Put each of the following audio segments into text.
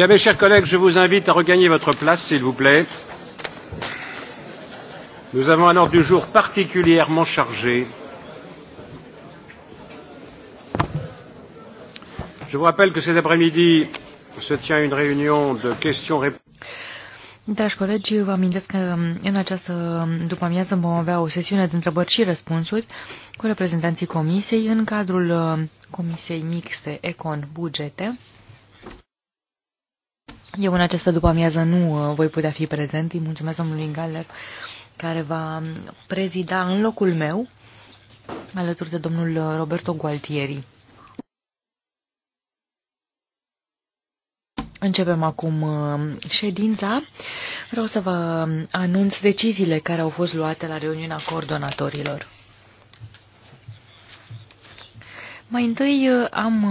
Bien, mes chers collègues, je vous invite à regagner votre place, s'il vous plaît. Nous avons un ordre du jour particulièrement chargé. Je vous rappelle que cet après-midi se tient une réunion de questions-réponses. Dragi colegi, vă amintesc că um, în această um, după-amiază vom avea o sesiune de întrebări și răspunsuri cu reprezentanții Comisiei în cadrul um, Comisiei Mixte Econ Bugete. Eu în această după-amiază nu uh, voi putea fi prezent. Îi mulțumesc domnului Galler care va um, prezida în locul meu alături de domnul uh, Roberto Gualtieri. Începem acum uh, ședința. Vreau să vă um, anunț deciziile care au fost luate la reuniunea coordonatorilor. Mai întâi am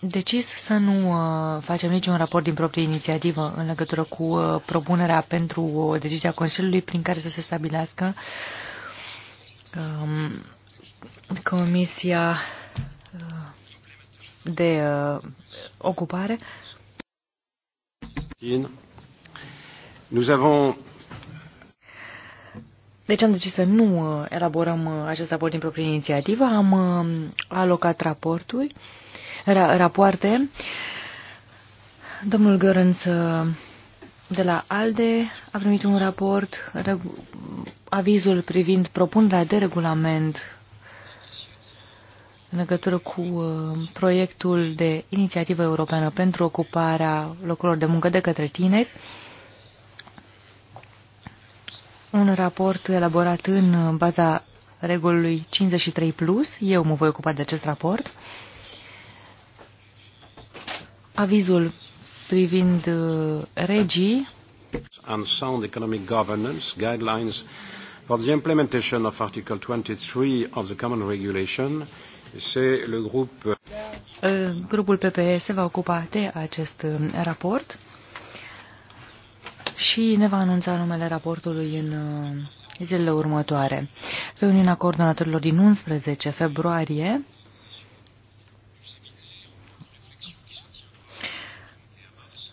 decis să nu uh, facem niciun raport din proprie inițiativă în legătură cu uh, propunerea pentru o uh, decizie a Consiliului prin care să se stabilească um, Comisia de uh, ocupare. Nous avons deci am decis să nu elaborăm acest raport din proprie inițiativă, am alocat raportul ra rapoarte. Domnul Gărânț uh, de la ALDE a primit un raport, avizul privind propunerea de regulament în legătură cu uh, proiectul de inițiativă europeană pentru ocuparea locurilor de muncă de către tineri. Un raport elaborat în baza regulului 53+, plus. eu mă voi ocupa de acest raport. Uh, avizul privind uh, regii and sound economic governance guidelines for the implementation of Article 23 of the Common Regulation. Le groupe. Uh, uh, grupul PPE se va ocupa de acest raport și ne va anunța numele raportului în zilele următoare. Reuniunea coordonatorilor din 11 februarie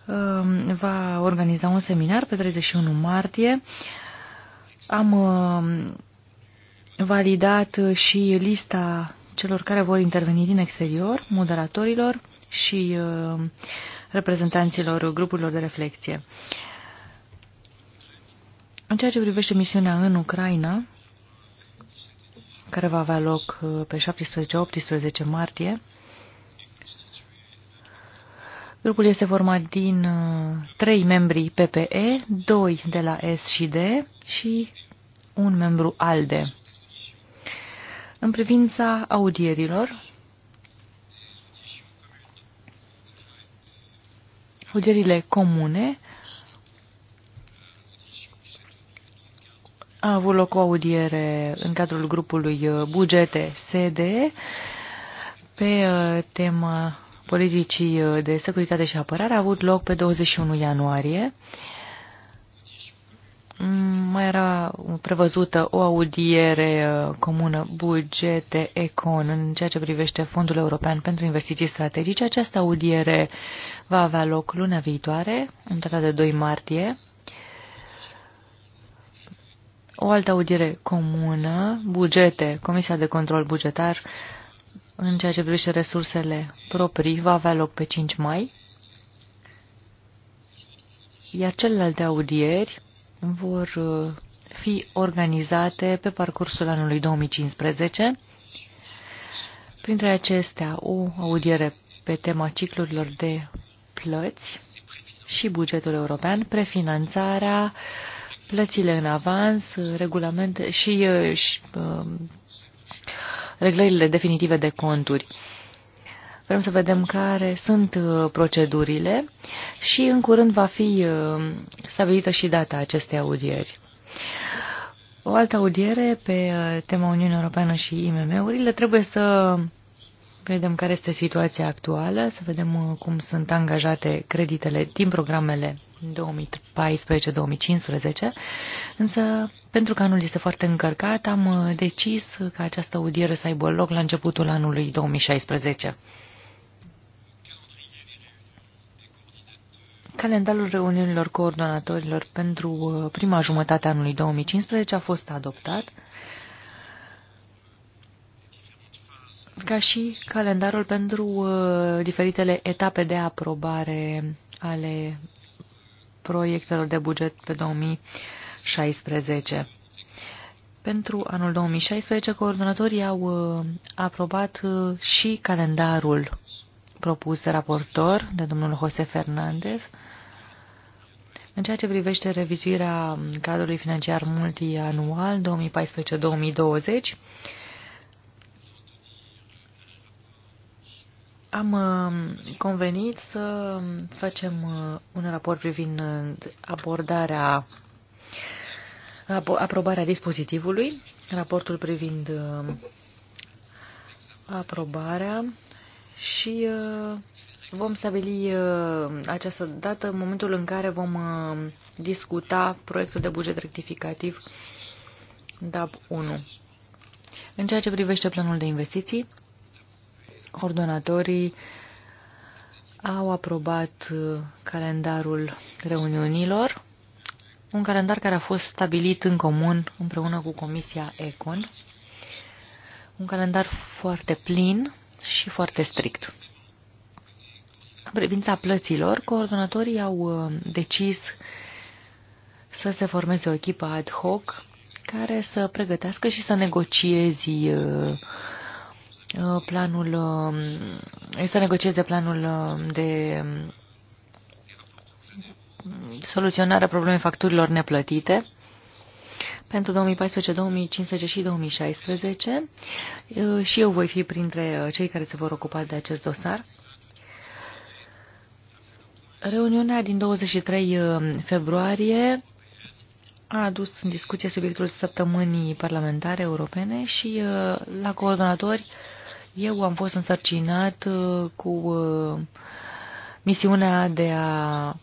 Um, va organiza un seminar pe 31 martie. Am um, validat și lista celor care vor interveni din exterior, moderatorilor și um, reprezentanților grupurilor de reflexie. În ceea ce privește misiunea în Ucraina, care va avea loc uh, pe 17-18 martie, Grupul este format din uh, trei membri PPE, doi de la S și D și un membru ALDE. În privința audierilor, audierile comune a avut loc o audiere în cadrul grupului uh, Bugete SD pe uh, tema politicii uh, de securitate și apărare a avut loc pe 21 ianuarie. Mm, mai era prevăzută o audiere uh, comună bugete econ în ceea ce privește Fondul European pentru Investiții Strategice. Această audiere va avea loc luna viitoare, în data de 2 martie. O altă audiere comună, bugete, Comisia de Control Bugetar, în ceea ce privește resursele proprii va avea loc pe 5 mai, iar celelalte audieri vor uh, fi organizate pe parcursul anului 2015. Printre acestea, o audiere pe tema ciclurilor de plăți și bugetul european, prefinanțarea, plățile în avans, regulamente și, uh, și uh, reglările definitive de conturi. Vrem să vedem care sunt uh, procedurile și în curând va fi uh, stabilită și data acestei audieri. O altă audiere pe uh, tema Uniunii Europeană și IMM-urile trebuie să vedem care este situația actuală, să vedem cum sunt angajate creditele din programele 2014-2015, însă pentru că anul este foarte încărcat, am uh, decis ca această audiere să aibă loc la începutul anului 2016. Calendarul reuniunilor coordonatorilor pentru uh, prima jumătate a anului 2015 a fost adoptat, ca și calendarul pentru uh, diferitele etape de aprobare ale proiectelor de buget pe 2016. Pentru anul 2016, coordonatorii au uh, aprobat uh, și calendarul propus de raportor de domnul Jose Fernandez în ceea ce privește revizuirea um, cadrului financiar multianual 2014-2020 Am um, convenit să facem uh, un raport privind uh, abordarea, aprobarea dispozitivului, raportul privind um, aprobarea și uh, vom stabili această dată momentul în care vom discuta proiectul de buget rectificativ DAP 1. În ceea ce privește planul de investiții, Ordonatorii au aprobat uh, calendarul reuniunilor, un calendar care a fost stabilit în comun împreună cu Comisia ECON, un calendar foarte plin și foarte strict. În privința plăților, coordonatorii au uh, decis să se formeze o echipă ad hoc care să pregătească și să uh, Uh, planul, um, să negocieze planul um, de um, soluționarea problemei facturilor neplătite pentru 2014, 2015 și 2016 uh, și eu voi fi printre uh, cei care se vor ocupa de acest dosar. Reuniunea din 23 februarie a adus în discuție subiectul săptămânii parlamentare europene și la coordonatori eu am fost însărcinat uh, cu uh, misiunea de a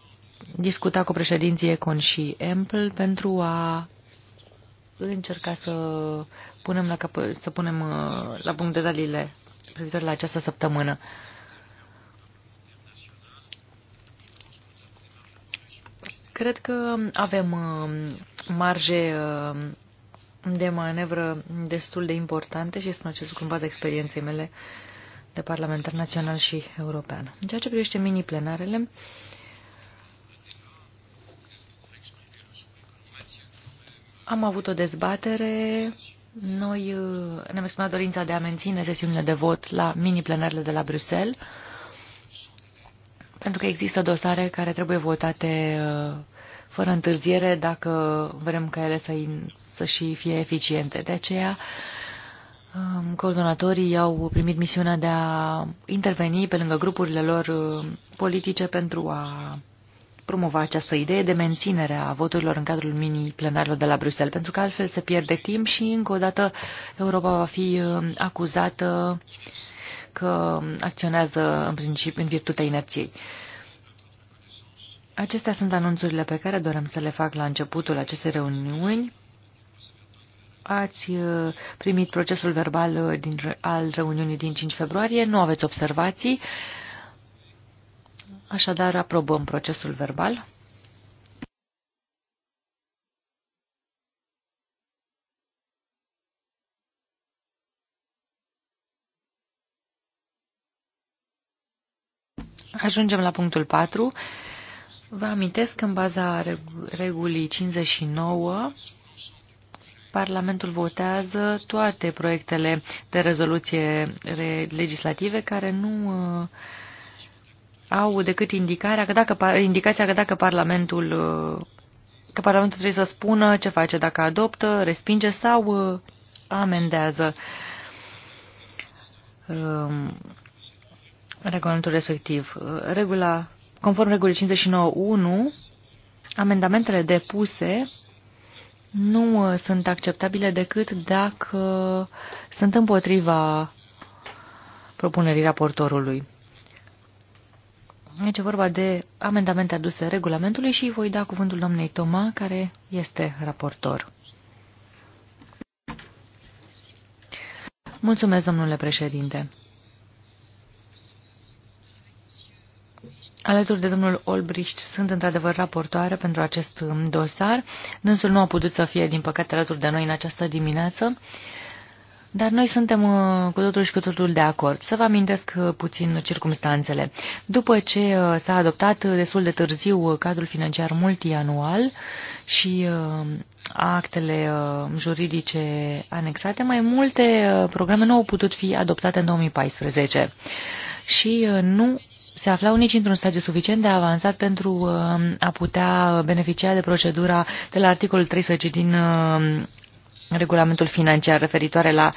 discuta cu președinții Econ și Ample pentru a încerca să punem la, cap să punem uh, la punct detaliile privitor la această săptămână. Cred că avem marge de manevră destul de importante și spun acest lucru în baza experienței mele de parlamentar național și european. În ceea ce privește mini-plenarele, am avut o dezbatere. Noi uh, ne-am exprimat dorința de a menține sesiunile de vot la mini-plenarele de la Bruxelles, pentru că există dosare care trebuie votate uh, fără întârziere dacă vrem ca ele să, să și fie eficiente. De aceea, um, coordonatorii au primit misiunea de a interveni pe lângă grupurile lor uh, politice pentru a promova această idee de menținere a voturilor în cadrul mini-plenarilor de la Bruxelles, pentru că altfel se pierde timp și, încă o dată, Europa va fi um, acuzată că acționează în, principiu, în virtutea inerției. Acestea sunt anunțurile pe care dorem să le fac la începutul acestei reuniuni. Ați uh, primit procesul verbal uh, din, al reuniunii din 5 februarie, nu aveți observații, așadar aprobăm procesul verbal. Ajungem la punctul 4 Vă amintesc că în baza regulii 59, Parlamentul votează toate proiectele de rezoluție legislative care nu uh, au decât indicarea că dacă, indicația că dacă Parlamentul uh, că Parlamentul trebuie să spună ce face, dacă adoptă, respinge sau uh, amendează um, regulamentul respectiv. Regula Conform regulii 59.1, amendamentele depuse nu uh, sunt acceptabile decât dacă sunt împotriva propunerii raportorului. Aici e vorba de amendamente aduse regulamentului și voi da cuvântul doamnei Toma, care este raportor. Mulțumesc, domnule președinte. Alături de domnul Olbricht sunt într-adevăr raportoare pentru acest um, dosar. Dânsul nu a putut să fie, din păcate, alături de noi în această dimineață, dar noi suntem uh, cu totul și cu totul de acord. Să vă amintesc uh, puțin circumstanțele. După ce uh, s-a adoptat destul de târziu cadrul financiar multianual și actele juridice anexate, mai multe programe nu au putut fi adoptate în 2014 și nu se aflau nici într-un stadiu suficient de avansat pentru uh, a putea beneficia de procedura de la articolul 13 din uh, regulamentul financiar referitoare la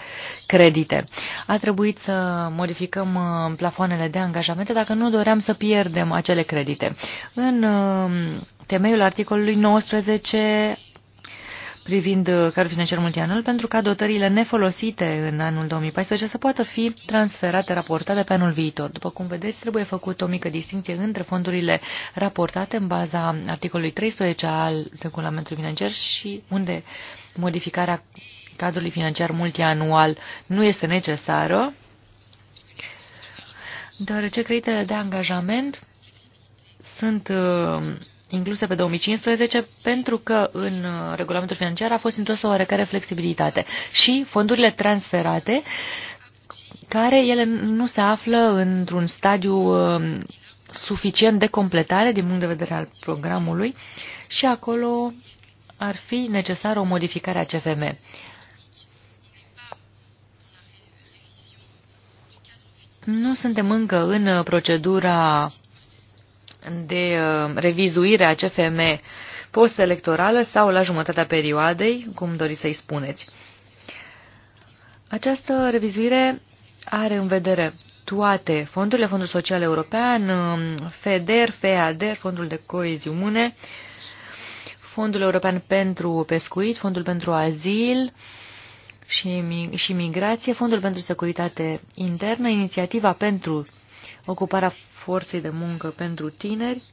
credite. A trebuit să modificăm uh, plafoanele de angajamente dacă nu doream să pierdem acele credite. În temeiul articolului 19 privind uh, cadrul financiar multianual pentru ca dotările nefolosite în anul 2014 să poată fi transferate, raportate pe anul viitor. După cum vedeți, trebuie făcut o mică distinție între fondurile raportate în baza articolului 13 al regulamentului financiar și unde modificarea cadrului financiar multianual nu este necesară, deoarece creditele de angajament sunt uh, incluse pe 2015 pentru că în uh, regulamentul financiar a fost introdusă oarecare flexibilitate și fondurile transferate care ele nu se află într-un stadiu um, suficient de completare din punct de vedere al programului și acolo ar fi necesară o modificare a CFM. Nu suntem încă în procedura de uh, revizuire a CFM post-electorală sau la jumătatea perioadei, cum doriți să-i spuneți. Această revizuire are în vedere toate fondurile, Fondul Social European, um, FEDER, FEADER, Fondul de Coeziune, Fondul European pentru Pescuit, Fondul pentru Azil și, și Migrație, Fondul pentru Securitate Internă, Inițiativa pentru ocuparea forței de muncă pentru tineri.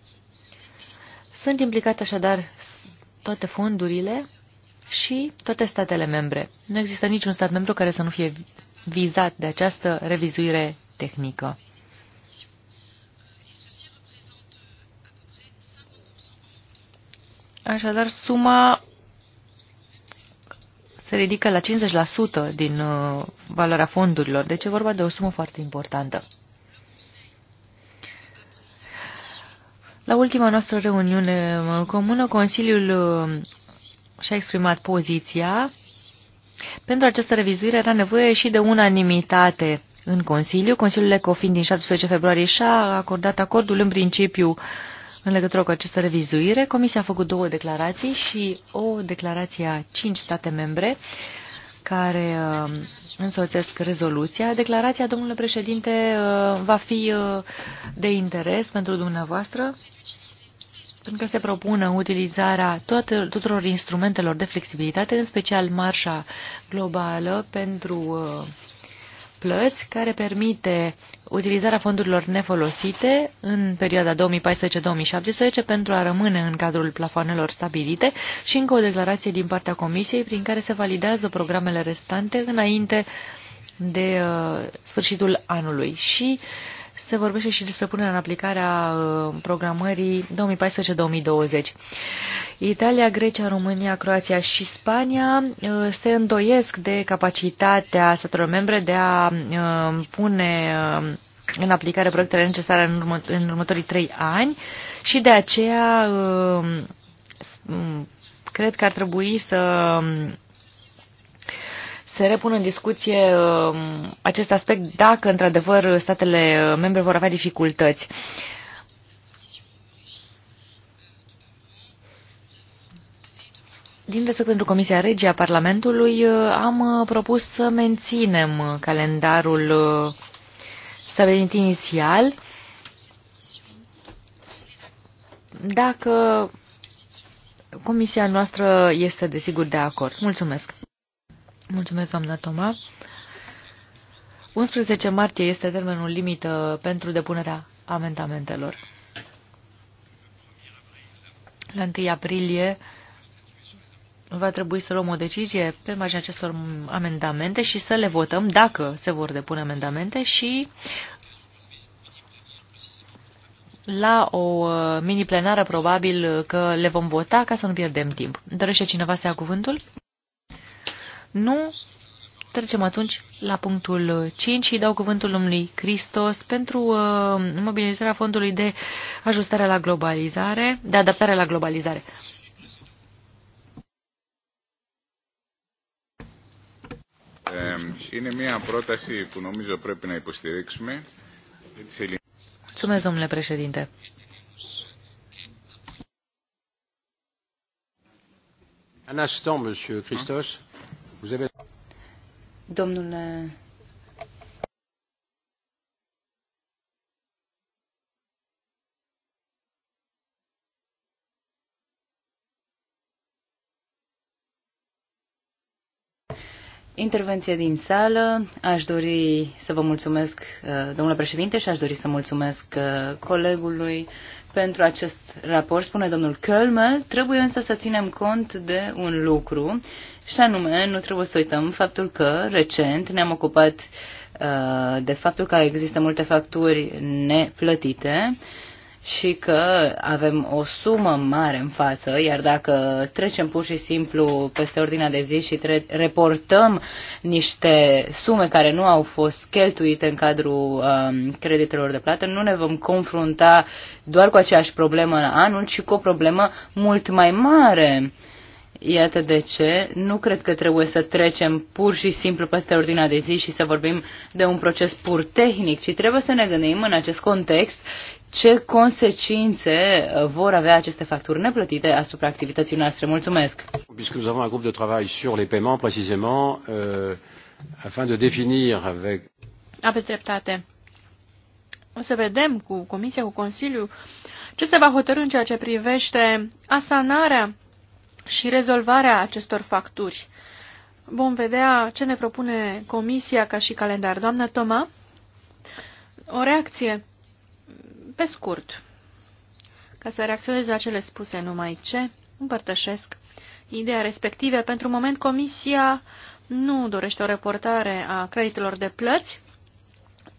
Sunt implicate așadar toate fondurile și toate statele membre. Nu există niciun stat membru care să nu fie vizat de această revizuire tehnică. Așadar, suma se ridică la 50% din uh, valoarea fondurilor, deci e vorba de o sumă foarte importantă. La ultima noastră reuniune uh, comună, Consiliul uh, și-a exprimat poziția. Pentru această revizuire era nevoie și de unanimitate în Consiliu. Consiliul ECOFIN din 17 februarie și-a acordat acordul în principiu în legătură cu această revizuire. Comisia a făcut două declarații și o declarație a cinci state membre care uh, însoțesc rezoluția. Declarația, domnule președinte, uh, va fi uh, de interes pentru dumneavoastră, pentru că se propune utilizarea tuturor instrumentelor de flexibilitate, în special marșa globală pentru plăți care permite utilizarea fondurilor nefolosite în perioada 2014-2017 pentru a rămâne în cadrul plafoanelor stabilite și încă o declarație din partea Comisiei prin care se validează programele restante înainte de uh, sfârșitul anului și uh, se vorbește și despre punerea în aplicare a uh, programării 2014-2020. Italia, Grecia, România, Croația și Spania uh, se îndoiesc de capacitatea statelor membre de a uh, pune în aplicare proiectele necesare în, urmă, în următorii trei ani și de aceea mm, cred că ar trebui să se repune în discuție um, acest aspect dacă, într-adevăr, statele membre vor avea dificultăți. Din respect pentru Comisia Regia Parlamentului, uh, am uh, propus să menținem calendarul uh, stabilit inițial. Dacă Comisia noastră este desigur de acord. Mulțumesc! Mulțumesc, doamna Toma. 11 martie este termenul limită pentru depunerea amendamentelor. La 1 aprilie va trebui să luăm o decizie pe marginea acestor amendamente și să le votăm dacă se vor depune amendamente și la o mini-plenară probabil că le vom vota ca să nu pierdem timp. Dorește cineva să ia cuvântul? Nu? Trecem atunci la punctul 5 și dau cuvântul lui Cristos pentru uh, mobilizarea fondului de ajustare la globalizare, de adaptare la globalizare. Είναι μια πρόταση που νομίζω πρέπει να υποστηρίξουμε. Mulțumesc, domnule președinte. Un instant, monsieur Christos. Domnule Intervenție din sală. Aș dori să vă mulțumesc, uh, domnule președinte, și aș dori să mulțumesc uh, colegului pentru acest raport, spune domnul Kölmel, trebuie însă să ținem cont de un lucru, și anume, nu trebuie să uităm faptul că recent ne-am ocupat uh, de faptul că există multe facturi neplătite și că avem o sumă mare în față, iar dacă trecem pur și simplu peste ordinea de zi și reportăm niște sume care nu au fost cheltuite în cadrul um, creditelor de plată, nu ne vom confrunta doar cu aceeași problemă la anul, ci cu o problemă mult mai mare. Iată de ce nu cred că trebuie să trecem pur și simplu peste ordinea de zi și să vorbim de un proces pur tehnic, ci trebuie să ne gândim în acest context ce consecințe uh, vor avea aceste facturi neplătite asupra activității noastre. Mulțumesc! Puisque nous avons un grup de travail sur les paiements, précisément, euh, afin de définir avec... Aveți dreptate. O să vedem cu Comisia, cu Consiliu, ce se va hotărâ în ceea ce privește asanarea și rezolvarea acestor facturi. Vom vedea ce ne propune Comisia ca și calendar. Doamnă Toma, o reacție pe scurt, ca să reacționez la cele spuse numai ce împărtășesc ideea respective. Pentru moment, Comisia nu dorește o reportare a creditelor de plăți.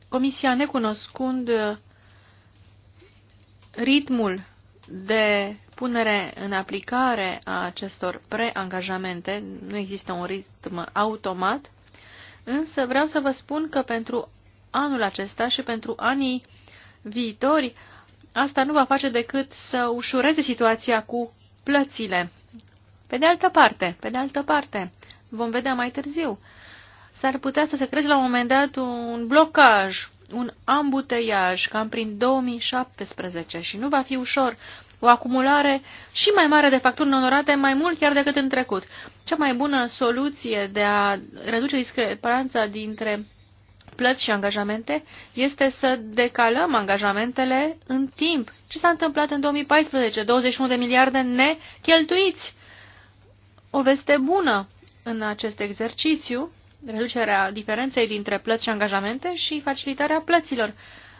Comisia, necunoscând ritmul de punere în aplicare a acestor preangajamente, nu există un ritm automat, însă vreau să vă spun că pentru anul acesta și pentru anii viitori, asta nu va face decât să ușureze situația cu plățile. Pe de altă parte, pe de altă parte, vom vedea mai târziu, s-ar putea să se creeze la un moment dat un blocaj, un ambuteiaj, cam prin 2017 și nu va fi ușor, o acumulare și mai mare de facturi neonorate, mai mult chiar decât în trecut. Cea mai bună soluție de a reduce discrepanța dintre plăți și angajamente este să decalăm angajamentele în timp. Ce s-a întâmplat în 2014? 21 de miliarde necheltuiți. O veste bună în acest exercițiu, reducerea diferenței dintre plăți și angajamente și facilitarea plăților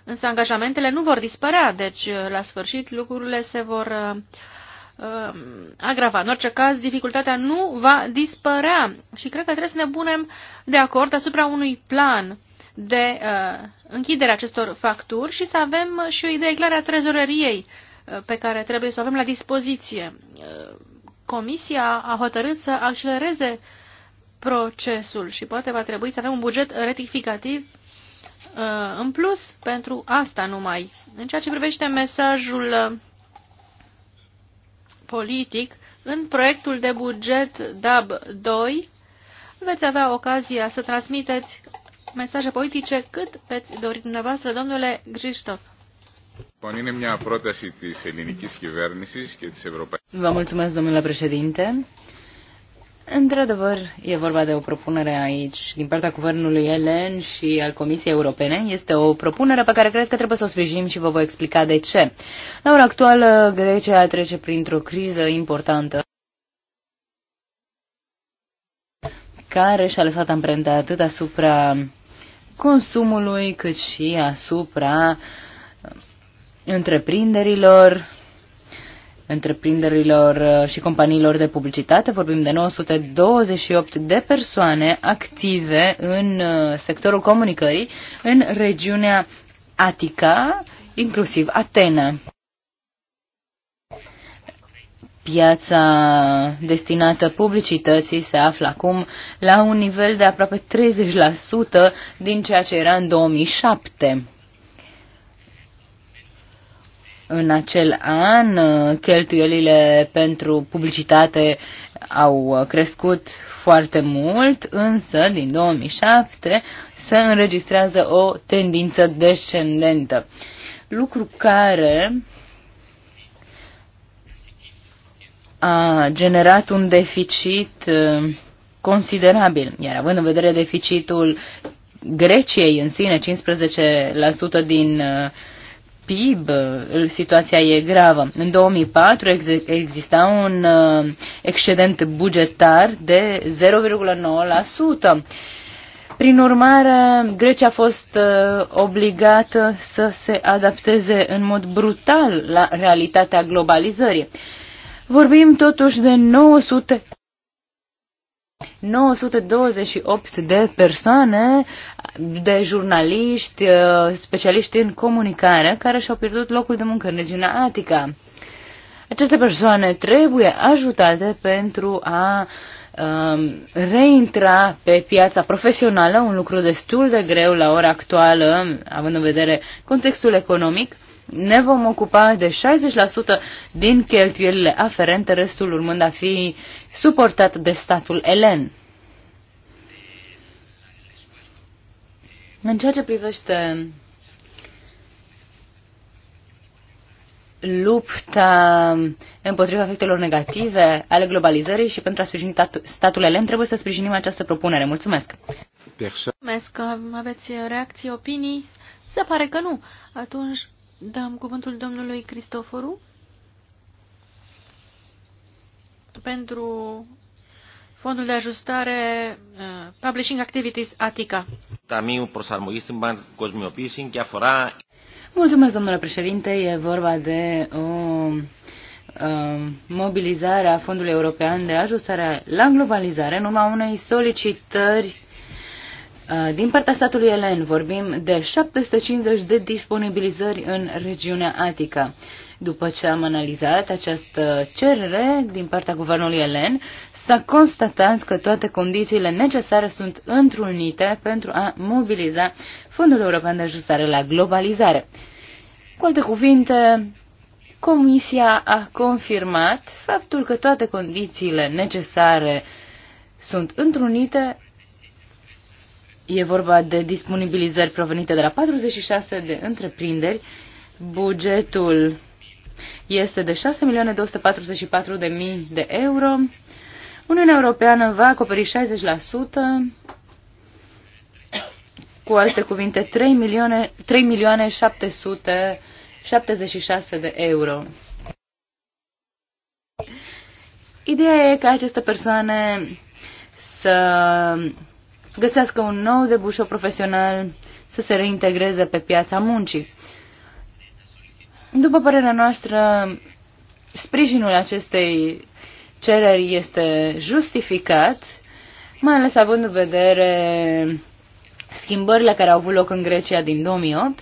însă angajamentele nu vor dispărea, deci uh, la sfârșit lucrurile se vor uh, uh, agrava. În orice caz, dificultatea nu va dispărea și cred că trebuie să ne punem de acord asupra unui plan de uh, închidere acestor facturi și să avem și o idee clară a trezoreriei uh, pe care trebuie să o avem la dispoziție. Uh, Comisia a hotărât să accelereze procesul și poate va trebui să avem un buget rectificativ Uh, în plus pentru asta numai. În ceea ce privește mesajul uh, politic, în proiectul de buget DAB 2 veți avea ocazia să transmiteți mesaje politice cât veți dori dumneavoastră, domnule Griștov. Vă mulțumesc, domnule președinte. Într-adevăr, e vorba de o propunere aici din partea Guvernului Elen și al Comisiei Europene. Este o propunere pe care cred că trebuie să o sprijinim și vă voi explica de ce. La ora actuală, Grecia trece printr-o criză importantă care și-a lăsat amprenta atât asupra consumului cât și asupra întreprinderilor, întreprinderilor uh, și companiilor de publicitate. Vorbim de 928 de persoane active în uh, sectorul comunicării în regiunea Atica, inclusiv Atena. Piața destinată publicității se află acum la un nivel de aproape 30% din ceea ce era în 2007 în acel an. Uh, cheltuielile pentru publicitate au uh, crescut foarte mult, însă din 2007 se înregistrează o tendință descendentă. Lucru care a generat un deficit uh, considerabil, iar având în vedere deficitul Greciei în sine, 15% din uh, PIB, situația e gravă. În 2004 ex exista un uh, excedent bugetar de 0,9%. Prin urmare, Grecia a fost uh, obligată să se adapteze în mod brutal la realitatea globalizării. Vorbim totuși de 900 928 de persoane, de jurnaliști, uh, specialiști în comunicare, care și-au pierdut locul de muncă în regiunea Atica. Aceste persoane trebuie ajutate pentru a um, reintra pe piața profesională, un lucru destul de greu la ora actuală, având în vedere contextul economic, ne vom ocupa de 60% din cheltuielile aferente, restul urmând a fi suportat de statul elen. În ceea ce privește lupta împotriva efectelor negative ale globalizării și pentru a sprijini statul elen, trebuie să sprijinim această propunere. Mulțumesc! Mulțumesc! Aveți reacții, opinii? Se pare că nu. Atunci Dăm cuvântul domnului Cristoforu pentru fondul de ajustare uh, Publishing Activities Atica. Tamiu da, prosarmoii sunt cosmiopising că afora... Mulțumesc, domnule președinte. E vorba de o um, mobilizare a Fondului European de Ajustare la Globalizare în urma unei solicitări Uh, din partea statului elen vorbim de 750 de disponibilizări în regiunea Atică. După ce am analizat această cerere din partea guvernului elen, s-a constatat că toate condițiile necesare sunt întrunite pentru a mobiliza Fondul European de Ajustare la Globalizare. Cu alte cuvinte, Comisia a confirmat faptul că toate condițiile necesare sunt întrunite E vorba de disponibilizări provenite de la 46 de întreprinderi. Bugetul este de 6.244.000 de euro. Uniunea Europeană va acoperi 60%, cu alte cuvinte 3 milioane, 3 de euro. Ideea e ca aceste persoane să găsească un nou debușo profesional, să se reintegreze pe piața muncii. După părerea noastră, sprijinul acestei cereri este justificat, mai ales având în vedere schimbările care au avut loc în Grecia din 2008,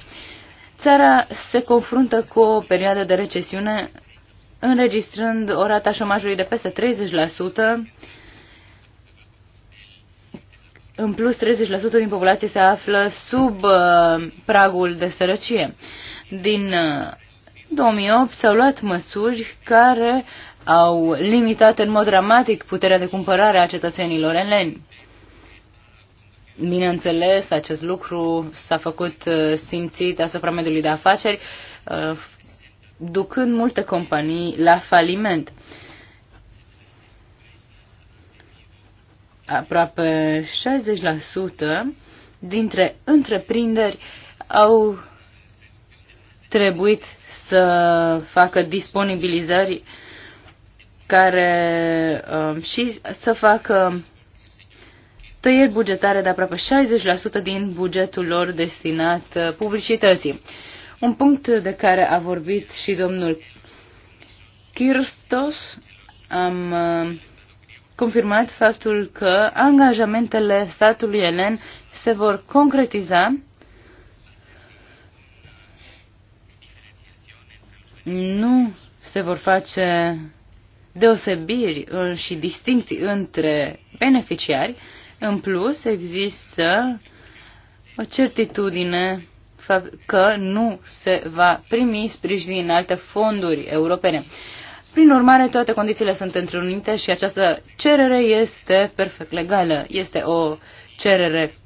țara se confruntă cu o perioadă de recesiune înregistrând o rata șomajului de peste 30%, în plus, 30% din populație se află sub uh, pragul de sărăcie. Din uh, 2008 s-au luat măsuri care au limitat în mod dramatic puterea de cumpărare a cetățenilor eleni. Bineînțeles, acest lucru s-a făcut uh, simțit asupra mediului de afaceri, uh, ducând multe companii la faliment. aproape 60% dintre întreprinderi au trebuit să facă disponibilizări care um, și să facă tăieri bugetare de aproape 60% din bugetul lor destinat uh, publicității. Un punct de care a vorbit și domnul Kirstos, am uh, confirmat faptul că angajamentele statului elen se vor concretiza nu se vor face deosebiri și distincții între beneficiari. În plus, există o certitudine că nu se va primi sprijin din alte fonduri europene. Prin urmare, toate condițiile sunt întrunite și această cerere este perfect legală. Este o cerere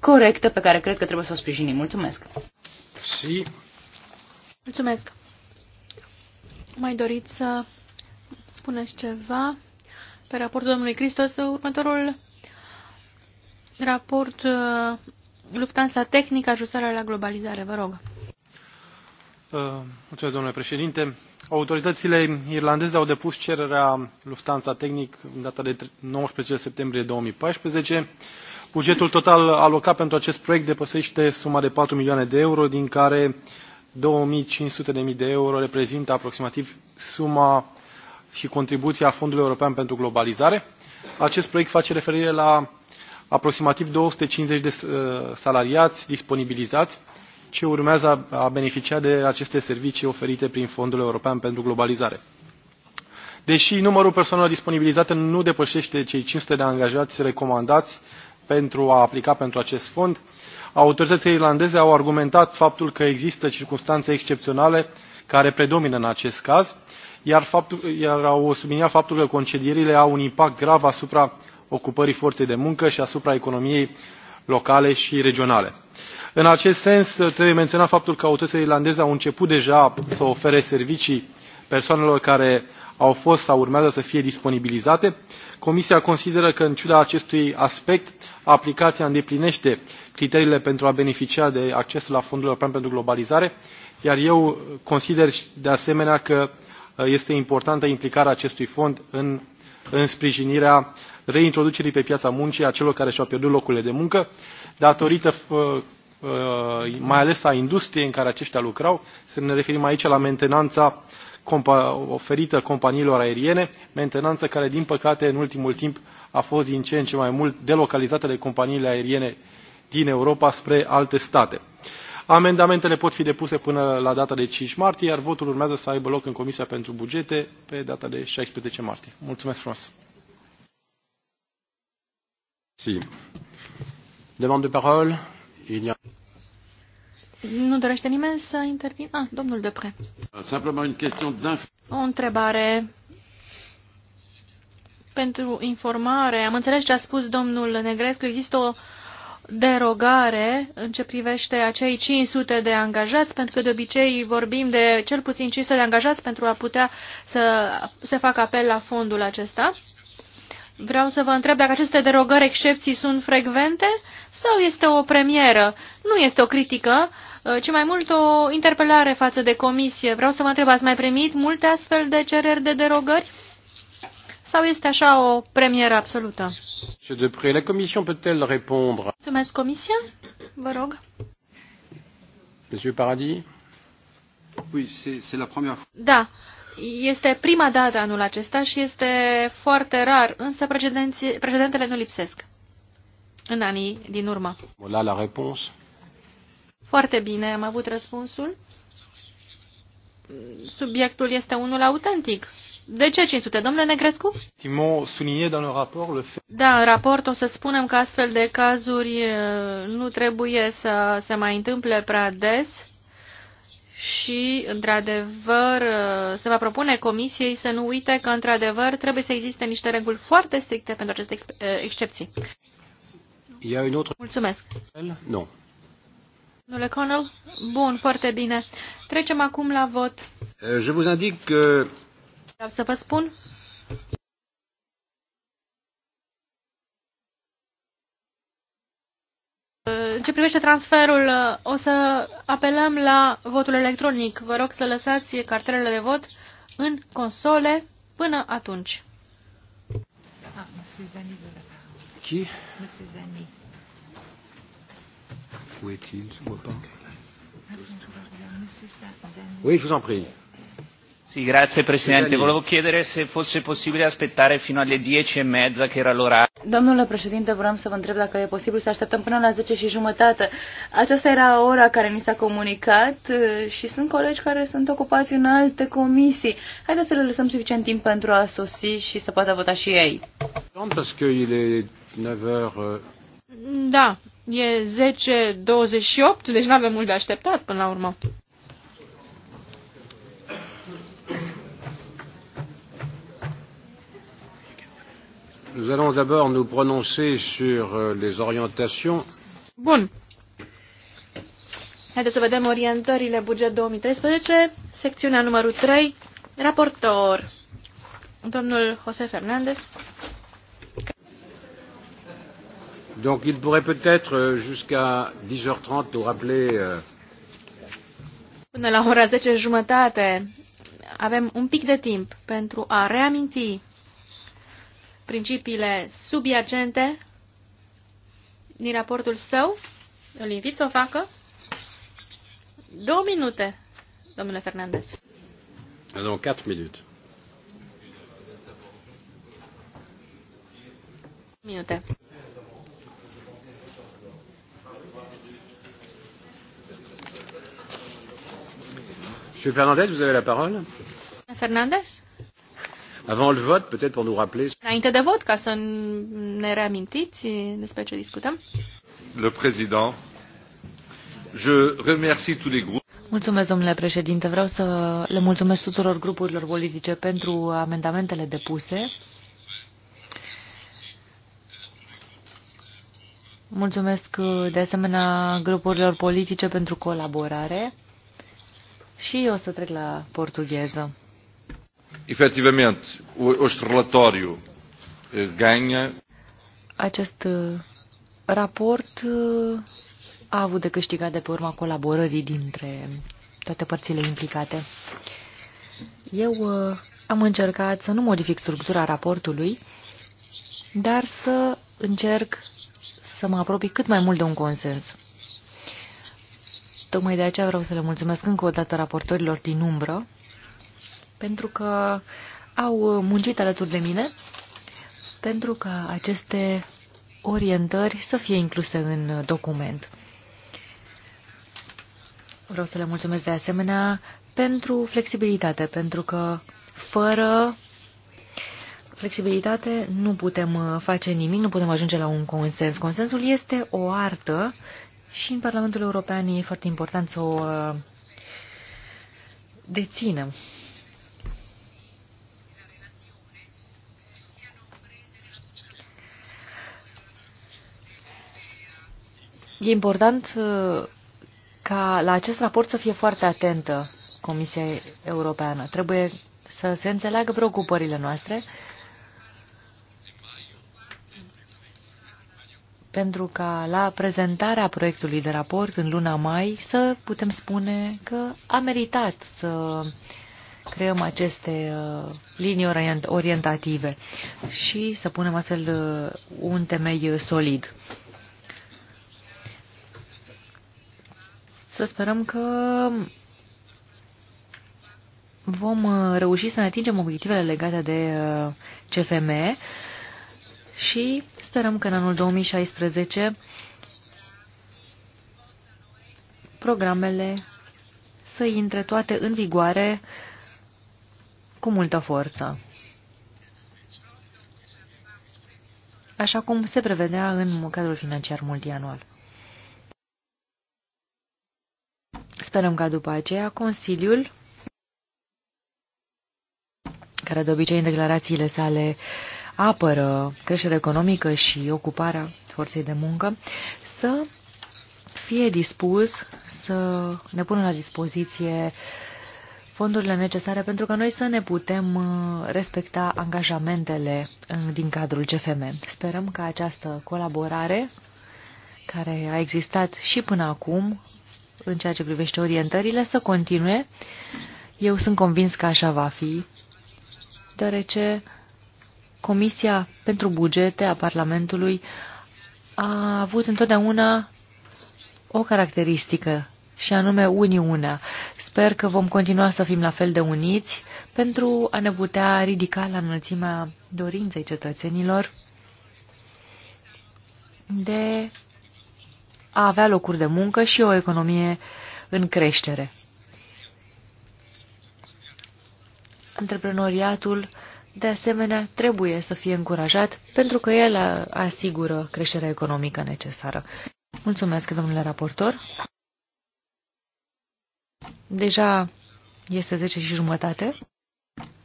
corectă pe care cred că trebuie să o sprijinim. Mulțumesc! Și... Mulțumesc! Mai doriți să spuneți ceva pe raportul domnului Cristos? Următorul raport uh, Luftansa tehnică, ajustarea la globalizare, vă rog. Uh, mulțumesc, domnule președinte autoritățile irlandeze au depus cererea lufthansa technic în data de nouăsprezece septembrie. două mii paisprezece bugetul total alocat pentru acest proiect depășește suma de patru milioane de euro din care doi cinci sute de euro reprezintă aproximativ suma și contribuția fondului european pentru globalizare. acest proiect face referire la aproximativ 250 de uh, salariați disponibilizați ce urmează a beneficia de aceste servicii oferite prin Fondul European pentru Globalizare. Deși numărul persoanelor disponibilizate nu depășește cei 500 de angajați recomandați pentru a aplica pentru acest fond, autoritățile irlandeze au argumentat faptul că există circunstanțe excepționale care predomină în acest caz, iar, faptul, iar au subliniat faptul că concedierile au un impact grav asupra ocupării forței de muncă și asupra economiei locale și regionale în acest sens trebuie menționat faptul că autoritățile irlandeze au început deja să ofere servicii persoanelor care au fost sau urmează să fie disponibilizate. Comisia consideră că, în ciuda acestui aspect, aplicația îndeplinește criteriile pentru a beneficia de accesul la Fondul European pentru Globalizare, iar eu consider de asemenea că uh, este importantă implicarea acestui fond în, în sprijinirea reintroducerii pe piața muncii a celor care și-au pierdut locurile de muncă, datorită uh, Uh, mai ales a industriei în care aceștia lucrau. Să ne referim aici la mentenanța oferită companiilor aeriene, mentenanță care, din păcate, în ultimul timp a fost din ce în ce mai mult delocalizată de companiile aeriene din Europa spre alte state. Amendamentele pot fi depuse până la data de 5 martie, iar votul urmează să aibă loc în Comisia pentru Bugete pe data de 16 martie. Mulțumesc frumos! Si. Demande de parole? Nu dorește nimeni să intervină? Ah, domnul Depre. O întrebare pentru informare. Am înțeles ce a spus domnul Negrescu. Există o derogare în ce privește acei 500 de angajați, pentru că de obicei vorbim de cel puțin 500 de angajați pentru a putea să se facă apel la fondul acesta. Vreau să vă întreb dacă aceste derogări, excepții sunt frecvente sau este o premieră? Nu este o critică, Uh, ci mai mult o interpelare față de comisie. Vreau să vă întreb, ați mai primit multe astfel de cereri de derogări? Sau este așa o premieră absolută? la Mulțumesc, Comisia. Vă rog. Monsieur Paradis? Oui, la première Da, este prima dată anul acesta și este foarte rar, însă precedentele nu lipsesc în anii din urmă. Voilà la réponse. Foarte bine, am avut răspunsul. Subiectul este unul autentic. De ce 500, domnule Negrescu? Da, în raport o să spunem că astfel de cazuri nu trebuie să se mai întâmple prea des și, într-adevăr, se va propune Comisiei să nu uite că, într-adevăr, trebuie să existe niște reguli foarte stricte pentru aceste excepții. Mulțumesc. Nu. Domnule Connell? Bun, foarte bine. Trecem acum la vot. Je vous indique que... Vreau să vă spun În ce privește transferul, o să apelăm la votul electronic. Vă rog să lăsați cartelele de vot în console până atunci. Ah, Qui? Monsieur Zani. Où est-il Je ne vois pas. Oui, je vous en prie. Sì, grazie Presidente. Volevo chiedere se fosse possibile aspettare fino alle 10 e mezza che era l'orario. Domnule Presidente, vreau să vă întreb dacă e posibil să așteptăm până la 10 și jumătate. Aceasta era ora care ni s-a comunicat eh, și sunt colegi care sunt ocupați în alte comisii. Haideți să le lăsăm suficient timp pentru a sosi și să poată vota și ei. Euh, da, E 10.28, deci nu avem mult de așteptat până la urmă. Nous allons d'abord nous prononcer sur euh, les orientations. Bun. Haideți să vedem orientările buget 2013, secțiunea numărul 3, raportor, domnul José Fernández. Donc il pourrait peut-être euh, jusqu'à 10h30 nous rappeler. Euh, Până la ora 10 jumătate avem un pic de timp pentru a reaminti principiile subiacente din raportul său. Îl invit să o facă. Două minute, domnule Fernandez. Alors, quatre minutes. Minute. Monsieur Fernandez, vous avez la parole. Fernandez? Avant le vote, peut-être pour nous rappeler. Înainte de vot, ca să ne reamintiți despre ce discutăm. Le président, je remercie tous les groupes. Mulțumesc, domnule președinte. Vreau să le mulțumesc tuturor grupurilor politice pentru amendamentele depuse. Mulțumesc de asemenea grupurilor politice pentru colaborare. Și eu o să trec la portugheză. este relatório eh, ganha. Acest eh, raport eh, a avut de câștigat de pe urma colaborării dintre toate părțile implicate. Eu am încercat să nu modific structura raportului, dar să încerc să mă apropii cât mai mult de un consens. Tocmai de aceea vreau să le mulțumesc încă o dată raportorilor din umbră, pentru că au muncit alături de mine, pentru ca aceste orientări să fie incluse în document. Vreau să le mulțumesc de asemenea pentru flexibilitate, pentru că fără flexibilitate nu putem face nimic, nu putem ajunge la un consens. Consensul este o artă și în Parlamentul European e foarte important să o uh, deținem. E important uh, ca la acest raport să fie foarte atentă Comisia Europeană. Trebuie să se înțeleagă preocupările noastre pentru ca la prezentarea proiectului de raport în luna mai să putem spune că a meritat să creăm aceste uh, linii orientative și să punem astfel uh, un temei uh, solid. Să sperăm că vom reuși să ne atingem obiectivele legate de CFM și sperăm că în anul 2016 programele să intre toate în vigoare cu multă forță, așa cum se prevedea în cadrul financiar multianual. Sperăm ca după aceea Consiliul, care de obicei în declarațiile sale uh, apără creșterea economică și ocuparea forței de muncă, să fie dispus să ne pună la dispoziție fondurile necesare pentru că noi să ne putem uh, respecta angajamentele uh, din cadrul CFM. Sperăm că această colaborare care a existat și până acum în ceea ce privește orientările să continue. Eu sunt convins că așa va fi, deoarece Comisia pentru bugete a Parlamentului a avut întotdeauna o caracteristică și anume uniunea. Sper că vom continua să fim la fel de uniți pentru a ne putea ridica la înălțimea dorinței cetățenilor de a avea locuri de muncă și o economie în creștere. Antreprenoriatul de asemenea, trebuie să fie încurajat pentru că el asigură creșterea economică necesară. Mulțumesc, domnule raportor. Deja este 10 și jumătate.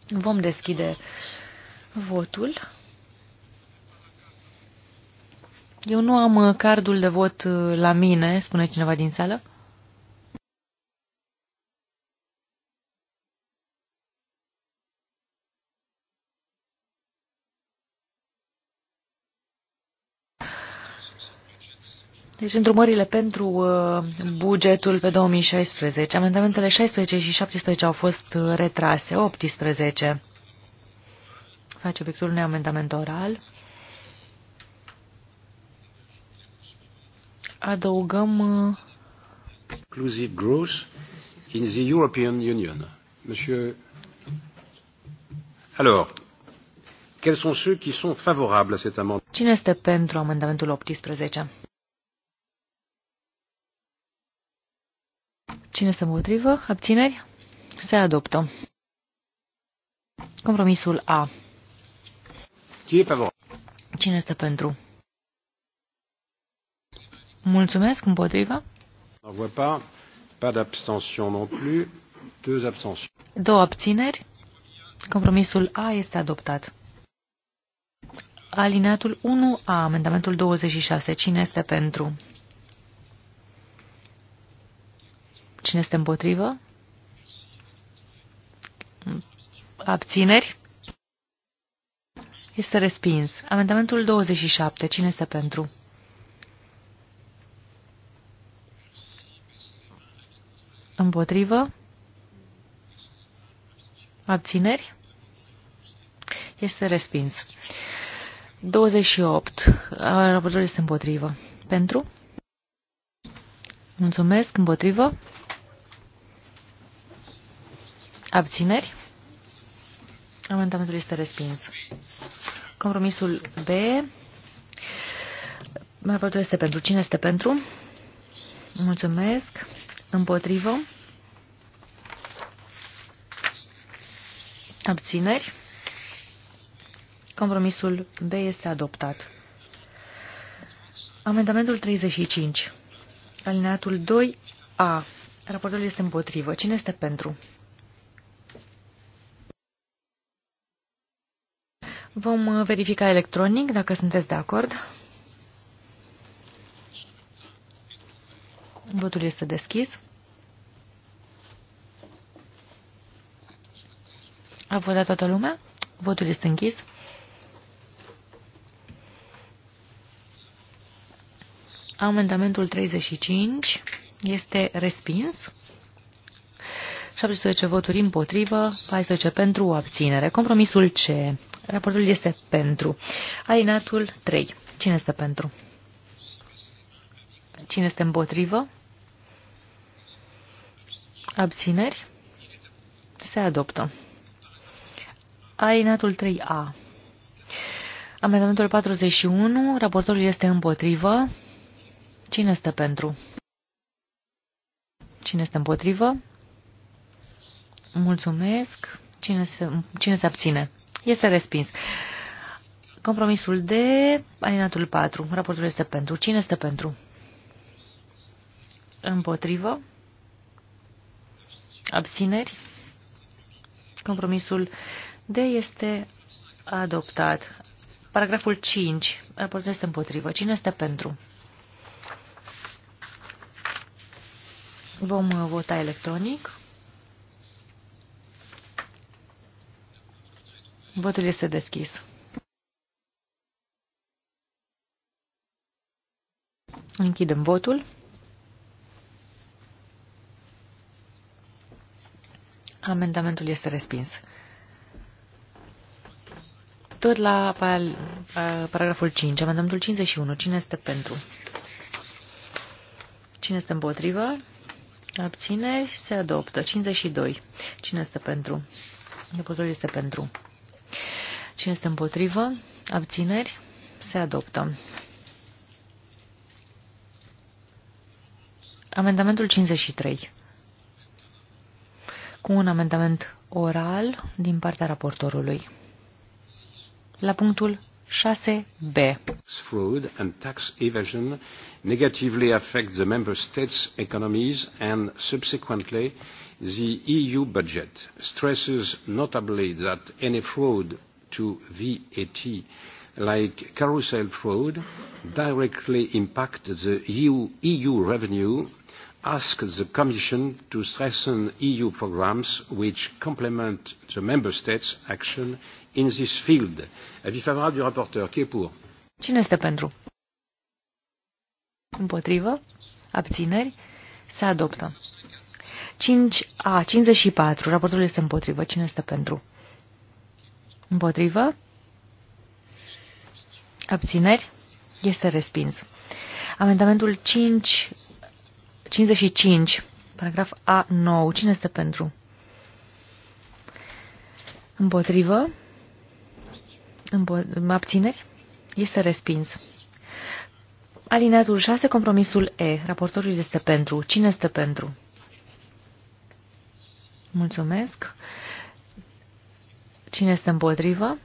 Vom deschide votul. Eu nu am cardul de vot la mine, spune cineva din sală. Deci îndrumările pentru uh, bugetul pe 2016. Amendamentele 16 și 17 au fost uh, retrase. 18. Face obiectul unui amendament oral. Adăugăm... Uh, Inclusive growth in the European Union. Monsieur... Alors, quels sont ceux qui sont favorables à cet amendement? Cine este pentru amendamentul 18? Cine se împotrivă? Abțineri? Se adoptă. Compromisul A. Cine este pentru? Mulțumesc, împotrivă. Două abțineri. Compromisul A este adoptat. Alineatul 1 a amendamentul 26. Cine este pentru? Cine este împotrivă? Abțineri? Este respins. Amendamentul 27. Cine este pentru? Împotrivă? Abțineri? Este respins. 28. Raportul este împotrivă. Pentru? Mulțumesc. Împotrivă? Abțineri? Amendamentul este respins. Compromisul B. Raportul este pentru. Cine este pentru? Mulțumesc. Împotrivă. Abțineri. Compromisul B este adoptat. Amendamentul 35. Alineatul 2A. Raportul este împotrivă. Cine este pentru? Vom uh, verifica electronic dacă sunteți de acord. Votul este deschis. A votat toată lumea? Votul este închis. Amendamentul 35 este respins. 17 voturi împotrivă, 14 pentru o abținere. Compromisul C. Raportul este pentru. Alinatul 3. Cine este pentru? Cine este împotrivă? Abțineri? Se adoptă. Alinatul 3A. Amendamentul 41. Raportorul este împotrivă. Cine este pentru? Cine este împotrivă? Mulțumesc. Cine se, cine se abține? Este respins. Compromisul de alinatul 4. Raportul este pentru. Cine este pentru? Împotrivă. Abțineri. Compromisul de este adoptat. Paragraful 5. Raportul este împotrivă. Cine este pentru? Vom vota electronic. Votul este deschis. Închidem votul. Amendamentul este respins. Tot la paragraful 5, amendamentul 51. Cine este pentru? Cine este împotrivă? Abțineri? Se adoptă. 52. Cine este pentru? Votul este pentru. Cine este împotrivă? Abțineri? Se adoptă. Amendamentul 53. Cu un amendament oral din partea raportorului. La punctul 6b. Fraud and tax evasion negatively affect the member states' economies and subsequently the EU budget stresses notably that any fraud to VAT, like carousel fraud, directly impact the EU, EU revenue, ask the Commission to strengthen EU programmes which complement the Member States' action in this field. Avis favorable du rapporteur. Qui est pour? Cine este pentru? Împotrivă? Abțineri? Se adoptă. 5 a 54. Raportul este împotrivă. Cine este pentru? Împotrivă? Abțineri? Este respins. Amendamentul 5, 55, paragraf A9. Cine este pentru? Împotrivă? Împo abțineri? Este respins. Alineatul 6, compromisul E. Raportorul este pentru. Cine este pentru? Mulțumesc. Cine este împotrivă?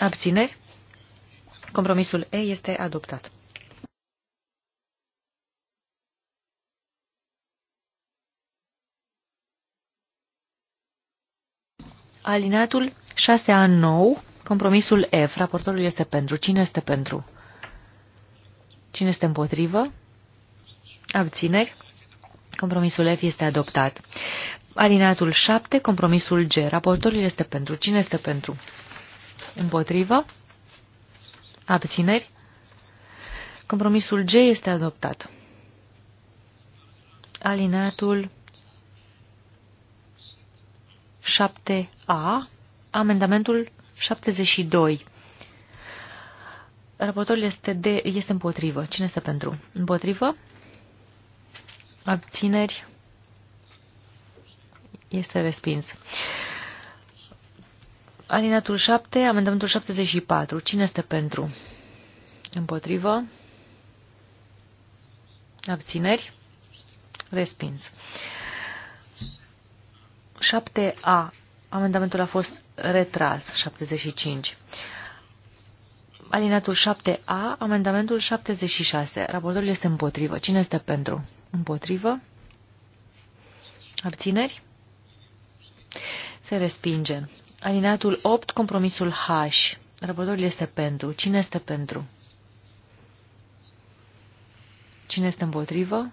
Abțineri? Compromisul E este adoptat. Alinatul 6A9, compromisul F, raportorul este pentru. Cine este pentru? Cine este împotrivă? Abțineri? Compromisul F este adoptat. Alineatul 7, compromisul G. Raportorul este pentru. Cine este pentru? Împotrivă? Abțineri? Compromisul G este adoptat. Alineatul 7A, amendamentul 72. Raportorul este, de, este împotrivă. Cine este pentru? Împotrivă? Abțineri? Este respins. Alinatul 7, amendamentul 74. Cine este pentru? Împotrivă? Abțineri? Respins. 7A. Amendamentul a fost retras. 75. Alinatul 7A, amendamentul 76. Raportorul este împotrivă. Cine este pentru? Împotrivă? Abțineri? Se respinge. Alineatul 8, compromisul H. Răbătorul este pentru. Cine este pentru? Cine este împotrivă?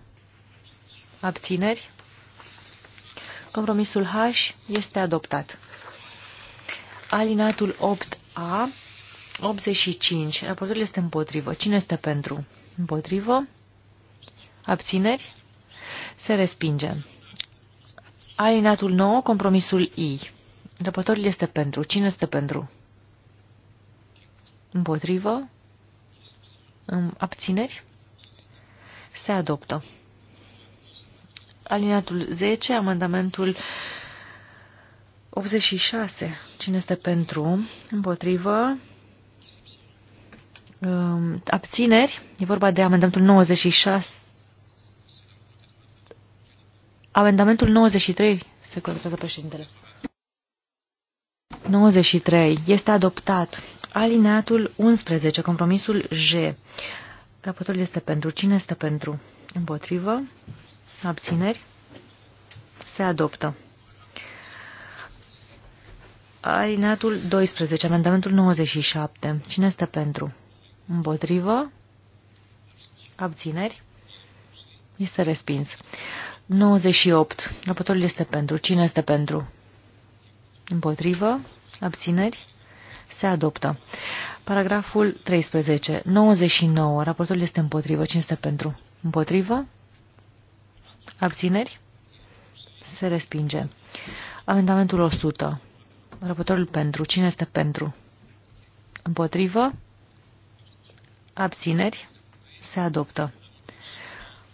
Abțineri? Compromisul H este adoptat. Alinatul 8A, 85. Raportul este împotrivă. Cine este pentru? Împotrivă? Abțineri? Se respinge. Alinatul 9, compromisul I. Răpătorul este pentru. Cine este pentru? Împotrivă? Abțineri? Se adoptă. Alinatul 10, amendamentul 86. Cine este pentru? Împotrivă? Abțineri? E vorba de amendamentul 96 Amendamentul 93 se corectează președintele. 93. Este adoptat. Alineatul 11, compromisul J. Raportul este pentru. Cine este pentru? Împotrivă. Abțineri. Se adoptă. Alineatul 12, amendamentul 97. Cine este pentru? Împotrivă. Abțineri. Este respins. 98. Răpătorul este pentru. Cine este pentru? Împotrivă. Abțineri. Se adoptă. Paragraful 13. 99. Raportul este împotrivă. Cine este pentru? Împotrivă. Abțineri. Se respinge. Amendamentul 100. Raportorul pentru. Cine este pentru? Împotrivă. Abțineri. Se adoptă.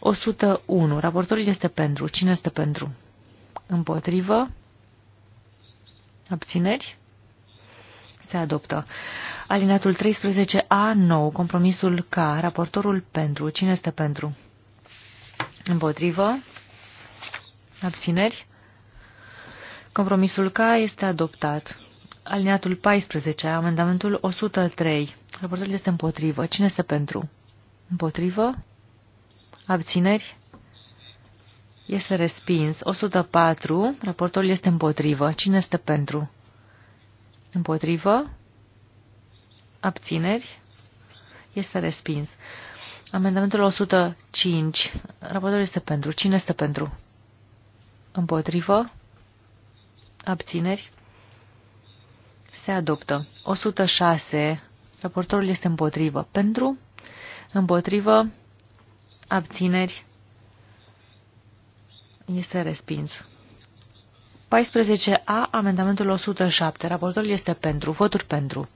101. Raportorul este pentru. Cine este pentru? Împotrivă. Abțineri? Se adoptă. Alinatul 13A9. Compromisul K. Raportorul pentru. Cine este pentru? Împotrivă. Abțineri? Compromisul K este adoptat. Alineatul 14, amendamentul 103. Raportul este împotrivă. Cine este pentru? Împotrivă? Abțineri? Este respins. 104. Raportorul este împotrivă. Cine este pentru? Împotrivă? Abțineri? Este respins. Amendamentul 105. Raportorul este pentru. Cine este pentru? Împotrivă? Abțineri? Se adoptă. 106. Raportorul este împotrivă. Pentru? Împotrivă? Abțineri. Este respins. 14a, amendamentul 107. Raportorul este pentru. Voturi pentru.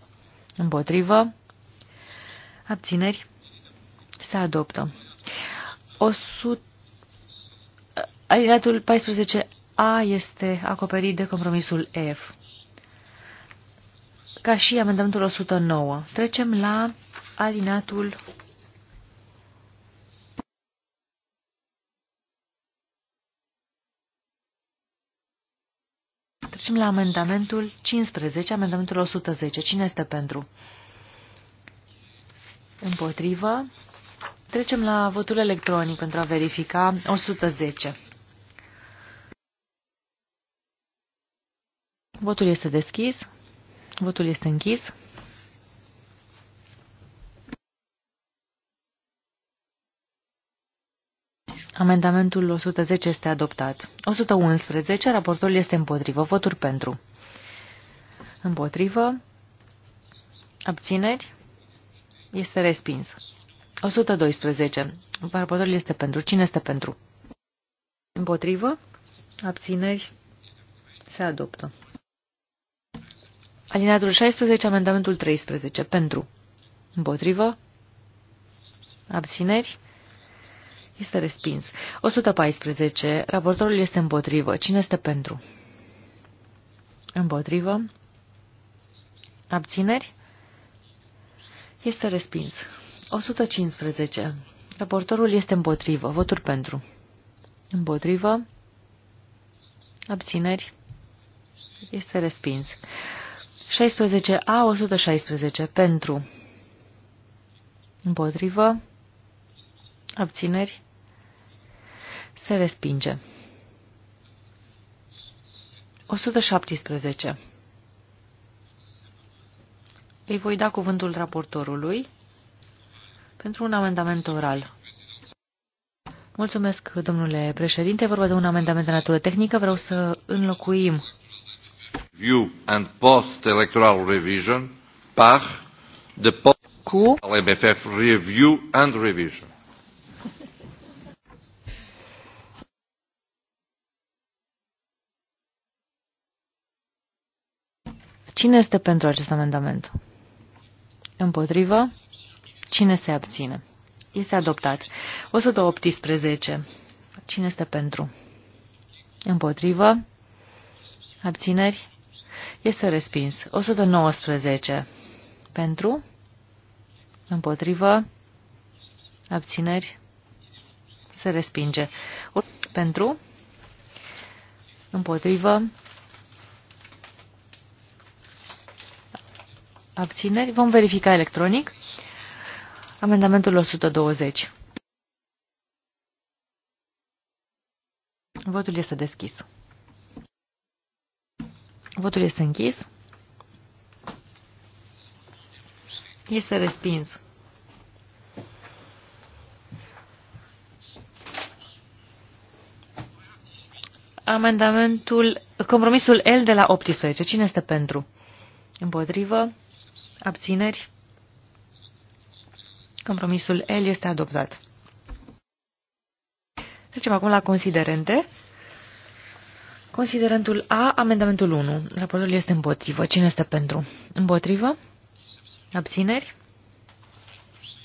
Împotrivă. Abțineri. Se adoptă. 100... alinatul 14a este acoperit de compromisul F. Ca și amendamentul 109. Trecem la alinatul Trecem la amendamentul 15, amendamentul 110. Cine este pentru? Împotrivă. Trecem la votul electronic pentru a verifica 110. Votul este deschis. Votul este închis. Amendamentul 110 este adoptat. 111. Raportorul este împotrivă. Voturi pentru. Împotrivă. Abțineri. Este respins. 112. Raportorul este pentru. Cine este pentru? Împotrivă. Abțineri. Se adoptă. Alineatul 16, amendamentul 13. Pentru. Împotrivă. Abțineri. Este respins. 114. Raportorul este împotrivă. Cine este pentru? Împotrivă. Abțineri? Este respins. 115. Raportorul este împotrivă. Voturi pentru. Împotrivă. Abțineri. Este respins. 16A, 116. Pentru. Împotrivă. Abțineri. Se respinge. 117. Îi voi da cuvântul raportorului pentru un amendament oral. Mulțumesc, domnule președinte. Vorba de un amendament de natură tehnică. Vreau să înlocuim view and post-electoral revision par de post cu MFF review and revision. Cine este pentru acest amendament? Împotrivă? Cine se abține? Este adoptat. 118. Cine este pentru? Împotrivă? Abțineri? Este respins. 119. Pentru? Împotrivă? Abțineri? Se respinge. Pentru? Împotrivă? Abțineri? Vom verifica electronic. Amendamentul 120. Votul este deschis. Votul este închis. Este respins. Amendamentul, compromisul L de la 18. Cine este pentru? Împotrivă? Abțineri? Compromisul L este adoptat. Trecem acum la considerente. Considerentul A, amendamentul 1. Raportul este împotrivă. Cine este pentru? Împotrivă? Abțineri?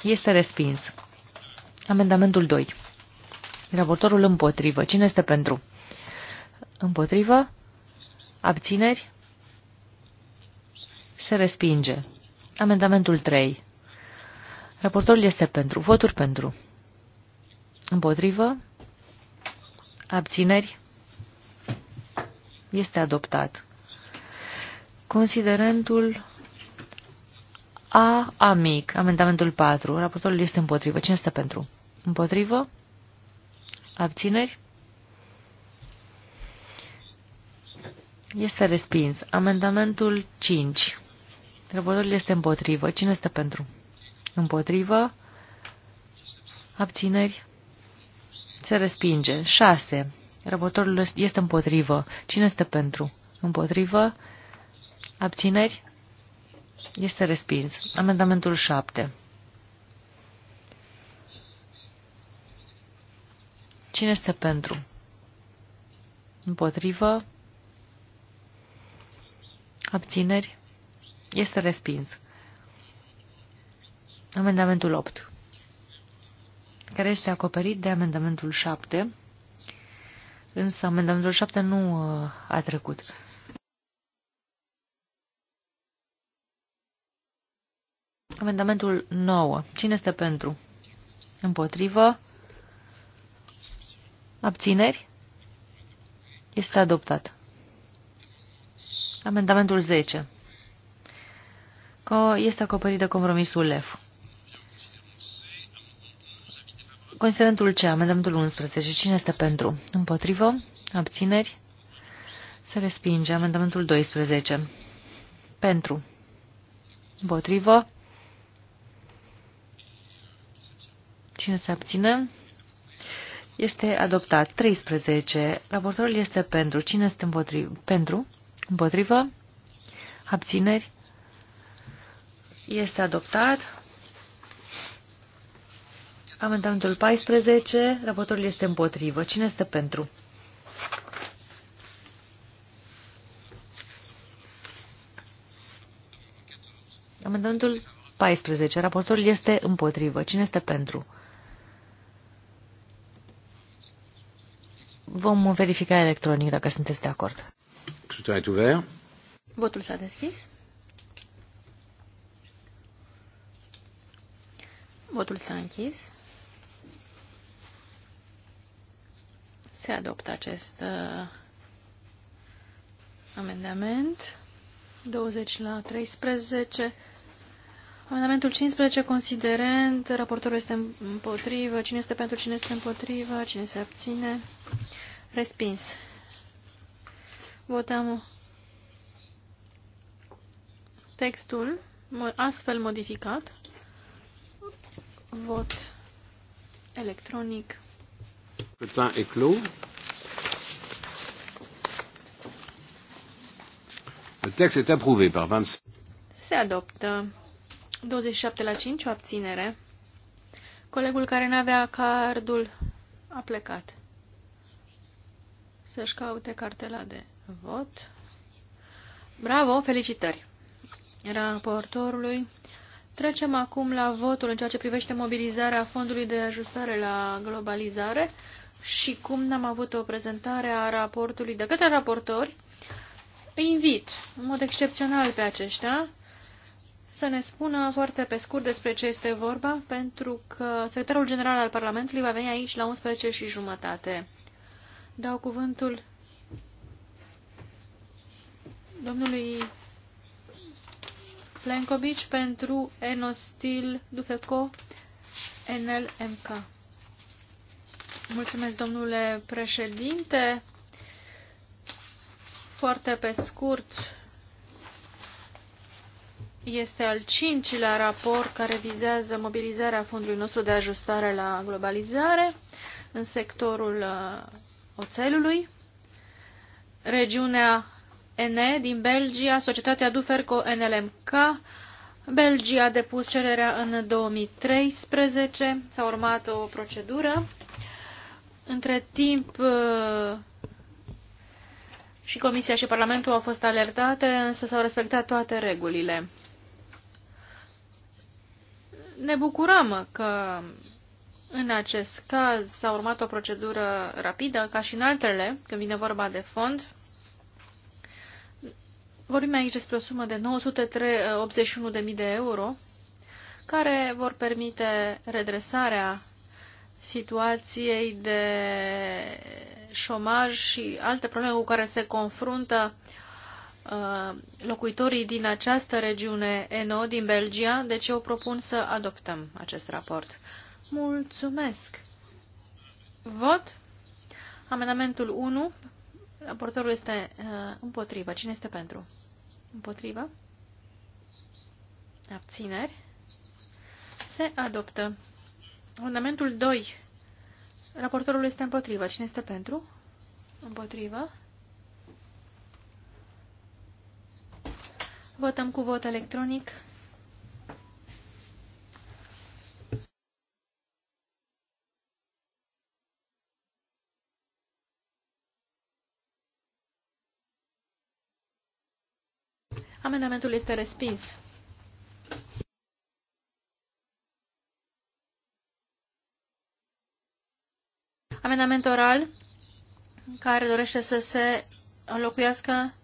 Este respins. Amendamentul 2. Raportorul împotrivă. Cine este pentru? Împotrivă? Abțineri? Se respinge. Amendamentul 3. Raportorul este pentru. Voturi pentru. Împotrivă. Abțineri. Este adoptat. Considerentul A amic, amendamentul 4. Raportorul este împotrivă. Cine este pentru? Împotrivă. Abțineri. Este respins. Amendamentul 5. Răbătorul este împotrivă. Cine este pentru? Împotrivă. Abțineri. Se respinge. 6. Răbătorul este împotrivă. Cine este pentru? Împotrivă. Abțineri. Este respins. Amendamentul 7. Cine este pentru? Împotrivă? Abțineri? Este respins. Amendamentul 8, care este acoperit de amendamentul 7, însă amendamentul 7 nu uh, a trecut. Amendamentul 9. Cine este pentru? Împotrivă? Abțineri? Este adoptat. Amendamentul 10 că este acoperit de compromisul LEF. Considerentul C, amendamentul 11. Cine este pentru? Împotrivă? Abțineri? Se respinge. Amendamentul 12. Pentru? Împotrivă? Cine se abține? Este adoptat. 13. Raportorul este pentru. Cine este împotrivă? Pentru? Împotrivă? Abțineri? Este adoptat. Amendamentul 14. Raportorul este împotrivă. Cine este pentru? Amendamentul 14. Raportorul este împotrivă. Cine este pentru? Vom verifica electronic dacă sunteți de acord. Votul s-a deschis. Votul s-a închis. Se adoptă acest uh, amendament. 20 la 13. Amendamentul 15, considerent, raportorul este împotrivă, cine este pentru, cine este împotrivă, cine se abține, respins. Votăm textul astfel modificat. Vot electronic. Scrutin est clos. Le texte est approuvé par 20. Se adoptă 27 la 5 o abținere. Colegul care n-avea cardul a plecat să-și caute cartela de vot. Bravo, felicitări raportorului. Trecem acum la votul în ceea ce privește mobilizarea Fondului de Ajustare la Globalizare și cum n-am avut o prezentare a raportului de către raportori, îi invit în mod excepțional pe aceștia să ne spună foarte pe scurt despre ce este vorba, pentru că secretarul general al Parlamentului va veni aici la 11 și jumătate. Dau cuvântul domnului Plenkovic pentru Enostil Dufeco NLMK. Mulțumesc, domnule președinte. Foarte pe scurt, este al cincilea raport care vizează mobilizarea fondului nostru de ajustare la globalizare în sectorul uh, oțelului. Regiunea ENE din Belgia, societatea Duferco NLMK. Belgia a depus cererea în 2013, s-a urmat o procedură. Între timp uh, și Comisia și Parlamentul au fost alertate, însă s-au respectat toate regulile. Ne bucurăm că în acest caz s-a urmat o procedură rapidă, ca și în altele, când vine vorba de fond, Vorbim aici despre o sumă de 981.000 de euro care vor permite redresarea situației de șomaj și alte probleme cu care se confruntă uh, locuitorii din această regiune ENO din Belgia, deci eu propun să adoptăm acest raport. Mulțumesc! Vot. Amendamentul 1. Raportorul este uh, împotrivă. Cine este pentru? Împotrivă. Abțineri. Se adoptă. Amendamentul 2. Raportorul este împotrivă. Cine este pentru? Împotrivă. Votăm cu vot electronic. Amendamentul este respins. Amendament oral care dorește să se înlocuiască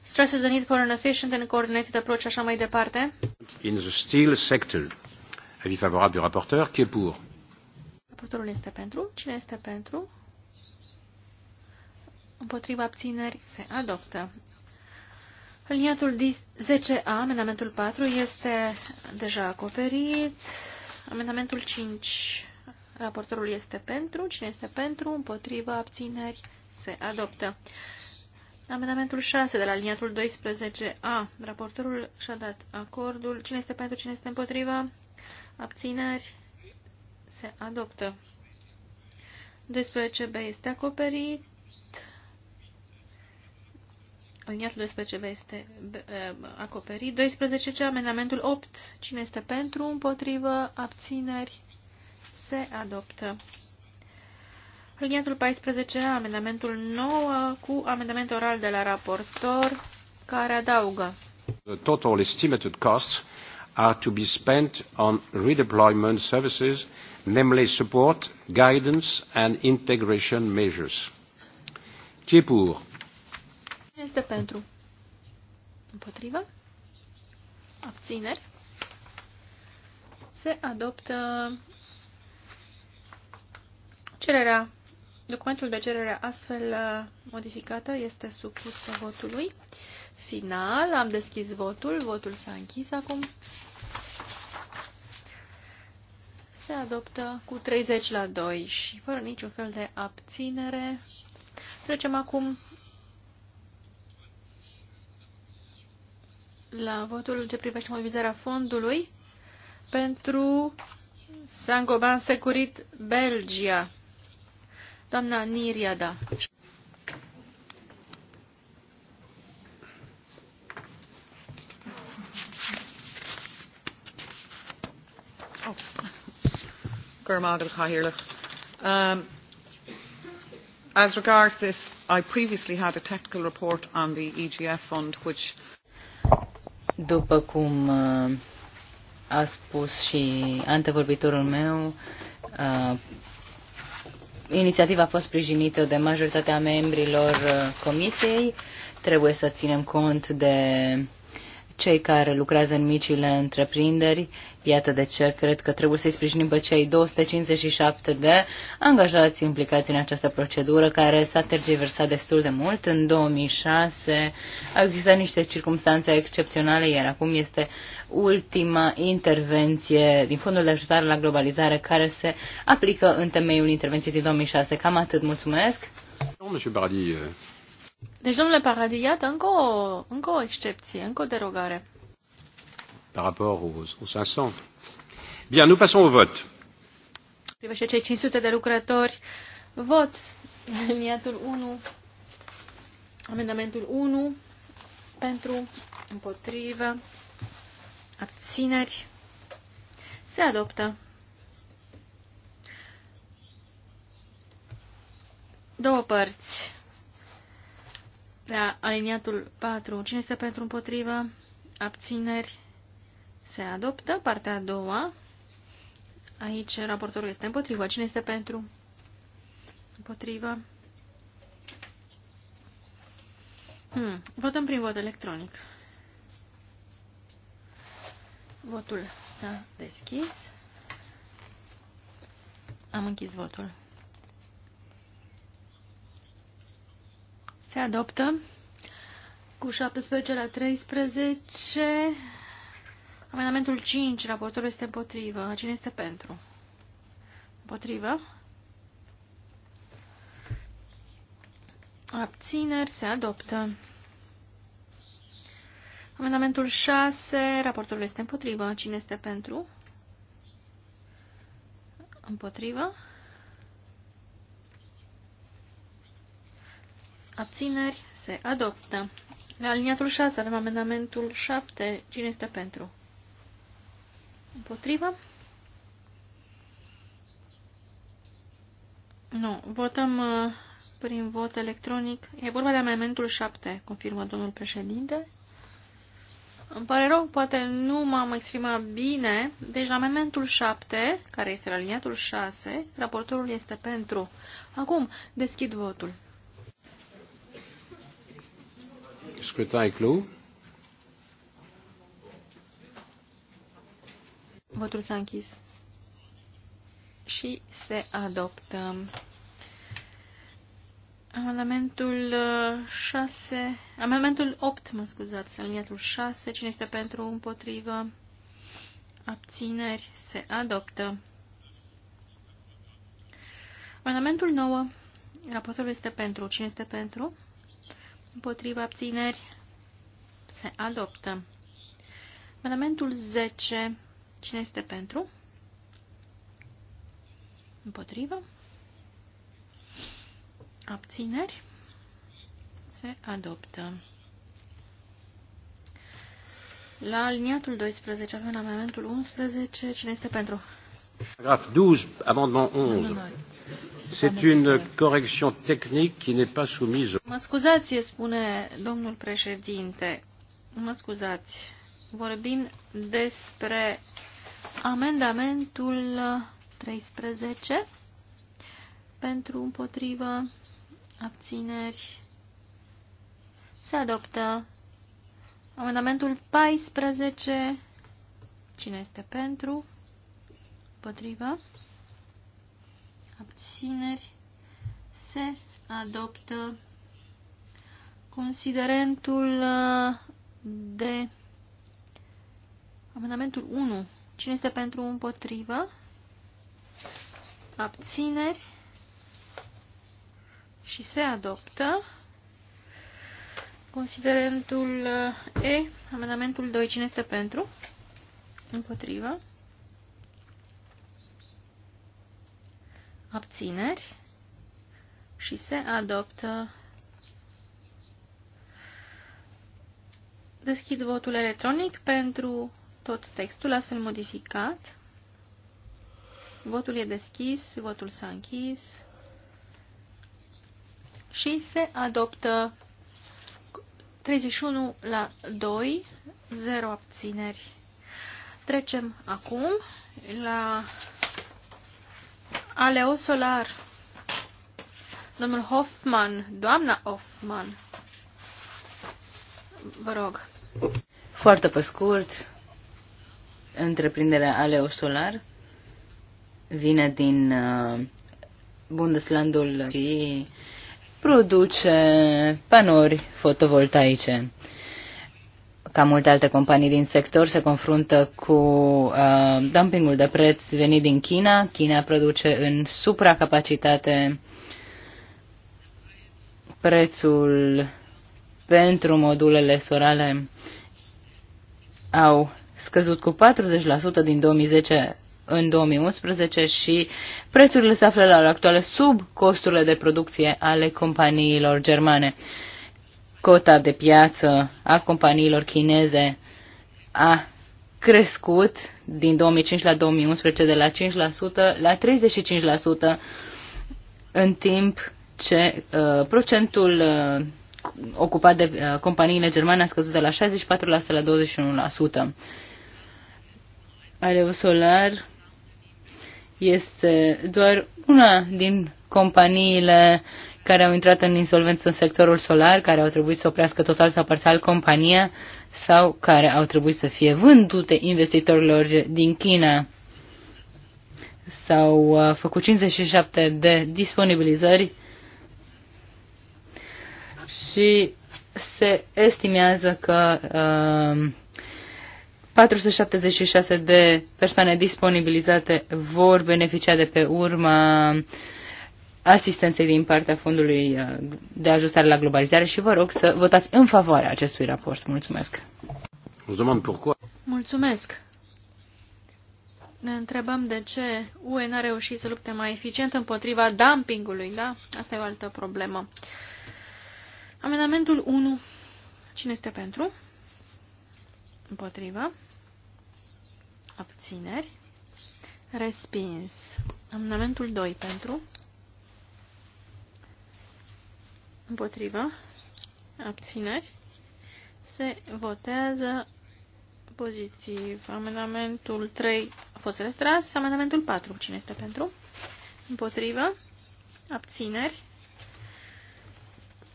stresses the need for an efficient and coordinated approach, așa mai departe. In the steel sector. Avis favorable du rapporteur. Qui est pour? Raportorul este pentru. Cine este pentru? Împotriva abțineri se adoptă. Aliniatul 10A, amendamentul 4, este deja acoperit. Amendamentul 5, raportorul este pentru. Cine este pentru? Împotriva, abțineri, se adoptă. Amendamentul 6 de la aliniatul 12A. Raportorul și-a dat acordul. Cine este pentru, cine este împotriva? Abțineri. Se adoptă. 12B este acoperit. Aliniatul 12 este eh, acoperit. 12 ce amendamentul 8. Cine este pentru, împotrivă, abțineri, se adoptă. Aliniatul 14 amendamentul 9 cu amendament oral de la raportor care adaugă. The total estimated costs are to be spent on redeployment services, namely support, guidance and integration measures. Qui est pour? este pentru? Împotrivă? Abțineri? Se adoptă cererea. Documentul de cerere astfel uh, modificată este supus votului final. Am deschis votul. Votul s-a închis acum. Se adoptă cu 30 la 2 și fără niciun fel de abținere. Trecem acum la votul ce privește mobilizarea fondului pentru Sangoban Securit Belgia. Doamna Niriada. Gurmagad Um, ehm, as regards this, I previously had a technical report on the EGF fund, which după cum uh, a spus și antevorbitorul meu, uh, inițiativa a fost sprijinită de majoritatea membrilor uh, comisiei. Trebuie să ținem cont de cei care lucrează în micile întreprinderi. Iată de ce cred că trebuie să-i sprijinim pe cei 257 de angajați implicați în această procedură, care s-a tergiversat destul de mult. În 2006 au existat niște circunstanțe excepționale, iar acum este ultima intervenție din Fondul de Ajutare la Globalizare care se aplică în temeiul intervenției din 2006. Cam atât. Mulțumesc! Domnul deci, domnule Paradis, iată încă o, încă o excepție, încă o derogare. Par rapport aux, aux 500. Bien, nous passons au vote. Privește cei 500 de lucrători. Vot. Aliniatul 1. Amendamentul 1. Pentru. Împotrivă. Abțineri. Se adoptă. 2 părți la aliniatul 4. Cine este pentru împotrivă? Abțineri se adoptă. Partea a doua. Aici raportorul este împotrivă. Cine este pentru? Împotrivă. Hmm. Votăm prin vot electronic. Votul s-a deschis. Am închis votul. Se adoptă cu 17 la 13. Amendamentul 5. Raportorul este împotrivă. Cine este pentru? Împotrivă. Abțineri. Se adoptă. Amendamentul 6. raportorul este împotrivă. Cine este pentru? Împotrivă. abțineri, se adoptă. La aliniatul 6 avem amendamentul 7. Cine este pentru? Împotrivă? Nu. Votăm uh, prin vot electronic. E vorba de amendamentul 7, confirmă domnul președinte. Îmi pare rău, poate nu m-am exprimat bine. Deci la amendamentul 7, care este la aliniatul 6, raportorul este pentru. Acum deschid votul. Scrutin est clos. Votul s-a închis. Și se adoptă. Amendamentul 6, uh, amendamentul 8, mă scuzați, aliniatul 6, cine este pentru, împotrivă, abțineri, se adoptă. Amendamentul 9, raportul este pentru, cine este pentru, împotriva abțineri, se adoptă. Elementul 10, cine este pentru? Împotrivă. Abțineri. Se adoptă. La aliniatul 12 avem amendamentul 11. Cine este pentru? Paragraf 12, amendament 11. Nu, nu, nu. C'est une correction technique qui n'est pas soumise. Mă scuzați, spune domnul președinte. Mă scuzați. Vorbim despre amendamentul 13 pentru împotrivă abțineri. Se adoptă amendamentul 14. Cine este pentru? Împotrivă? abțineri, se adoptă considerentul uh, de amendamentul 1. Cine este pentru împotrivă? Abțineri și se adoptă. Considerentul uh, E, amendamentul 2, cine este pentru? Împotrivă. abțineri și se adoptă. Deschid votul electronic pentru tot textul astfel modificat. Votul e deschis, votul s-a închis și se adoptă 31 la 2, 0 abțineri. Trecem acum la Aleo Solar, domnul Hoffman, doamna Hoffman. Vă rog. Foarte pe scurt, întreprinderea Aleo Solar vine din uh, Bundeslandul și produce panouri fotovoltaice ca multe alte companii din sector, se confruntă cu uh, dumpingul de preț venit din China. China produce în supracapacitate prețul pentru modulele solare au scăzut cu 40% din 2010 în 2011 și prețurile se află la actuale sub costurile de producție ale companiilor germane cota de piață a companiilor chineze a crescut din 2005 la 2011 de la 5% la 35%, în timp ce uh, procentul uh, ocupat de uh, companiile germane a scăzut de la 64% la 21%. Aleu Solar este doar una din companiile care au intrat în insolvență în sectorul solar, care au trebuit să oprească total sau parțial compania sau care au trebuit să fie vândute investitorilor din China. S-au uh, făcut 57 de disponibilizări și se estimează că uh, 476 de persoane disponibilizate vor beneficia de pe urma asistenței din partea Fondului uh, de Ajustare la Globalizare și vă rog să votați în favoarea acestui raport. Mulțumesc! Mulțumesc! Ne întrebăm de ce UE n-a reușit să lupte mai eficient împotriva dumpingului, da? Asta e o altă problemă. Amendamentul 1. Cine este pentru? Împotriva. Abțineri. Respins. Amendamentul 2 pentru. împotriva, abțineri, se votează pozitiv. Amendamentul 3 a fost retras, amendamentul 4, cine este pentru, împotriva, abțineri,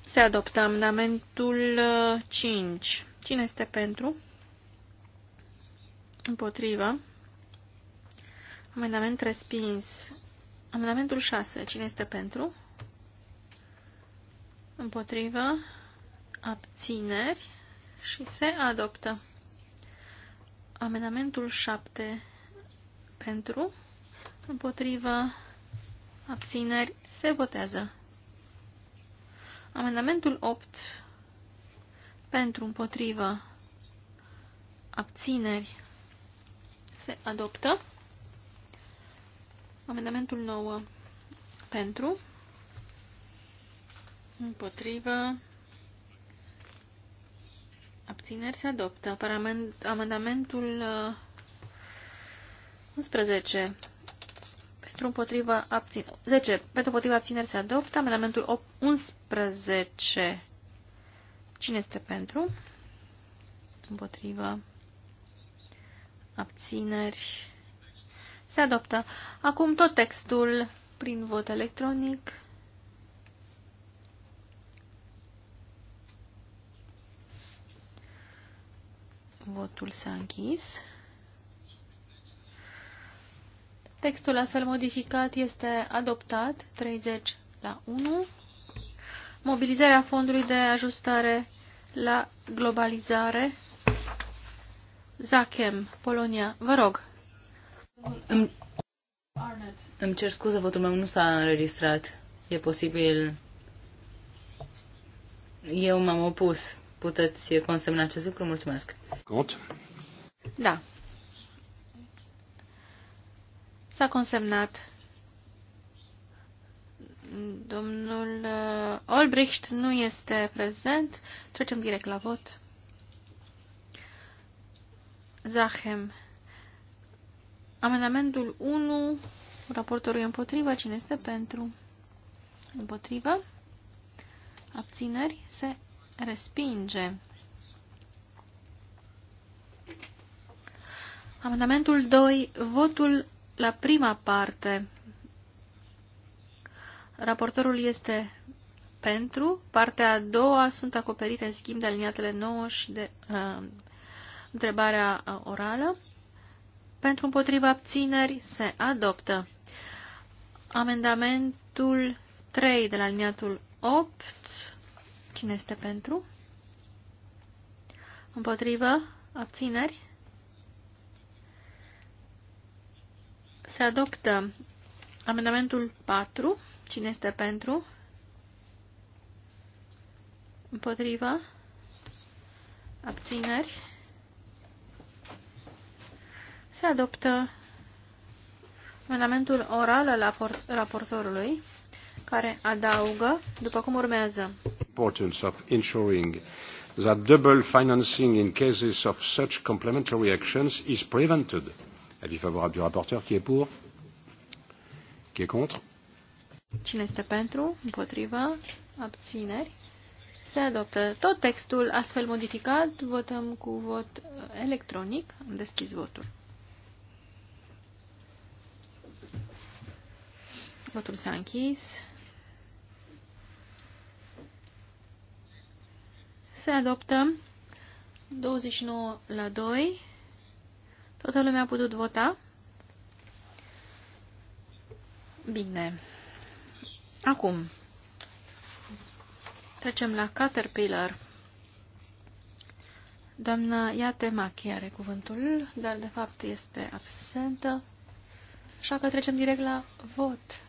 se adoptă amendamentul 5, uh, cine este pentru, împotriva, amendament respins, amendamentul 6, cine este pentru, împotrivă, abțineri și se adoptă. Amendamentul 7 pentru, împotrivă, abțineri, se votează. Amendamentul 8 pentru, împotrivă, abțineri, se adoptă. Amendamentul 9 pentru, Împotrivă. Abțineri se adoptă. Parament, amendamentul 11. Uh, pentru împotrivă abțineri. 10. Pentru împotrivă abțineri se adoptă. Amendamentul 11. Cine este pentru? Împotrivă. abțineri. Se adoptă. Acum tot textul prin vot electronic. Votul s-a închis. Textul astfel modificat este adoptat 30 la 1. Mobilizarea fondului de ajustare la globalizare. Zachem, Polonia. Vă rog. Îmi, îmi cer scuze, votul meu nu s-a înregistrat. E posibil... Eu m-am opus puteți consemna acest lucru. Mulțumesc. Cont? Da. S-a consemnat. Domnul uh, Olbricht nu este prezent. Trecem direct la vot. Zahem. Amendamentul 1. Raportorul e împotriva. Cine este pentru? Împotriva. Abțineri. Se respinge. Amendamentul 2. Votul la prima parte. Raportorul este pentru. Partea a doua sunt acoperite în schimb de aliniatele 9 și de uh, întrebarea orală. Pentru împotriva abțineri se adoptă. Amendamentul 3 de la aliniatul 8 Cine este pentru? Împotrivă? Abțineri? Se adoptă amendamentul 4. Cine este pentru? Împotrivă? Abțineri? Se adoptă amendamentul oral al raportorului care adaugă, după cum urmează. Importance of ensuring that double financing in cases of such complementary actions is prevented. Avis favorable du rapporteur qui est pour, qui est contre. Cine este pentru, împotrivă, abțineri, se adoptă tot textul astfel modificat, votăm cu vot electronic, am deschis votul. Votul s-a închis. Se adoptă 29 la 2. Toată lumea a putut vota. Bine. Acum. Trecem la Caterpillar. Doamna Iatemachi are cuvântul, dar de fapt este absentă. Așa că trecem direct la vot.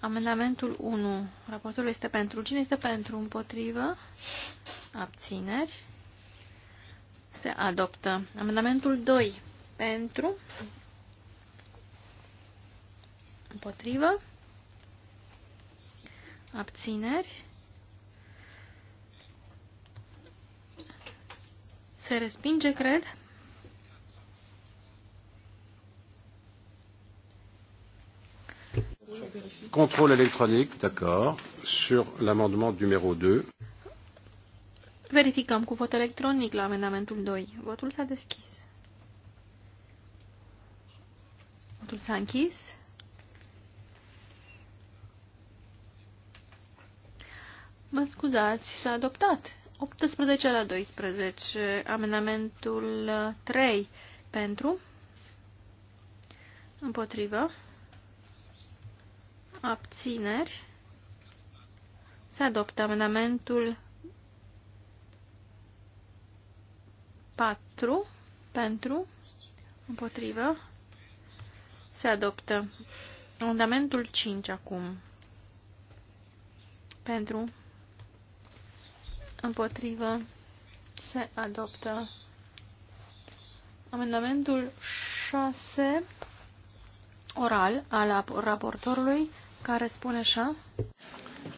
Amendamentul 1. Raportul este pentru. Cine este pentru? Împotrivă? Abțineri? Se adoptă. Amendamentul 2. Pentru? Împotrivă? Abțineri? Se respinge, cred. Contrôle électronique, d'accord. Sur l'amendement numéro 2. Verificăm cu vot electronic la amendamentul 2. Votul s-a deschis. Votul s-a închis. Mă scuzați, s-a adoptat. 18 la 12. Amendamentul 3 pentru. Împotrivă abțineri, se adoptă amendamentul 4 pentru, împotrivă, se adoptă amendamentul 5 acum pentru, împotrivă, se adoptă amendamentul 6 oral al raportorului care spune așa.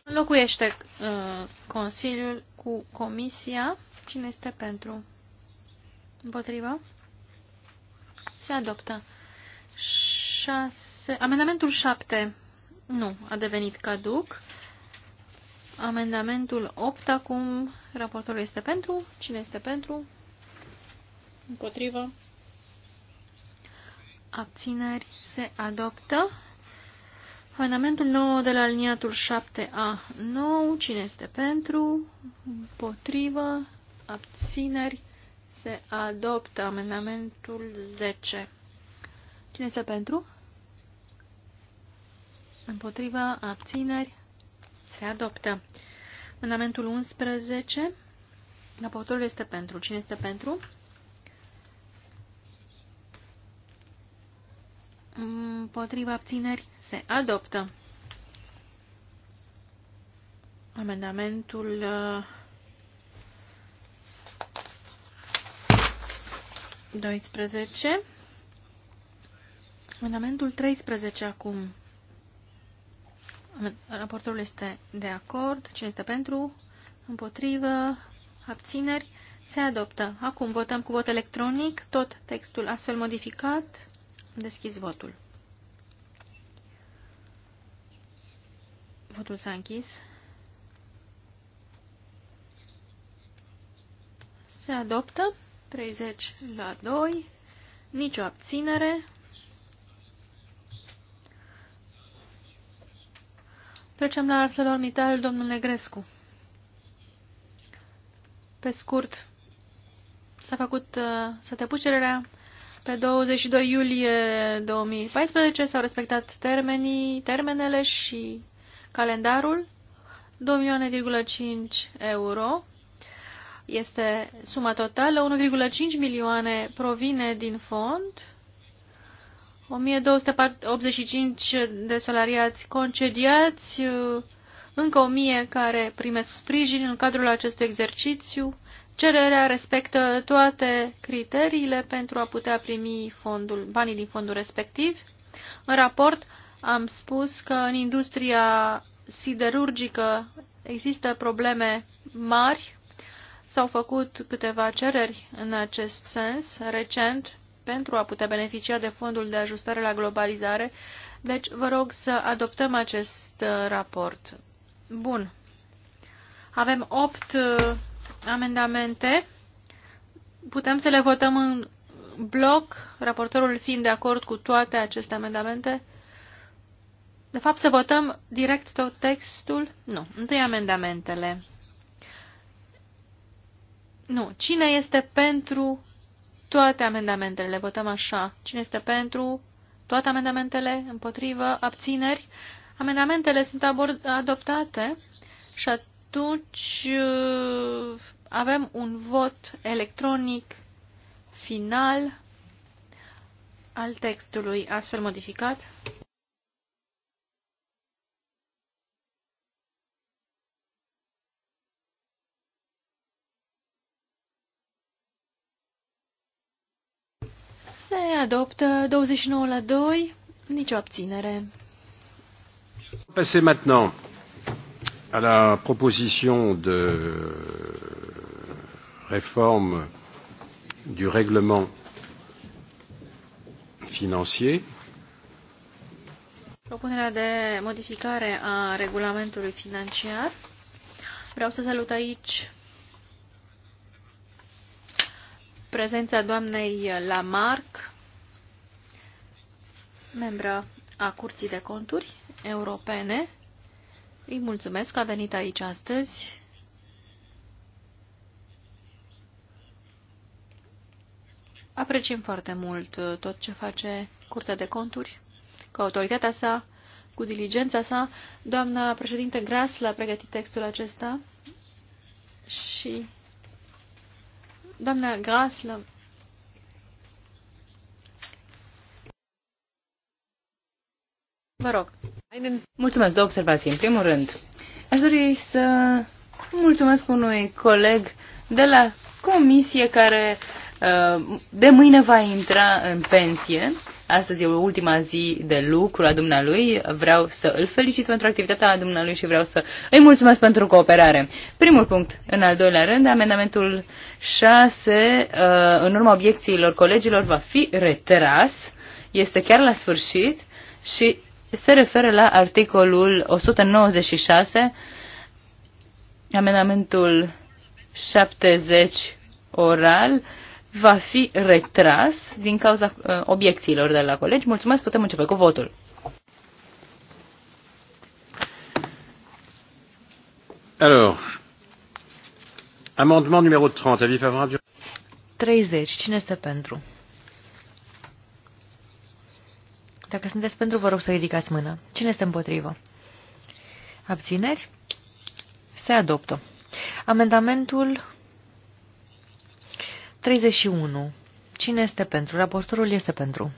Înlocuiește uh, Consiliul cu Comisia. Cine este pentru? Împotriva? Se adoptă. Șase. Amendamentul 7. Nu, a devenit caduc. Amendamentul 8 acum. Raportorul este pentru. Cine este pentru? Împotrivă. Abțineri se adoptă. Amendamentul nou de la aliniatul 7A. nou Cine este pentru? Împotrivă? Abțineri? Se adoptă amendamentul 10. Cine este pentru? Împotriva Abțineri? Se adoptă. Amendamentul 11. Raportorul este pentru. Cine este pentru? Împotriva abțineri se adoptă. Amendamentul 12. Uh, Amendamentul 13 acum. Raportorul este de acord. Cine este pentru? Împotrivă? Abțineri? Se adoptă. Acum votăm cu vot electronic tot textul astfel modificat. Deschis votul. Votul s-a închis. Se adoptă 30 la 2, nicio abținere. Trecem la ArcelorMittal, domnule Grescu. Pe scurt, s-a făcut, uh, s-a depus cererea pe 22 iulie 2014 s-au respectat termenii, termenele și calendarul. 2.5 euro este suma totală, 1,5 milioane provine din fond, 1285 de salariați concediați, încă 1000 care primesc sprijin în cadrul acestui exercițiu, Cererea respectă toate criteriile pentru a putea primi fondul, banii din fondul respectiv. În raport am spus că în industria siderurgică există probleme mari. S-au făcut câteva cereri în acest sens recent pentru a putea beneficia de fondul de ajustare la globalizare. Deci vă rog să adoptăm acest uh, raport. Bun. Avem opt uh, amendamente. Putem să le votăm în bloc, raportorul fiind de acord cu toate aceste amendamente. De fapt, să votăm direct tot textul? Nu. Întâi amendamentele. Nu. Cine este pentru toate amendamentele? Le votăm așa. Cine este pentru toate amendamentele? Împotrivă? Abțineri? Amendamentele sunt adoptate și atunci uh, avem un vot electronic final al textului astfel modificat. Se adoptă 29 la 2, nicio abținere. Passer maintenant à la proposition de réforme du règlement financier. Propunerea de modificare a regulamentului financiar. Vreau să salut aici prezența doamnei Lamarck, membră a Curții de Conturi Europene, îi mulțumesc că a venit aici astăzi. Apreciem foarte mult uh, tot ce face Curtea de Conturi, cu autoritatea sa, cu diligența sa. Doamna președinte Gras l-a pregătit textul acesta și doamna Gras l-a Vă rog. Mulțumesc, două observații. În primul rând, aș dori să mulțumesc unui coleg de la comisie care uh, de mâine va intra în pensie. Astăzi e ultima zi de lucru a dumnealui. Vreau să îl felicit pentru activitatea dumnealui și vreau să îi mulțumesc pentru cooperare. Primul punct. În al doilea rând, amendamentul 6, uh, în urma obiecțiilor colegilor, va fi retras. Este chiar la sfârșit și se referă la articolul 196, amendamentul 70 oral, va fi retras din cauza uh, obiecțiilor de la colegi. Mulțumesc, putem începe cu votul. Alors, amendement numéro 30, avis favorable. 30. Cine este pentru? Dacă sunteți pentru, vă rog să ridicați mâna. Cine este împotrivă? Abțineri? Se adoptă. Amendamentul 31. Cine este pentru? Raportorul este pentru.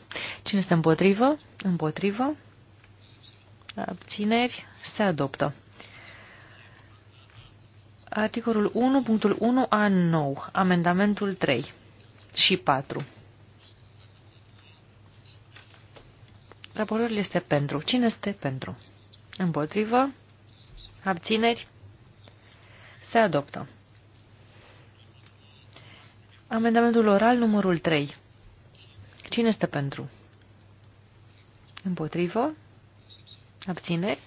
Cine este împotrivă? Împotrivă. Abțineri? Se adoptă. Articolul 1.1 a 9. Amendamentul 3 și 4. Raportul este pentru. Cine este pentru? Împotrivă? Abțineri? Se adoptă. Amendamentul oral numărul 3. Cine este pentru? Împotrivă? Abțineri?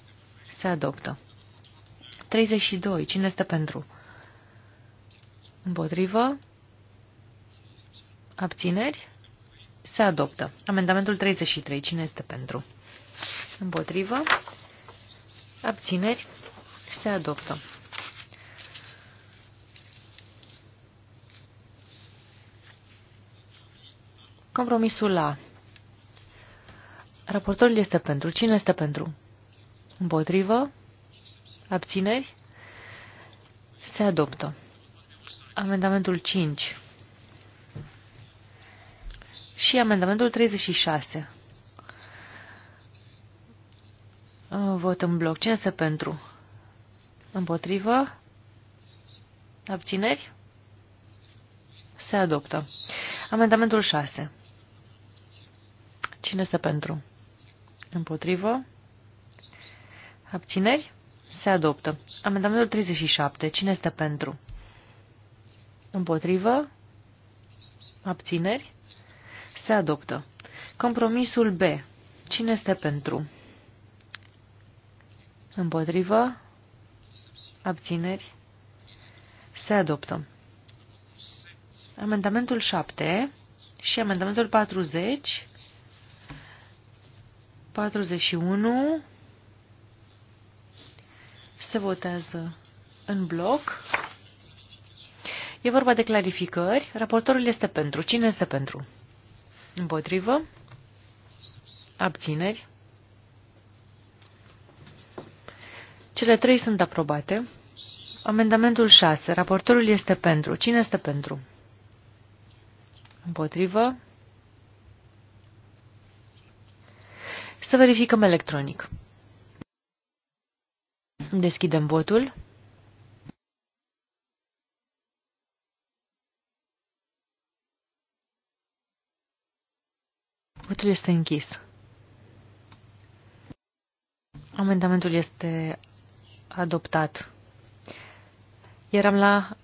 Se adoptă. 32. Cine este pentru? Împotrivă? Abțineri? Se adoptă. Amendamentul 33. Cine este pentru? Împotrivă. Abțineri. Se adoptă. Compromisul A. Raportorul este pentru. Cine este pentru? Împotrivă? Abțineri? Se adoptă. Amendamentul 5 și amendamentul 36. Uh, vot în bloc. Cine este pentru? Împotrivă? Abțineri? Se adoptă. Amendamentul 6. Cine este pentru? Împotrivă? Abțineri? Se adoptă. Amendamentul 37. Cine este pentru? Împotrivă? Abțineri? Se adoptă. Compromisul B. Cine este pentru? Împotrivă? Abțineri? Se adoptă. Amendamentul 7 și amendamentul 40, 41, se votează în bloc. E vorba de clarificări. Raportorul este pentru. Cine este pentru? Împotrivă. Abțineri. Cele trei sunt aprobate. Amendamentul 6. Raportorul este pentru. Cine este pentru? Împotrivă. Să verificăm electronic. Deschidem votul. Votul este închis. Amendamentul este adoptat. Eram la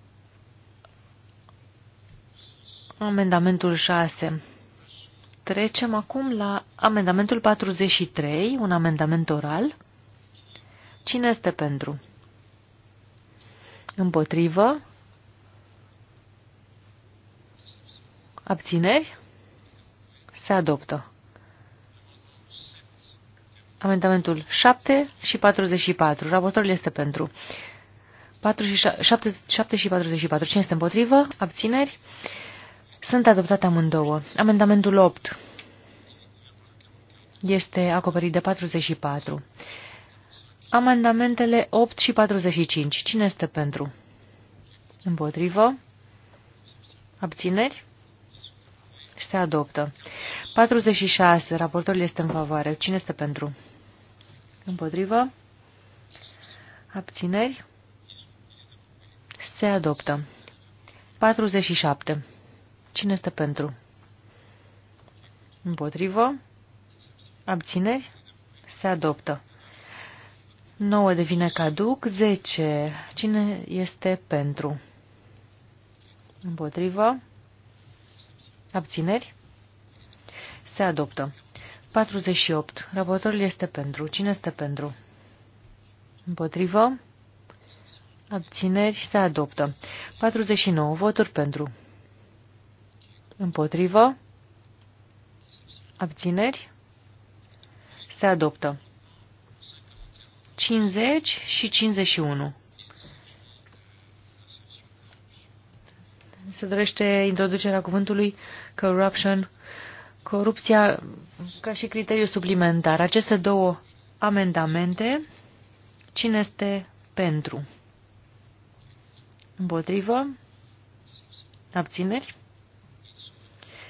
amendamentul 6. Trecem acum la amendamentul 43, un amendament oral. Cine este pentru? Împotrivă? Abțineri? Se adoptă. Amendamentul 7 și 44. Raportorul este pentru. 4 și 7, 7 și 44. Cine este împotrivă? Abțineri? Sunt adoptate amândouă. Amendamentul 8 este acoperit de 44. Amendamentele 8 și 45. Cine este pentru? Împotrivă? Abțineri? Se adoptă. 46. Raportorul este în favoare. Cine este pentru? Împotrivă. Abțineri. Se adoptă. 47. Cine este pentru? Împotrivă. Abțineri. Se adoptă. 9 devine caduc. 10. Cine este pentru? Împotrivă. Abțineri? Se adoptă. 48. Raportorul este pentru. Cine este pentru? Împotrivă? Abțineri? Se adoptă. 49. Voturi pentru. Împotrivă? Abțineri? Se adoptă. 50 și 51. se dorește introducerea cuvântului corruption, corupția ca și criteriu suplimentar. Aceste două amendamente, cine este pentru? Împotrivă? Abțineri?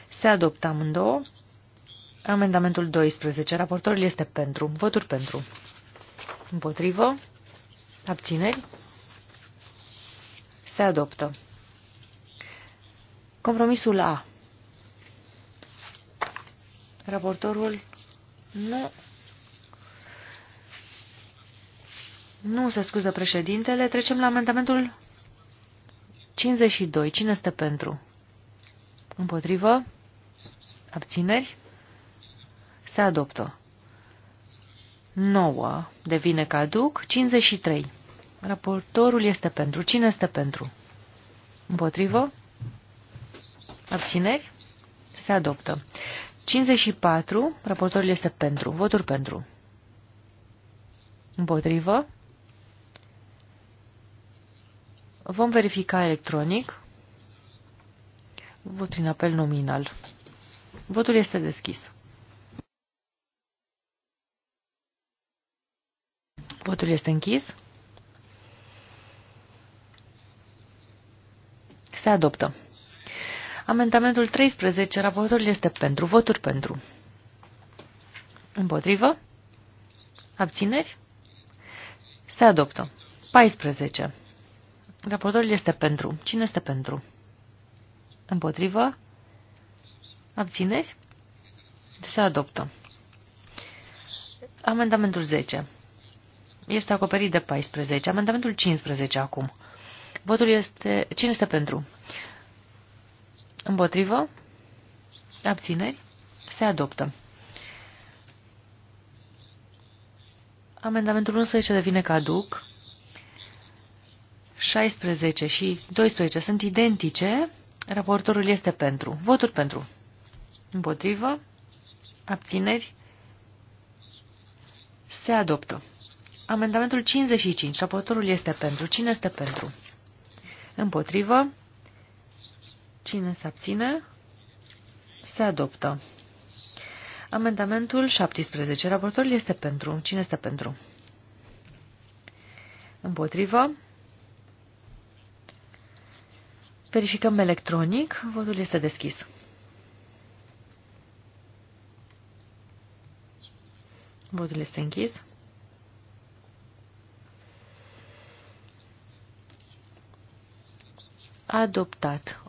Se adoptă amândouă. Amendamentul 12. Raportorul este pentru. Voturi pentru. Împotrivă? Abțineri? Se adoptă. Compromisul A. Raportorul nu Nu se scuză președintele. Trecem la amendamentul 52. Cine este pentru? Împotrivă? Abțineri? Se adoptă. 9. Devine caduc. 53. Raportorul este pentru. Cine este pentru? Împotrivă? Abțineri? Se adoptă. 54. Raportorul este pentru. Voturi pentru. Împotrivă. Vom verifica electronic. Vot prin apel nominal. Votul este deschis. Votul este închis. Se adoptă. Amendamentul 13, raportorul este pentru. Voturi pentru. Împotrivă? Abțineri? Se adoptă. 14. Raportorul este pentru. Cine este pentru? Împotrivă? Abțineri? Se adoptă. Amendamentul 10. Este acoperit de 14. Amendamentul 15 acum. Votul este... Cine este pentru? Împotrivă? Abțineri? Se adoptă. Amendamentul 11 devine caduc. 16 și 12 sunt identice. Raportorul este pentru. Voturi pentru. Împotrivă? Abțineri? Se adoptă. Amendamentul 55. Raportorul este pentru. Cine este pentru? Împotrivă? Cine se abține? Se adoptă. Amendamentul 17. Raportorul este pentru. Cine este pentru? Împotrivă. Verificăm electronic. Votul este deschis. Votul este închis. Adoptat.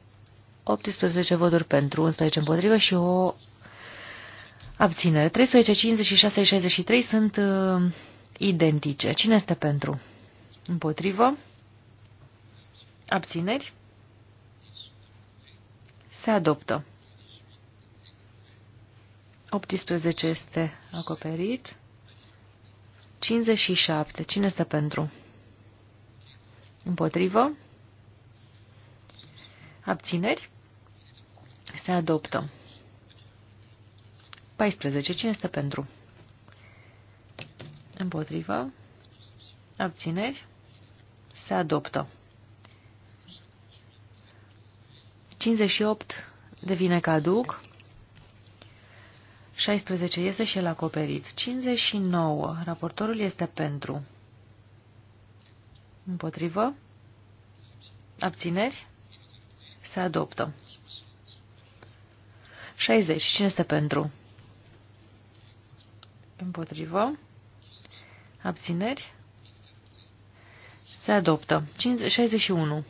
18 voturi pentru, 11 împotrivă și o abținere. 356 și 63 sunt uh, identice. Cine este pentru? Împotrivă? Abțineri? Se adoptă. 18 este acoperit. 57. Cine este pentru? Împotrivă? Abțineri? Se adoptă. 14. Cine este pentru? Împotrivă. Abțineri? Se adoptă. 58 devine caduc. 16 este și el acoperit. 59. Raportorul este pentru. Împotrivă. Abțineri? Se adoptă. 60. Cine este pentru? Împotrivă. Abțineri. Se adoptă. 50, 61.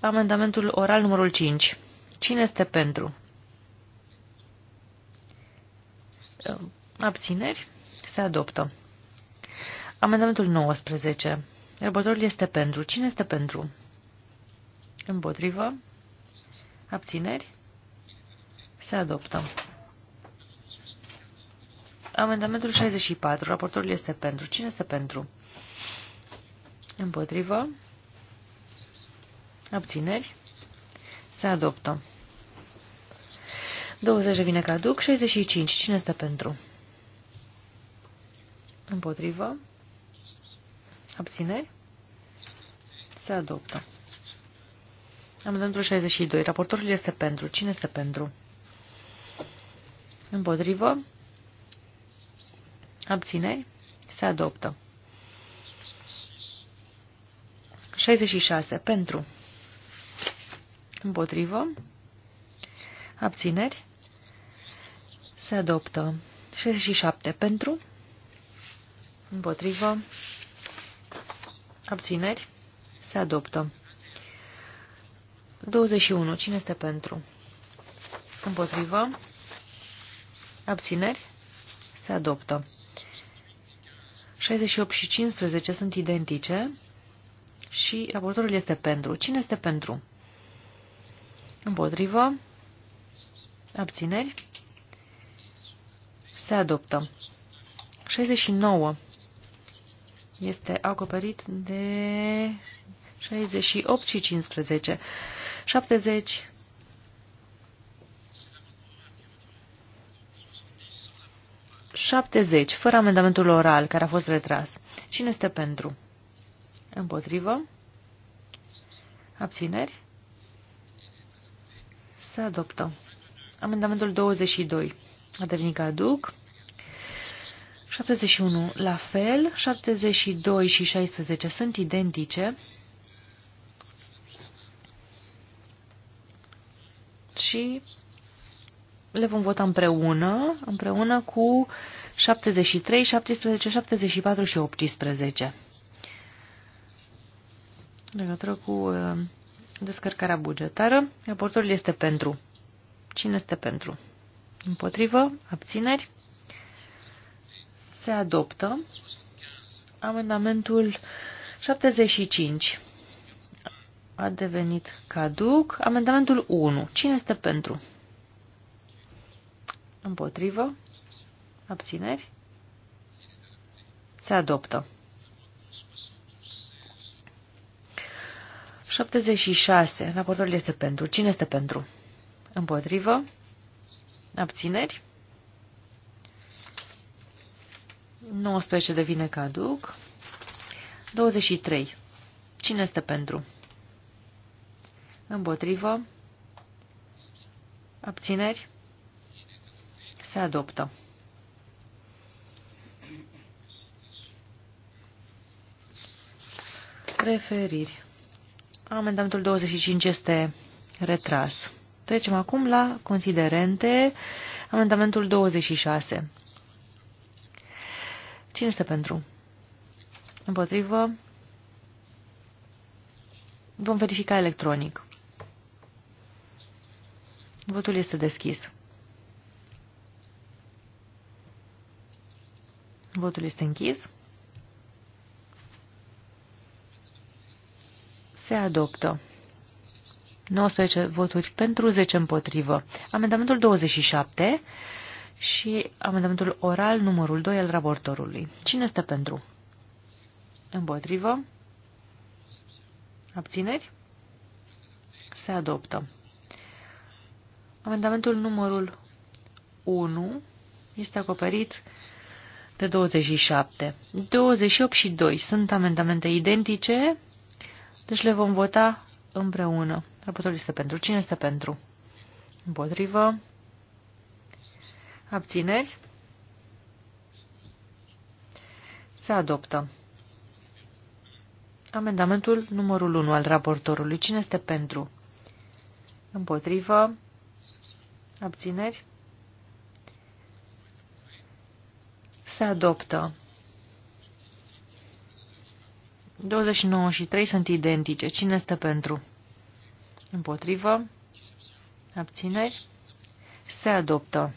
Amendamentul oral numărul 5. Cine este pentru? Abțineri. Se adoptă. Amendamentul 19. Răbătorul este pentru. Cine este pentru? Împotrivă. Abțineri. Se adoptă. Amendamentul 64. Raportorul este pentru. Cine este pentru? Împotrivă. Abțineri. Se adoptă. 20 vine caduc. 65. Cine este pentru? Împotrivă. Abțineri? Se adoptă. Amendamentul 62. Raportorul este pentru. Cine este pentru? Împotrivă? Abțineri? Se adoptă. 66. Pentru. Împotrivă. Abțineri. Se adoptă. 67. Pentru. Împotrivă. Abțineri? Se adoptă. 21. Cine este pentru? Împotrivă. Abțineri? Se adoptă. 68 și 15 sunt identice și raportorul este pentru. Cine este pentru? Împotrivă. Abțineri? Se adoptă. 69 este acoperit de 68 și 15. 70 70, fără amendamentul oral, care a fost retras. Cine este pentru? Împotrivă? Abțineri? Se adoptă. Amendamentul 22 a devenit caduc. 71 la fel, 72 și 16 sunt identice. Și le vom vota împreună, împreună cu 73, 17, 74 și 18. legătură cu uh, descărcarea bugetară, raportul este pentru. Cine este pentru? Împotrivă? Abțineri? Se adoptă. Amendamentul 75 a devenit caduc. Amendamentul 1. Cine este pentru? Împotrivă. Abțineri. Se adoptă. 76. Raportorul este pentru. Cine este pentru? Împotrivă. Abțineri. 19 devine caduc. 23. Cine este pentru? Împotrivă. Abțineri. Se adoptă. Referiri. Amendamentul 25 este retras. Trecem acum la considerente. Amendamentul 26. Cine este pentru? Împotrivă. Vom verifica electronic. Votul este deschis. Votul este închis. Se adoptă. 19 voturi pentru 10 împotrivă. Amendamentul 27 și amendamentul oral numărul 2 al raportorului. Cine este pentru? Împotrivă? Abțineri? Se adoptă. Amendamentul numărul 1 este acoperit de 27. 28 și 2 sunt amendamente identice, deci le vom vota împreună. Raportorul este pentru. Cine este pentru? Împotrivă? Abțineri? Se adoptă. Amendamentul numărul 1 al raportorului. Cine este pentru? Împotrivă? Abțineri? Se adoptă. 29 și 3 sunt identice. Cine este pentru? Împotrivă? Abțineri? Se adoptă.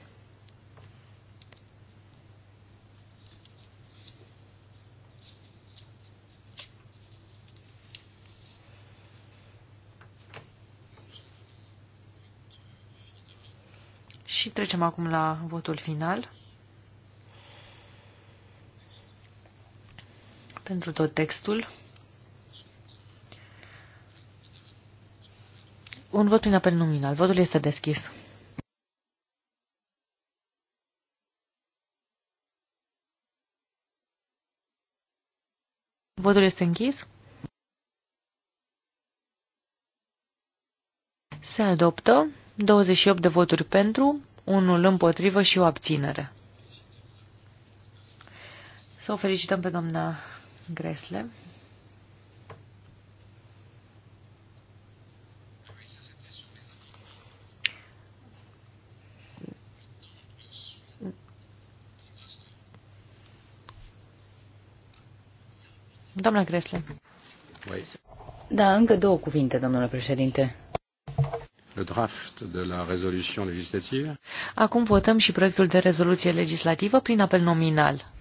trecem acum la votul final. Pentru tot textul. Un vot prin apel nominal. Votul este deschis. Votul este închis. Se adoptă 28 de voturi pentru, unul împotrivă și o abținere. Să o felicităm pe doamna Gresle. Doamna Gresle. Da, încă două cuvinte, domnule președinte le draft de la résolution législative. Acum votăm și proiectul de rezoluție legislativă prin apel nominal.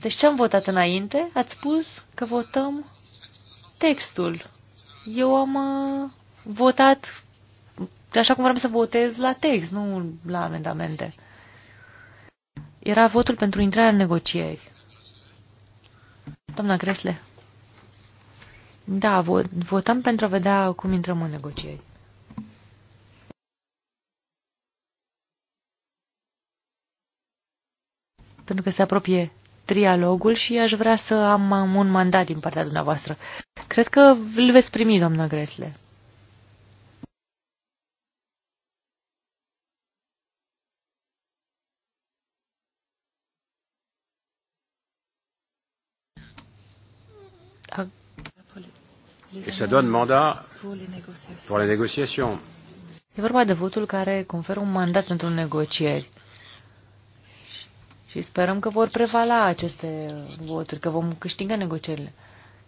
Deci ce am votat înainte? Ați spus că votăm textul. Eu am uh, votat așa cum vreau să votez la text, nu la amendamente. Era votul pentru intrarea în negocieri. Doamna Gresle. Da, votăm pentru a vedea cum intrăm în negocieri. Pentru că se apropie trialogul și aș vrea să am un mandat din partea dumneavoastră. Cred că îl veți primi, doamnă Gresle. et ça donne mandat pour les négociations. E vorba de votul care conferă un mandat pentru negocieri. Și sperăm că vor prevala aceste voturi, că vom câștiga negocierile.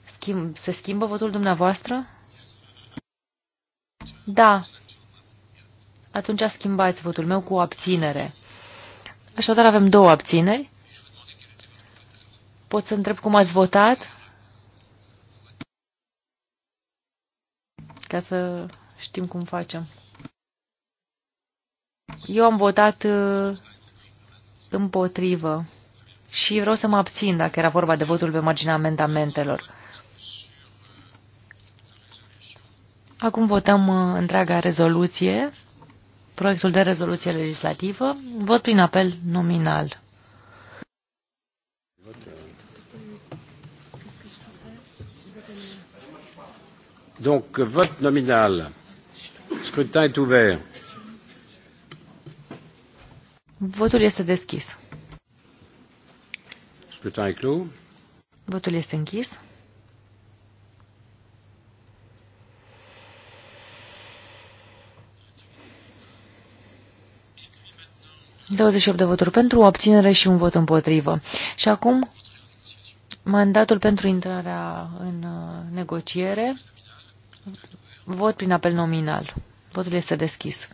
Schim se schimbă votul dumneavoastră? Da. Atunci schimbați votul meu cu abținere. Așadar avem două abțineri. Pot să întreb cum ați votat? ca să știm cum facem. Eu am votat uh, împotrivă și vreau să mă abțin dacă era vorba de votul pe marginea amendamentelor. Acum votăm uh, întreaga rezoluție, proiectul de rezoluție legislativă, vot prin apel nominal. Donc, vote nominal. Scrutin est ouvert. Votul este deschis. Scrutin est clos. Votul este închis. Douăzeci și opt de voturi pentru, obținere și un vot împotrivă. Și acum, mandatul pentru intrarea în uh, negociere. Vot prin apel nominal. Votul este deschis.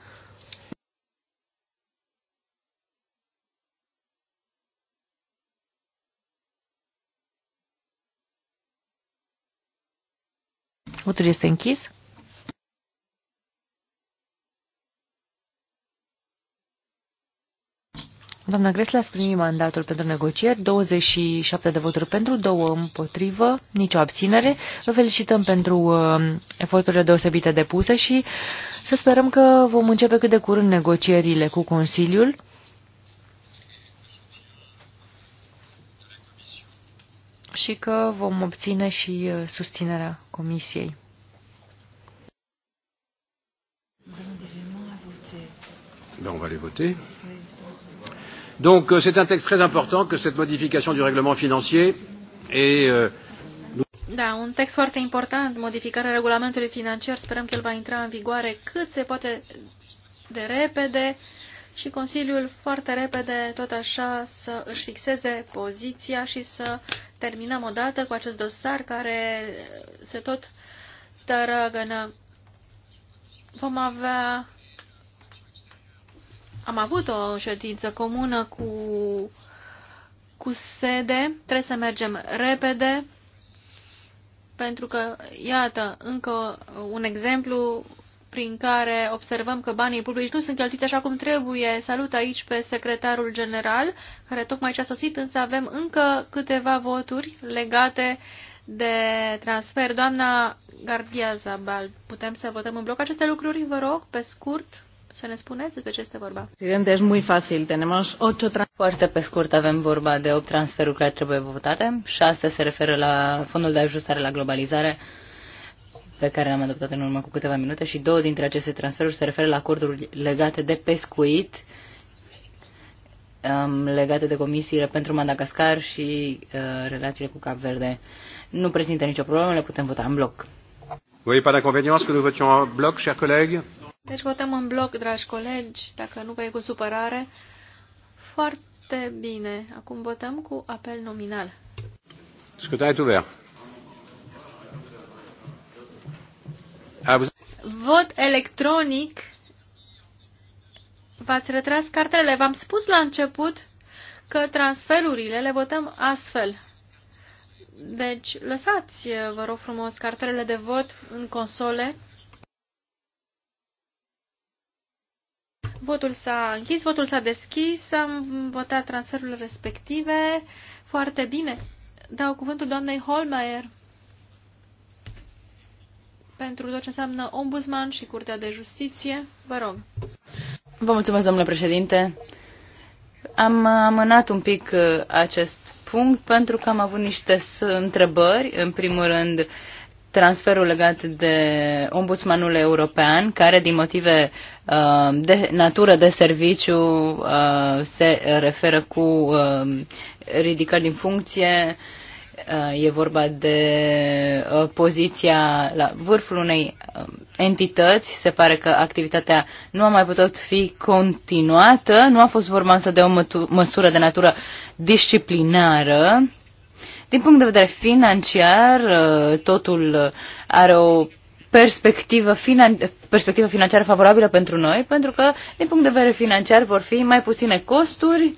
Votul este închis. Doamna Gresle a sprijinit mandatul pentru negocieri, 27 de voturi pentru, două împotrivă, nicio abținere. Vă felicităm pentru uh, eforturile deosebite depuse și să sperăm că vom începe cât de curând negocierile cu Consiliul. și că vom obține și uh, susținerea Comisiei. Ben, on va les voter. Oui. Donc euh, c'est un texte très important que cette modification du règlement financier et euh, da, un text foarte important, modificarea regulamentului financiar, sperăm că el va intra în vigoare cât se poate de repede și Consiliul foarte repede tot așa să își fixeze poziția și să terminăm odată cu acest dosar care se tot tărăgănă. Vom avea am avut o ședință comună cu, cu sede. Trebuie să mergem repede, pentru că, iată, încă un exemplu prin care observăm că banii publici nu sunt cheltuiți așa cum trebuie. Salut aici pe secretarul general, care tocmai ce-a sosit, însă avem încă câteva voturi legate de transfer. Doamna Gardia Zabal, putem să votăm în bloc aceste lucruri, vă rog, pe scurt? Să ne spuneți despre ce este vorba. Presidente, deci mult fácil. Tenemos ocho Foarte pe scurt avem vorba de 8 transferuri care trebuie votate. 6 se referă la fondul de ajustare la globalizare pe care l-am adoptat în urmă cu câteva minute și două dintre aceste transferuri se referă la acorduri legate de pescuit um, legate de comisiile pentru Madagascar și uh, relațiile cu Cap Verde. Nu prezintă nicio problemă, le putem vota în bloc. Vă oui, pas d'inconvénience que nous votions en bloc, chers collègues deci votăm în bloc, dragi colegi, dacă nu vei cu supărare. Foarte bine. Acum votăm cu apel nominal. tu, ouvert. Vot electronic. V-ați retras cartele. V-am spus la început că transferurile le votăm astfel. Deci, lăsați, vă rog frumos, cartelele de vot în console. Votul s-a închis, votul s-a deschis, am votat transferurile respective. Foarte bine. Dau cuvântul doamnei Holmeier pentru tot ce înseamnă ombudsman și Curtea de Justiție. Vă rog. Vă mulțumesc, domnule președinte. Am amânat un pic uh, acest punct pentru că am avut niște întrebări. În primul rând, transferul legat de ombudsmanul european, care din motive uh, de natură de serviciu uh, se referă cu uh, ridicări din funcție, uh, e vorba de uh, poziția la vârful unei uh, entități, se pare că activitatea nu a mai putut fi continuată, nu a fost vorba însă de o măsură de natură disciplinară, din punct de vedere financiar, uh, totul are o perspectivă, finan- perspectivă financiară favorabilă pentru noi, pentru că, din punct de vedere financiar, vor fi mai puține costuri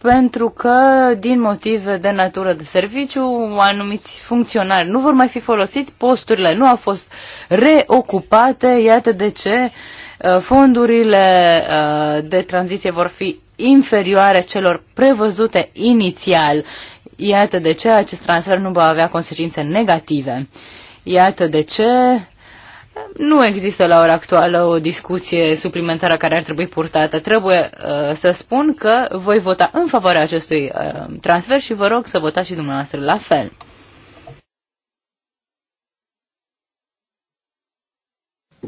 pentru că, din motive de natură de serviciu, anumiți funcționari nu vor mai fi folosiți, posturile nu au fost reocupate, iată de ce uh, fondurile uh, de tranziție vor fi inferioare celor prevăzute inițial. Iată de ce acest transfer nu va avea consecințe negative. Iată de ce nu există la ora actuală o discuție suplimentară care ar trebui purtată. Trebuie uh, să spun că voi vota în favoarea acestui uh, transfer și vă rog să votați și dumneavoastră la fel.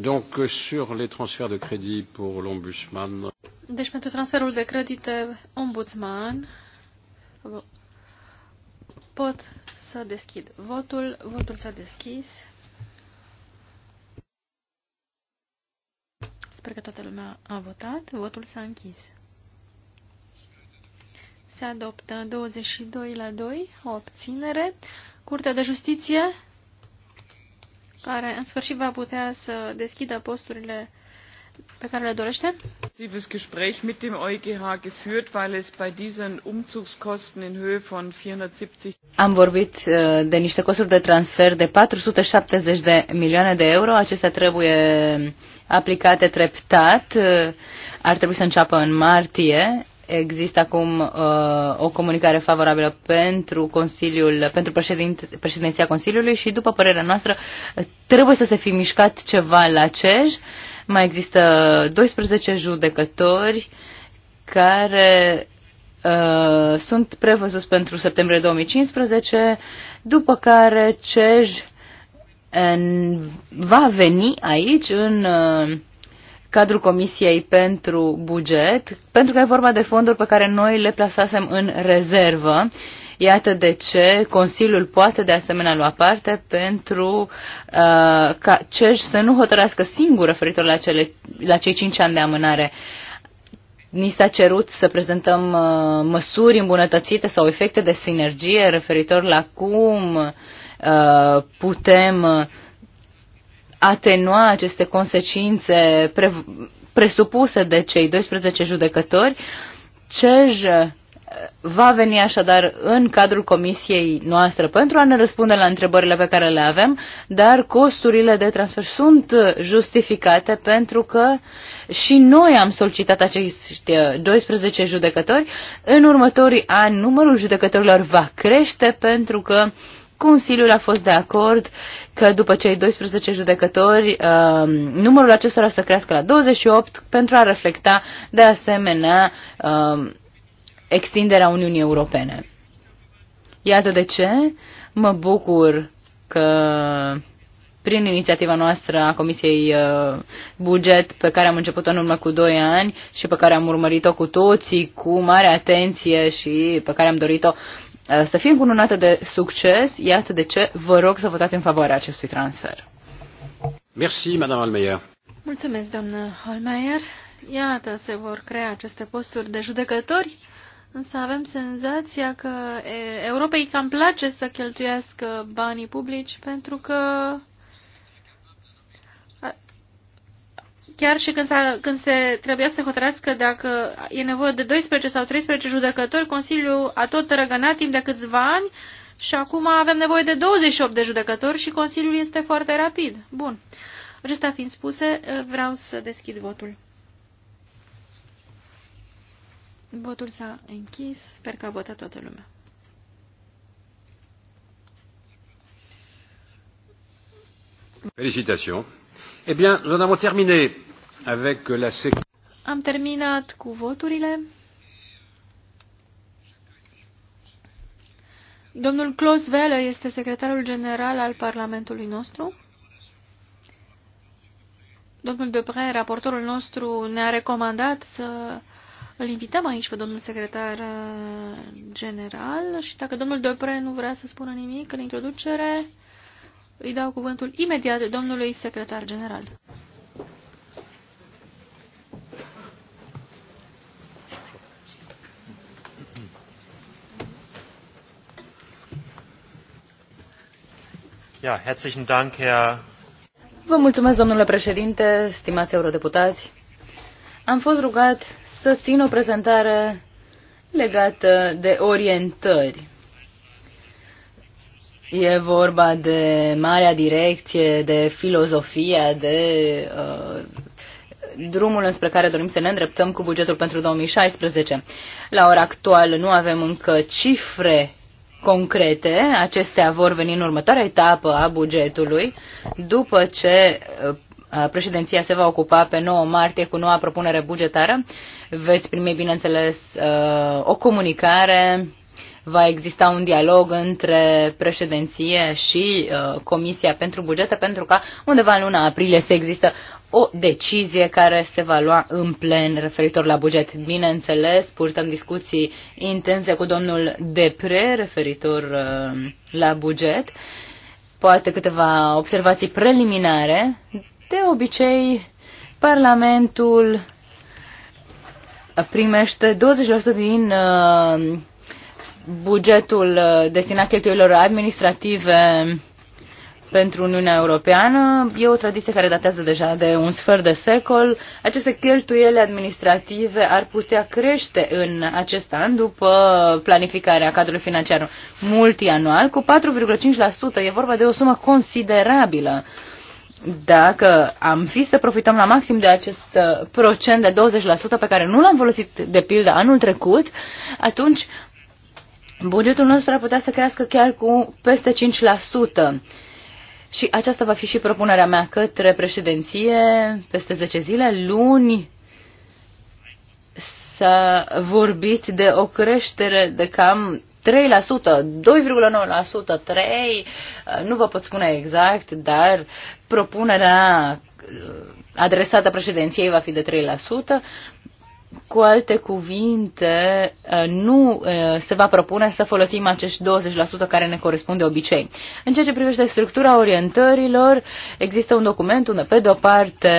Donc, sur les transferts de crédit pour l'ombudsman. Deci, pentru transferul de credite ombudsman, pot să deschid votul. Votul s-a deschis. Sper că toată lumea a votat. Votul s-a închis. Se adoptă 22 la 2, o obținere. Curtea de Justiție care în sfârșit va putea să deschidă posturile pe care le dorește? intensives Gespräch mit dem EuGH geführt, weil es bei diesen Umzugskosten in Höhe von 470 Am vorbit uh, de niște costuri de transfer de 470 de milioane de euro. Acestea trebuie aplicate treptat. Uh, ar trebui să înceapă în martie. Există acum uh, o comunicare favorabilă pentru Consiliul, pentru președinte, președinția Consiliului și, după părerea noastră, trebuie să se fi mișcat ceva la CEJ. Mai există 12 judecători care uh, sunt prevăzuți pentru septembrie 2015, după care CEJ uh, va veni aici în uh, cadrul Comisiei pentru Buget, pentru că e vorba de fonduri pe care noi le plasasem în rezervă. Iată de ce Consiliul poate de asemenea lua parte pentru uh, ca CEJ să nu hotărească singur referitor la, cele, la cei cinci ani de amânare. Ni s-a cerut să prezentăm uh, măsuri îmbunătățite sau efecte de sinergie referitor la cum uh, putem uh, atenua aceste consecințe pre, presupuse de cei 12 judecători, CEJ eh, va veni așadar în cadrul comisiei noastre pentru a ne răspunde la întrebările pe care le avem, dar costurile de transfer sunt justificate pentru că și noi am solicitat acești 12 eh, judecători. În următorii ani numărul judecătorilor va crește pentru că uh, Consiliul a fost de acord că după cei 12 judecători, um, numărul acestora să crească la 28 pentru a reflecta de asemenea um, extinderea Uniunii Europene. Iată de ce mă bucur că prin inițiativa noastră a Comisiei uh, Buget, pe care am început-o în urmă cu 2 ani și pe care am urmărit-o cu toții cu mare atenție și pe care am dorit-o Eh, să fie încununată de succes. Iată de ce vă rog să votați în favoarea acestui transfer. Merci, Madame Almeyer. Mulțumesc, doamnă Holmeier. Iată, se vor crea aceste posturi de judecători, însă avem senzația că Europei cam place să cheltuiască banii publici pentru că chiar și când, când se trebuia să hotărească dacă e nevoie de 12 sau 13 judecători, Consiliul a tot răgănat timp de câțiva ani și acum avem nevoie de 28 de judecători și Consiliul este foarte rapid. Bun. Acestea fiind spuse, vreau să deschid votul. Votul s-a închis. Sper că a votat toată lumea. Félicitations. Eh bien, nous en avons terminé Avec la Am terminat cu voturile. Domnul Klaus Vele este secretarul general al Parlamentului nostru. Domnul Depre, raportorul nostru, ne-a recomandat să îl invităm aici pe domnul secretar uh, general și dacă domnul Depre nu vrea să spună nimic în introducere, îi dau cuvântul imediat domnului secretar general. Vă mulțumesc, domnule președinte, stimați eurodeputați. Am fost rugat să țin o prezentare legată de orientări. E vorba de marea direcție, de filozofia, de uh, drumul înspre care dorim să ne îndreptăm cu bugetul pentru 2016. La ora actuală nu avem încă cifre concrete. Acestea vor veni în următoarea etapă a bugetului, după ce uh, președinția se va ocupa pe 9 martie cu noua propunere bugetară. Veți primi, bineînțeles, uh, o comunicare, va exista un dialog între președinție și uh, Comisia pentru bugete, pentru ca undeva în luna aprilie să există o decizie care se va lua în plen referitor la buget. Bineînțeles, purtăm discuții intense cu domnul Depre referitor uh, la buget. Poate câteva observații preliminare. De obicei, Parlamentul primește 20% din uh, bugetul uh, destinat cheltuielor administrative pentru Uniunea Europeană. E o tradiție care datează deja de un sfert de secol. Aceste cheltuieli administrative ar putea crește în acest an după planificarea cadrului financiar multianual cu 4,5%. E vorba de o sumă considerabilă. Dacă am fi să profităm la maxim de acest uh, procent de 20% pe care nu l-am folosit de pildă anul trecut, atunci bugetul nostru ar putea să crească chiar cu peste 5%. Și aceasta va fi și propunerea mea către președinție peste 10 zile, luni, să vorbiți de o creștere de cam 3%, 2,9%, 3%, nu vă pot spune exact, dar propunerea adresată președinției va fi de 3%. Cu alte cuvinte, uh, nu uh, se va propune să folosim acești 20% care ne corespunde obicei. În ceea ce privește structura orientărilor, există un document unde, pe de-o parte,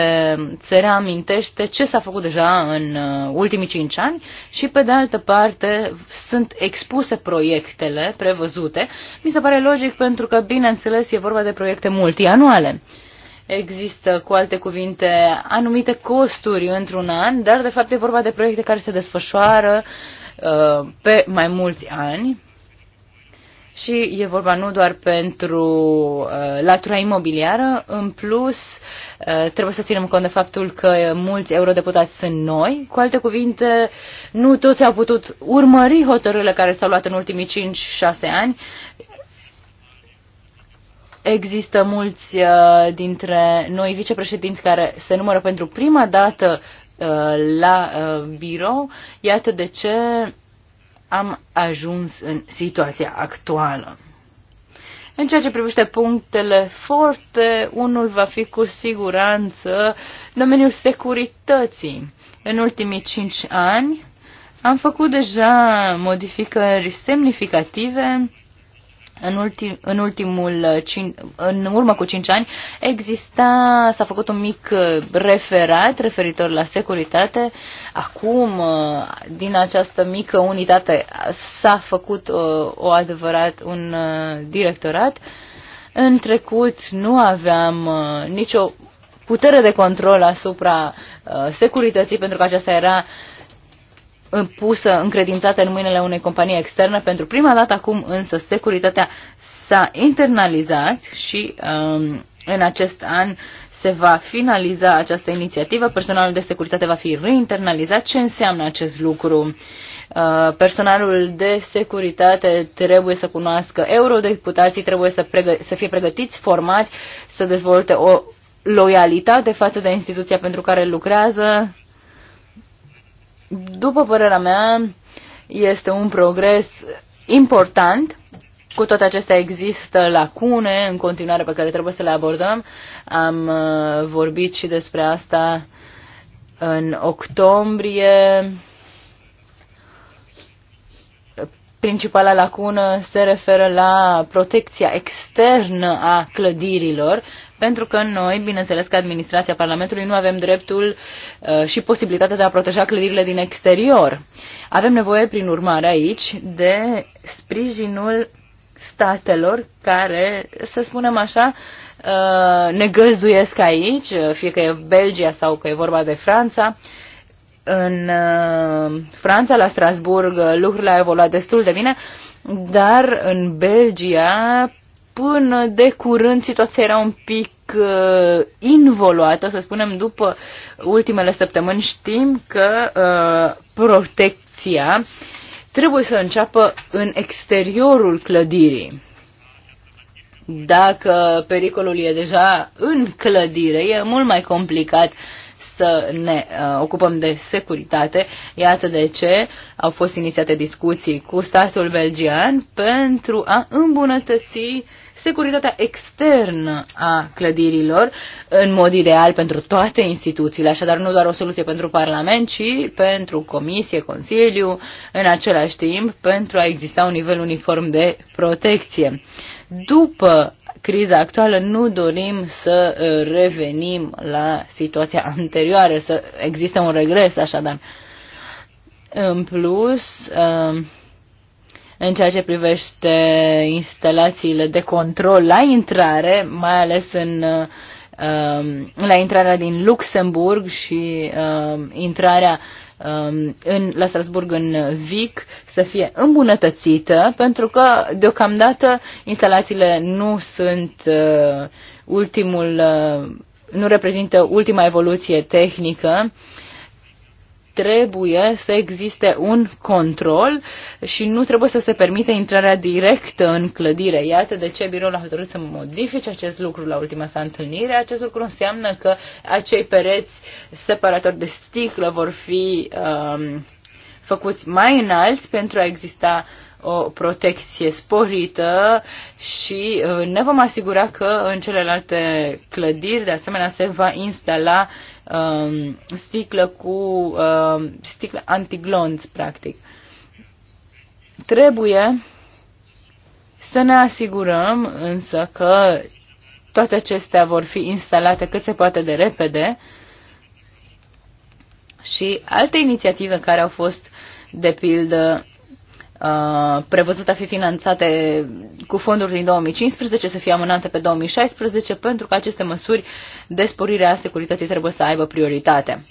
se reamintește ce s-a făcut deja în uh, ultimii 5 ani și, pe de altă parte, sunt expuse proiectele prevăzute. Mi se pare logic pentru că, bineînțeles, e vorba de proiecte multianuale. Există, cu alte cuvinte, anumite costuri într-un an, dar de fapt e vorba de proiecte care se desfășoară uh, pe mai mulți ani și e vorba nu doar pentru uh, latura imobiliară, în plus uh, trebuie să ținem cont de faptul că mulți eurodeputați sunt noi. Cu alte cuvinte, nu toți au putut urmări hotărârile care s-au luat în ultimii 5-6 ani. Există mulți uh, dintre noi vicepreședinți care se numără pentru prima dată uh, la uh, birou. Iată de ce am ajuns în situația actuală. În ceea ce privește punctele forte, unul va fi cu siguranță domeniul securității. În ultimii cinci ani am făcut deja modificări semnificative în, ultim, în, ultimul, uh, în urmă cu 5 ani exista, s-a făcut un mic uh, referat referitor la securitate. Acum, uh, din această mică unitate, s-a făcut o, o adevărat un directorat. În trecut nu aveam nicio putere de control asupra securității pentru că aceasta era uh, pusă, încredințată în mâinile unei companii externe. Pentru prima dată acum însă securitatea s-a internalizat și um, în acest an se va finaliza această inițiativă. Personalul de securitate va fi reinternalizat. Ce înseamnă acest lucru? Uh, personalul de securitate trebuie să cunoască eurodeputații, trebuie să, pregă- să fie pregătiți, formați, să dezvolte o loialitate față de instituția pentru care lucrează, după părerea mea, este un progres important. Cu toate acestea există lacune în continuare pe care trebuie să le abordăm. Am uh, vorbit și despre asta în octombrie. Principala lacună se referă la protecția externă a clădirilor, pentru că noi, bineînțeles că administrația Parlamentului, nu avem dreptul uh, și posibilitatea de a proteja clădirile din exterior. Avem nevoie, prin urmare, aici de sprijinul statelor care, să spunem așa, uh, ne găzduiesc aici, fie că e Belgia sau că e vorba de Franța. În uh, Franța, la Strasburg, lucrurile au evoluat destul de bine, dar în Belgia până de curând situația era un pic uh, involuată, să spunem, după ultimele săptămâni știm că uh, protecția trebuie să înceapă în exteriorul clădirii. Dacă pericolul e deja în clădire, e mult mai complicat să ne uh, ocupăm de securitate. Iată de ce au fost inițiate discuții cu statul belgian pentru a îmbunătăți uh, securitatea externă a clădirilor, în mod ideal pentru toate instituțiile, așadar nu doar o soluție pentru Parlament, ci pentru Comisie, Consiliu, în același timp, pentru a exista un nivel uniform de protecție. După criza actuală nu dorim să uh, revenim la situația anterioară, să existe un regres, așadar. În plus, uh, în ceea ce privește instalațiile de control la intrare, mai ales în, um, la intrarea din Luxemburg și um, intrarea um, în, la Strasburg în Vic să fie îmbunătățită, pentru că deocamdată instalațiile nu sunt uh, ultimul, uh, nu reprezintă ultima evoluție tehnică trebuie să existe un control și nu trebuie să se permite intrarea directă în clădire. Iată de ce biroul a hotărât să modifice acest lucru la ultima sa întâlnire. Acest lucru înseamnă că acei pereți separatori de sticlă vor fi um, făcuți mai înalți pentru a exista o protecție sporită și uh, ne vom asigura că în celelalte clădiri, de asemenea, se va instala um, sticlă cu um, sticlă antiglonț, practic. Trebuie să ne asigurăm însă că toate acestea vor fi instalate cât se poate de repede și alte inițiative care au fost, de pildă, Uh, prevăzute a fi finanțate cu fonduri din 2015 să fie amânate pe 2016 pentru că aceste măsuri de sporire a securității trebuie să aibă prioritate.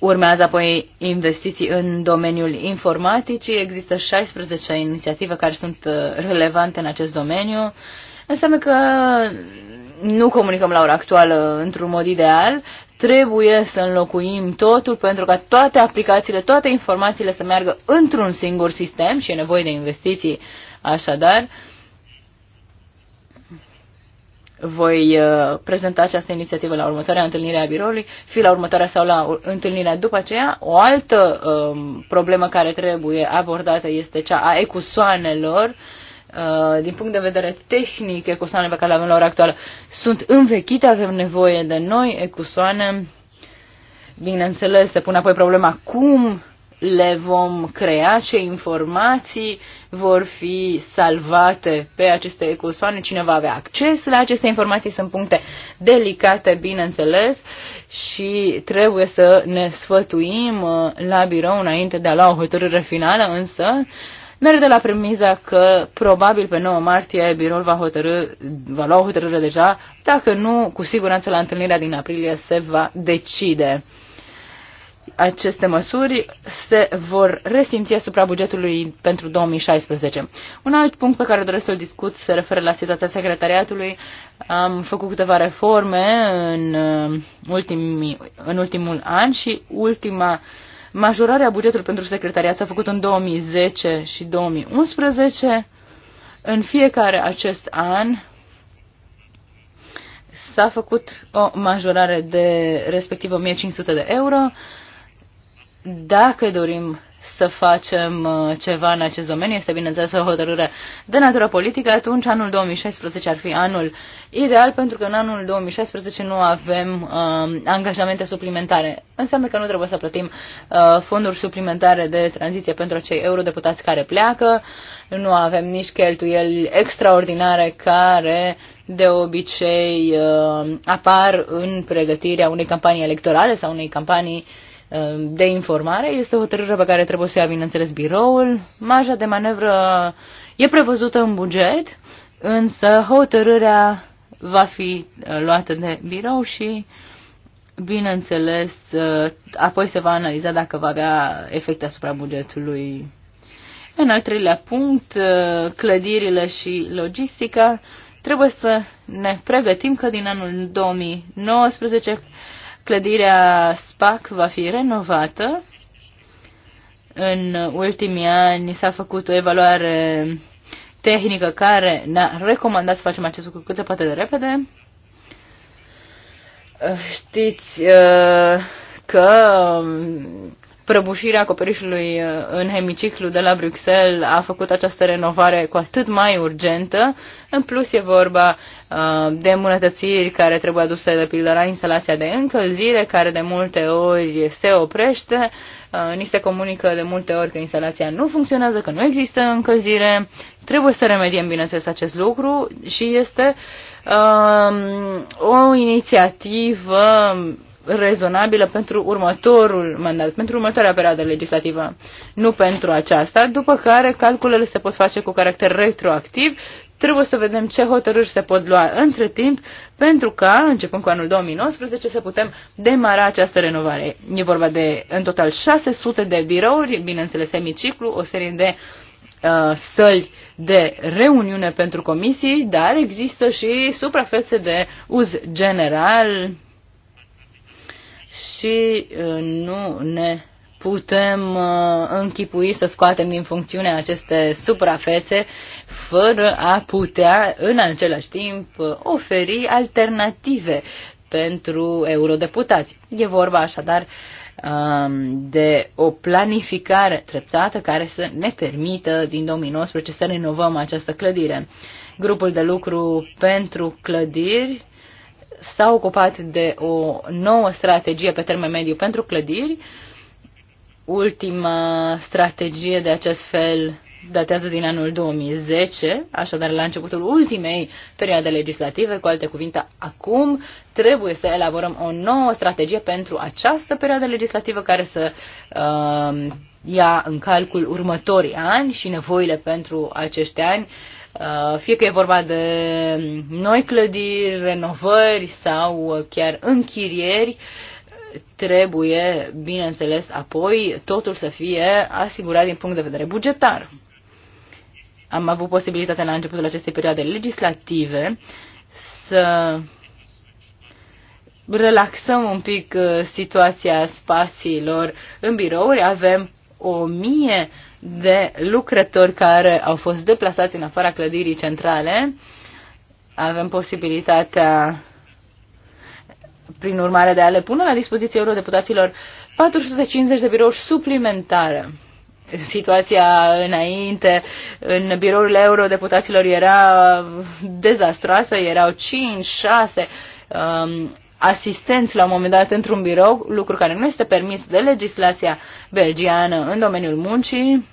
Urmează apoi investiții în domeniul informaticii. Există 16 inițiative care sunt uh, relevante în acest domeniu. Înseamnă că nu comunicăm la ora actuală într-un mod ideal, Trebuie să înlocuim totul pentru ca toate aplicațiile, toate informațiile să meargă într-un singur sistem și e nevoie de investiții. Așadar, voi uh, prezenta această inițiativă la următoarea întâlnire a biroului, fi la următoarea sau la întâlnirea după aceea. O altă um, problemă care trebuie abordată este cea a ecusoanelor. Uh, Uh, din punct de vedere tehnic, ecusoanele pe care le avem la ora actuală sunt învechite, avem nevoie de noi ecusoane. Bineînțeles, se pune apoi problema cum le vom crea, ce informații vor fi salvate pe aceste ecusoane, cine va avea acces la aceste informații, sunt puncte delicate, bineînțeles, și trebuie să ne sfătuim uh, la birou înainte de a lua o hotărâre finală, însă Merg de la premiza că probabil pe 9 martie biroul va, hotărâ, va lua o hotărâre deja, dacă nu, cu siguranță la întâlnirea din aprilie se va decide. Aceste măsuri se vor resimți asupra bugetului pentru 2016. Un alt punct pe care doresc să-l discut se referă la situația secretariatului. Am făcut câteva reforme în, uh, ultimii, în ultimul an și ultima uh, Majorarea bugetului pentru secretariat s-a făcut în 2010 și 2011. În fiecare acest an s-a făcut o majorare de respectiv 1500 de euro. Dacă dorim să facem uh, ceva în acest domeniu. Este bineînțeles o hotărâre de natură politică. Atunci anul 2016 ar fi anul ideal pentru că în anul 2016 nu avem uh, angajamente suplimentare. Înseamnă că nu trebuie să plătim uh, fonduri suplimentare de tranziție pentru acei eurodeputați care pleacă. Nu avem nici cheltuieli extraordinare care de obicei uh, apar în pregătirea unei campanii electorale sau unei campanii uh, Ehm, de informare. Este o hotărâre pe care trebuie să ia, bineînțeles, biroul. Marja de manevră e prevăzută în buget, însă hotărârea va fi eh, luată de birou și, bineînțeles, eh, apoi se va analiza dacă va avea efecte asupra bugetului. În al treilea punct, eh, clădirile și logistica, trebuie să ne pregătim că din anul 2019 Clădirea SPAC va fi renovată. În ultimii ani s-a făcut o evaluare tehnică care ne-a recomandat să facem acest lucru cât se poate de repede. Știți uh, că prăbușirea acoperișului uh, în hemiciclu de la Bruxelles a făcut această renovare cu atât mai urgentă. În plus e vorba uh, de îmbunătățiri care trebuie aduse de pildă la instalația de încălzire, care de multe ori se oprește. Uh, ni se comunică de multe ori că instalația nu funcționează, că nu există încălzire. Trebuie să remediem, bineînțeles, acest lucru și este um, o inițiativă rezonabilă pentru următorul mandat, pentru următoarea perioadă legislativă, nu pentru aceasta, după care calculele se pot face cu caracter retroactiv, trebuie să vedem ce hotărâri se pot lua între timp pentru ca, începând cu anul 2019, să putem demara această renovare. E vorba de, în total, 600 de birouri, bineînțeles, semiciclu, o serie de uh, săli de reuniune pentru comisii, dar există și suprafețe de uz general, și uh, nu ne putem uh, închipui să scoatem din funcțiune aceste suprafețe fără a putea în același timp oferi alternative pentru eurodeputați. E vorba așadar um, de o planificare treptată care să ne permită din 2019 să renovăm această clădire. Grupul de lucru pentru clădiri s-a ocupat de o nouă strategie pe termen mediu pentru clădiri. Ultima strategie de acest fel datează din anul 2010, așadar la începutul ultimei perioade legislative, cu alte cuvinte, acum trebuie să elaborăm o nouă strategie pentru această perioadă legislativă care să uh, ia în calcul următorii ani și nevoile pentru acești ani Uh, fie că e vorba de noi clădiri, renovări sau chiar închirieri, trebuie, bineînțeles, apoi totul să fie asigurat din punct de vedere bugetar. Am avut posibilitatea la începutul acestei perioade legislative să relaxăm un pic uh, situația spațiilor în birouri. Avem o mie de lucrători care au fost deplasați în afara clădirii centrale. Avem posibilitatea, prin urmare, de a le pune la dispoziție eurodeputaților 450 de birouri suplimentare situația înainte în birourile eurodeputaților era dezastroasă, erau 5, 6 um, asistenți la un moment dat într-un birou, lucru care nu este permis de legislația belgiană în domeniul muncii.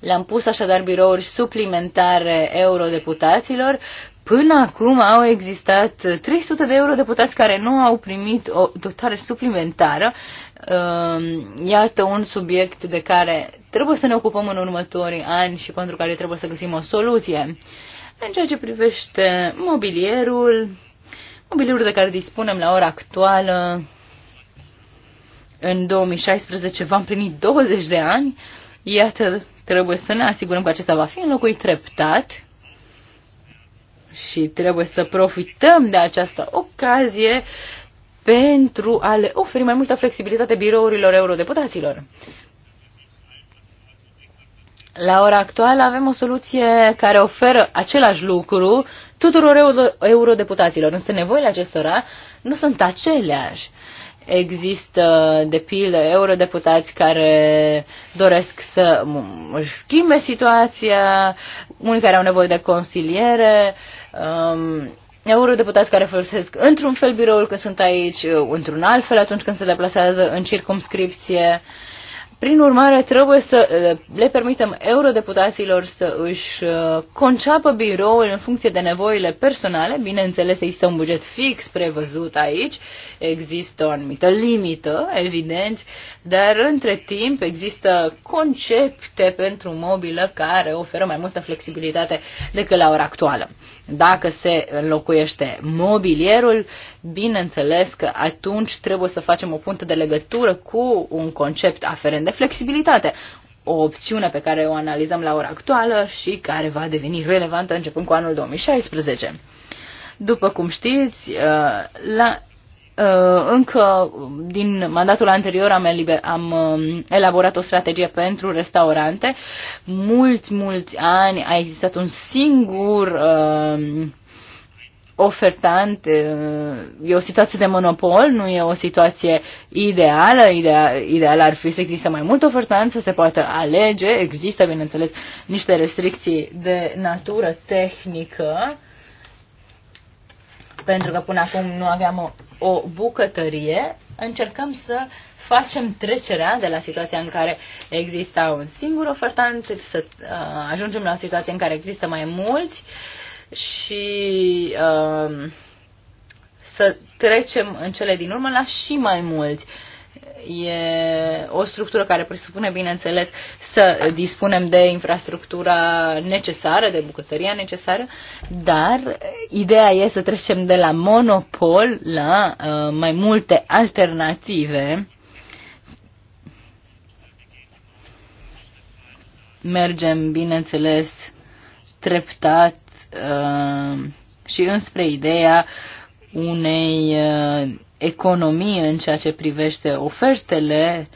Le-am pus așadar birouri suplimentare eurodeputaților. Până acum au existat 300 de eurodeputați care nu au primit o dotare suplimentară. Ehm, iată un subiect de care trebuie să ne ocupăm în următorii ani și pentru care trebuie să găsim o soluție. În ceea ce privește mobilierul, mobilierul de care dispunem la ora actuală, în 2016 am primit 20 de ani, iată Trebuie să ne asigurăm că acesta va fi înlocuit treptat și trebuie să profităm de această ocazie pentru a le oferi mai multă flexibilitate birourilor eurodeputaților. La ora actuală avem o soluție care oferă același lucru tuturor eurodeputaților, însă nevoile acestora nu sunt aceleași. Există, de pildă, eurodeputați care doresc să își schimbe situația, unii care au nevoie de consiliere, um, eurodeputați care folosesc într-un fel biroul când sunt aici, într-un alt fel atunci când se deplasează în circumscripție. Uh, prin urmare, trebuie să le permitem eurodeputaților să își uh, conceapă biroul în funcție de nevoile personale. Bineînțeles, există un buget fix prevăzut aici, există o anumită limită, evident, dar între timp există concepte pentru mobilă care oferă mai multă flexibilitate decât la ora actuală. Dacă se înlocuiește mobilierul, bineînțeles că atunci trebuie să facem o puntă de legătură cu un concept aferent de flexibilitate, o opțiune pe care o analizăm la ora actuală și care va deveni relevantă începând cu anul 2016. După cum știți, uh, la Uh, încă din mandatul anterior am, eliber, am um, elaborat o strategie pentru restaurante. Mulți, mulți ani a existat un singur uh, ofertant. Uh, e o situație de monopol, nu e o situație ideală. Ideal, ideal ar fi să existe mai mult ofertant, să se poată alege. Există, bineînțeles, niște restricții de natură tehnică pentru că până acum nu aveam o o bucătărie, încercăm să facem trecerea de la situația în care exista un singur ofertant, să uh, ajungem la o situație în care există mai mulți și um, să trecem în cele din urmă la și mai mulți. Uh, e o structură care presupune, bineînțeles, să dispunem de infrastructura necesară, de bucătăria necesară, dar ideea e să trecem de la monopol la uh, mai multe alternative. Mergem, bineînțeles, treptat uh, și înspre ideea unei uh, economie în ceea ce privește ofertele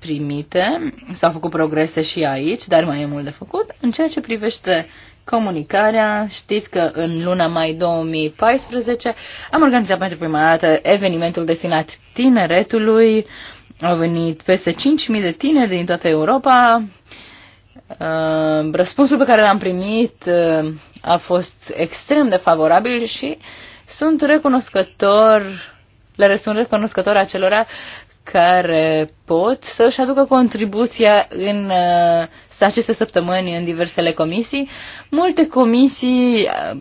primite. S-au făcut progrese și aici, dar mai e mult de făcut. În ceea ce privește comunicarea, știți că în luna mai 2014 am organizat pentru prima dată evenimentul destinat tineretului. Au venit peste 5.000 de tineri din toată Europa. Uh, răspunsul pe care l-am primit uh, a fost extrem de favorabil și sunt recunoscător le răspund recunoscător acelora care pot să-și aducă contribuția în uh, aceste săptămâni în diversele comisii. Multe comisii uh,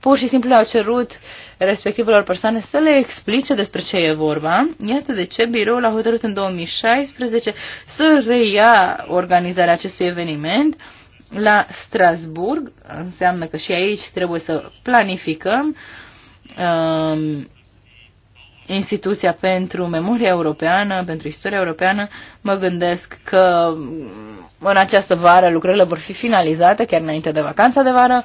pur și simplu au cerut respectivelor persoane să le explice despre ce e vorba. Iată de ce biroul a hotărât în 2016 să reia organizarea acestui eveniment la Strasburg. Înseamnă că și aici trebuie să planificăm. Uh, instituția pentru memoria europeană, pentru istoria europeană, mă gândesc că în această vară lucrările vor fi finalizate, chiar înainte de vacanța de vară.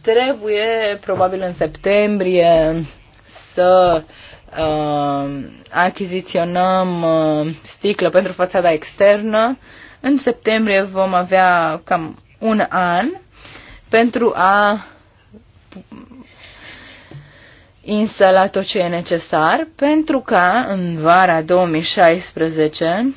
Trebuie, probabil în septembrie, să uh, achiziționăm uh, sticlă pentru fațada externă. În septembrie vom avea cam un an pentru a însă la tot ce e necesar pentru ca în vara 2016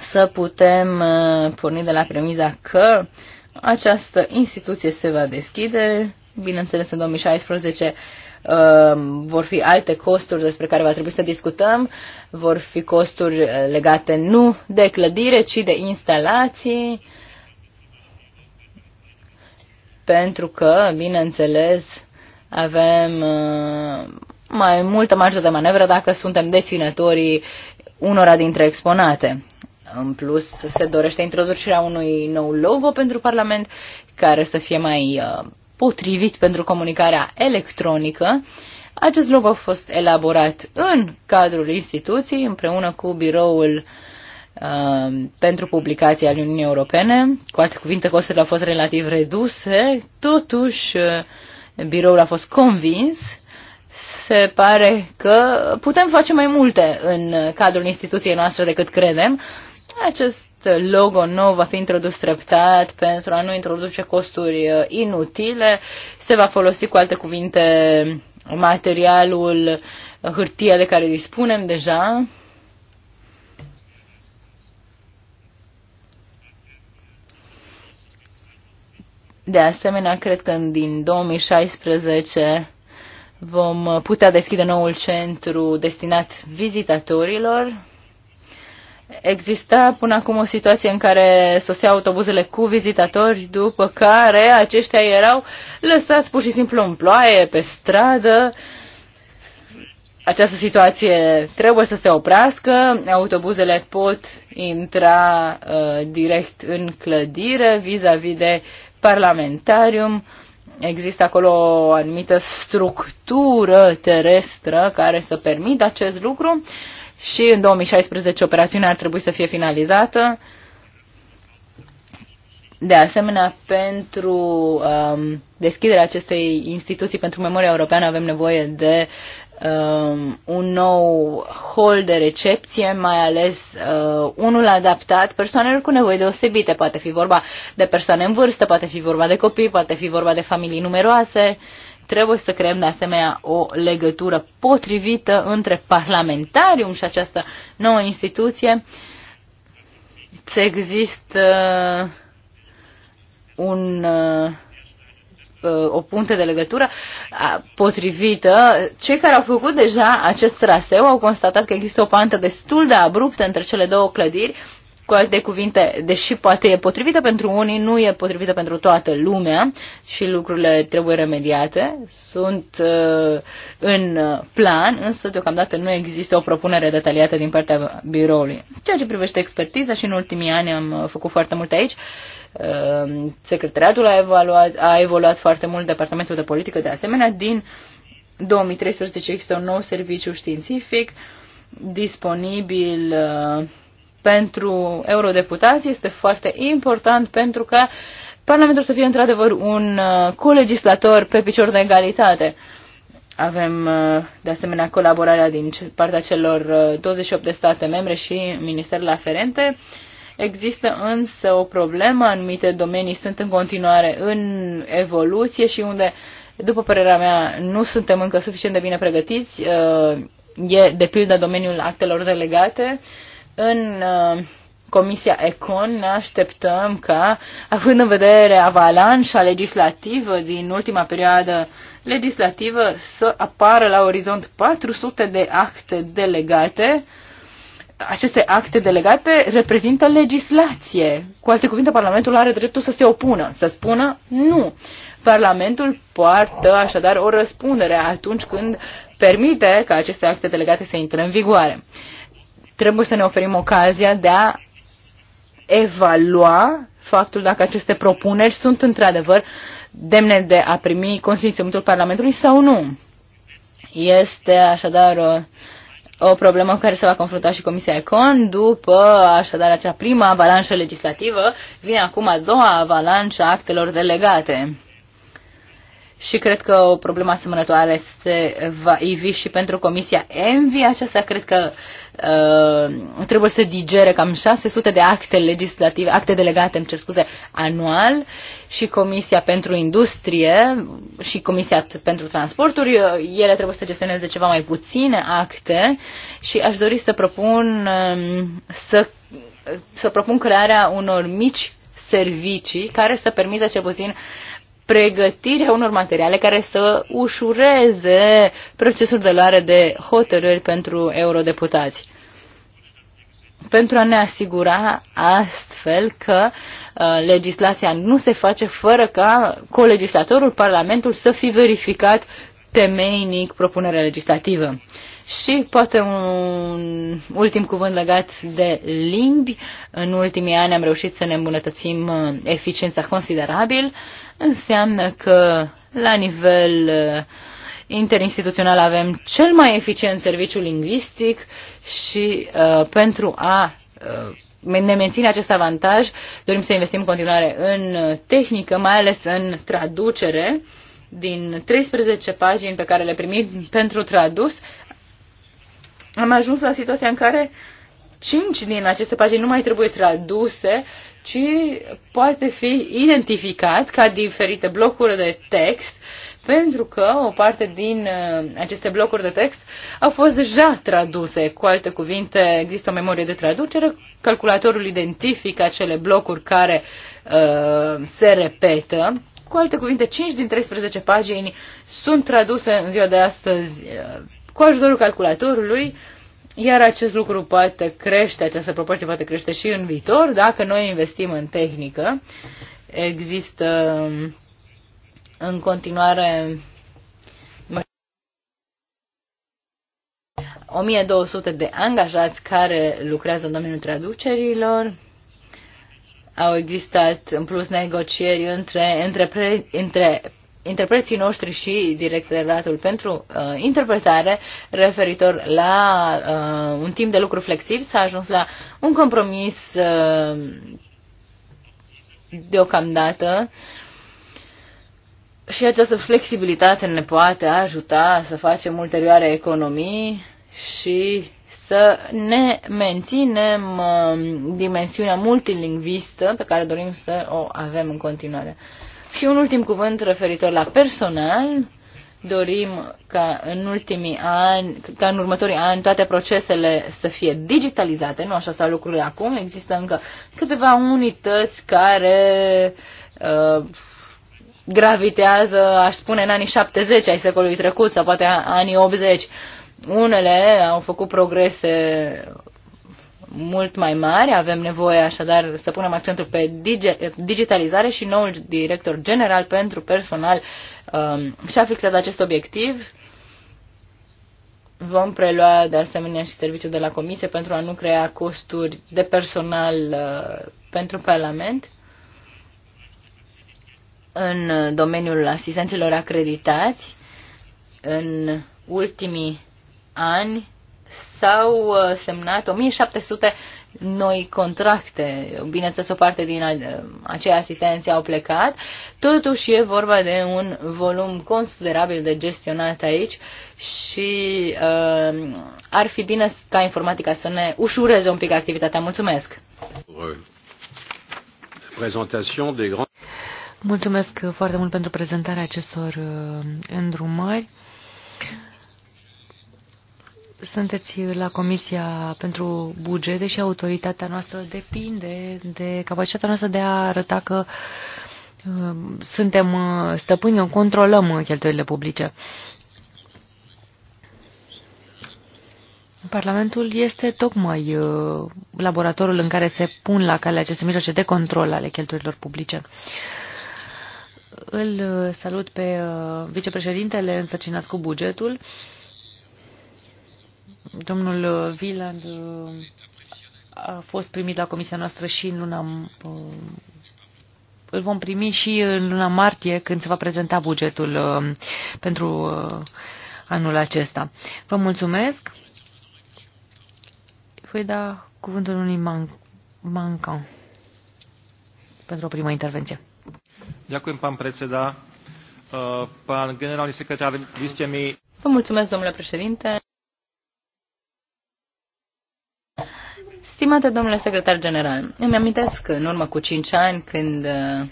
să putem uh, porni de la premiza că această instituție se va deschide. Bineînțeles, în 2016 uh, vor fi alte costuri despre care va trebui să discutăm, vor fi costuri uh, legate nu de clădire, ci de instalații, pentru că, bineînțeles, avem uh, mai multă marjă de manevră dacă suntem deținătorii unora dintre exponate. În plus, se dorește introducerea unui nou logo pentru Parlament care să fie mai uh, potrivit pentru comunicarea electronică. Acest logo a fost elaborat în cadrul instituției împreună cu biroul uh, pentru publicații al Uniunii Europene. Cu alte cuvinte, costurile au fost relativ reduse, totuși uh, biroul a fost convins, se pare că putem face mai multe în cadrul instituției noastre decât credem. Acest logo nou va fi introdus treptat pentru a nu introduce costuri uh, inutile. Se va folosi, cu alte cuvinte, materialul, uh, hârtia de care dispunem deja. De asemenea, cred că din 2016 vom putea deschide noul centru destinat vizitatorilor. Exista până acum o situație în care soseau autobuzele cu vizitatori, după care aceștia erau lăsați pur și simplu în ploaie, pe stradă. Această situație trebuie să se oprească, autobuzele pot intra uh, direct în clădire vis-a-vis -vis de uh, parlamentarium. Există acolo o anumită structură terestră care să permită acest lucru și în 2016 operațiunea ar trebui să fie finalizată. De asemenea, pentru um, deschiderea acestei instituții pentru memoria europeană avem nevoie de um, un nou hol de recepție, mai ales uh, unul adaptat persoanelor cu nevoi deosebite. Poate fi vorba de persoane în vârstă, poate fi vorba de copii, poate fi vorba de familii numeroase. Trebuie să creăm de asemenea o legătură potrivită între parlamentarium și această nouă instituție. Există uh, un uh, Uh, o punte de legătură potrivită. Cei care au făcut deja acest traseu au constatat că există o pantă destul de abruptă între cele două clădiri, cu alte cuvinte, deși poate e potrivită pentru unii, nu e potrivită pentru toată lumea și lucrurile trebuie remediate, sunt uh, în plan, însă deocamdată nu există o propunere detaliată din partea biroului. Ceea ce privește expertiza și în ultimii ani am uh, făcut foarte mult aici, uh, Ehm, secretariatul a, evaluat, a evoluat foarte mult, Departamentul de Politică de asemenea. Din 2013 există un nou serviciu științific disponibil ehm, pentru eurodeputați. Este foarte important pentru că Parlamentul să fie într-adevăr un ehm, colegislator pe picior de egalitate. Avem, de asemenea, colaborarea din partea celor 28 de state membre și ministerele aferente. Există însă o problemă, anumite domenii sunt în continuare în evoluție și unde, după părerea mea, nu suntem încă suficient de bine pregătiți. Uh, e, de pildă, domeniul actelor delegate. În uh, Comisia Econ ne așteptăm ca, având în vedere avalanșa legislativă din ultima perioadă legislativă, să apară la orizont 400 de acte delegate aceste acte delegate reprezintă legislație. Cu alte cuvinte, Parlamentul are dreptul să se opună, să spună nu. Parlamentul poartă așadar o răspundere atunci când permite ca aceste acte delegate să intre în vigoare. Trebuie să ne oferim ocazia de a evalua faptul dacă aceste propuneri sunt într-adevăr demne de a primi consimțământul Parlamentului sau nu. Este așadar uh, o problemă cu care se va confrunta și Comisia Econ după așadar acea prima avalanșă legislativă, vine acum a doua avalanșă actelor delegate și cred că o problemă asemănătoare se va ivi și pentru Comisia Envi. Aceasta cred că uh, trebuie să digere cam 600 de acte legislative, acte delegate, îmi cer scuze, anual și Comisia pentru Industrie și Comisia pentru Transporturi, uh, ele trebuie să gestioneze ceva mai puține acte și aș dori să propun uh, să, să propun crearea unor mici servicii care să permită cel puțin pregătirea unor materiale care să ușureze procesul de luare de hotărâri pentru eurodeputați. Pentru a ne asigura astfel că uh, legislația nu se face fără ca colegislatorul, Parlamentul, să fi verificat temeinic propunerea legislativă. Și poate un ultim cuvânt legat de limbi. În ultimii ani am reușit să ne îmbunătățim uh, eficiența considerabil. Uh, înseamnă că la nivel uh, interinstituțional avem cel mai eficient serviciu lingvistic și uh, pentru a uh, ne menține acest avantaj, dorim să investim în continuare în tehnică, mai ales în traducere. Din 13 pagini pe care le primim pentru tradus, am ajuns la situația în care 5 din aceste pagini nu mai trebuie traduse ci poate fi identificat ca diferite blocuri de text, pentru că o parte din uh, aceste blocuri de text au fost deja traduse. Cu alte cuvinte, există o memorie de traducere, calculatorul identifică acele blocuri care uh, se repetă. Cu alte cuvinte, 5 din 13 pagini sunt traduse în ziua de astăzi uh, cu ajutorul calculatorului iar acest lucru poate crește, această proporție poate crește și în viitor dacă noi investim în tehnică. Există um, în continuare 1200 de angajați care lucrează în domeniul traducerilor. Au existat în plus negocieri între, între, între interpreții noștri și directoratul pentru uh, interpretare referitor la uh, un timp de lucru flexibil s-a ajuns la un compromis uh, deocamdată și această flexibilitate ne poate ajuta să facem ulterioare economii și să ne menținem uh, dimensiunea multilingvistă pe care dorim să o avem în continuare. Și un ultim cuvânt referitor la personal. Dorim ca în ultimii ani, ca în următorii ani, toate procesele să fie digitalizate, nu așa stau lucrurile acum. Există încă câteva unități care uh, gravitează, aș spune, în anii 70 ai secolului trecut sau poate anii 80. Unele au făcut progrese mult mai mari, avem nevoie așadar să punem accentul pe digitalizare și noul director general pentru personal um, și-a fixat acest obiectiv. Vom prelua de asemenea și serviciul de la comisie pentru a nu crea costuri de personal uh, pentru Parlament în domeniul asistenților acreditați. În ultimii ani s-au uh, semnat 1700 noi contracte. Bineînțeles, o parte din acea asistență au plecat. Totuși e vorba de un volum considerabil de gestionat aici și uh, ar fi bine ca informatica să ne ușureze un pic activitatea. Mulțumesc! Mulțumesc foarte mult pentru prezentarea acestor uh, îndrumări sunteți la Comisia pentru Bugete și autoritatea noastră depinde de capacitatea noastră de a arăta că uh, suntem uh, stăpâni, controlăm uh, cheltuielile publice. Parlamentul este tocmai laboratorul în care se pun la cale aceste mijloace de control ale cheltuielilor publice. Îl salut pe vicepreședintele însărcinat cu bugetul Domnul Viland uh, a fost primit la comisia noastră și în luna... Uh, îl vom primi și în luna martie, când se va prezenta bugetul uh, pentru anul acesta. Vă mulțumesc. Voi da cuvântul unui man manca pentru o primă intervenție. Ďakujem, pan preceda. Pan generálny sekretár, vy ste mi... Vă mulțumesc, domnule președinte. Stimate domnule secretar general, îmi amintesc în urmă cu cinci ani când uh,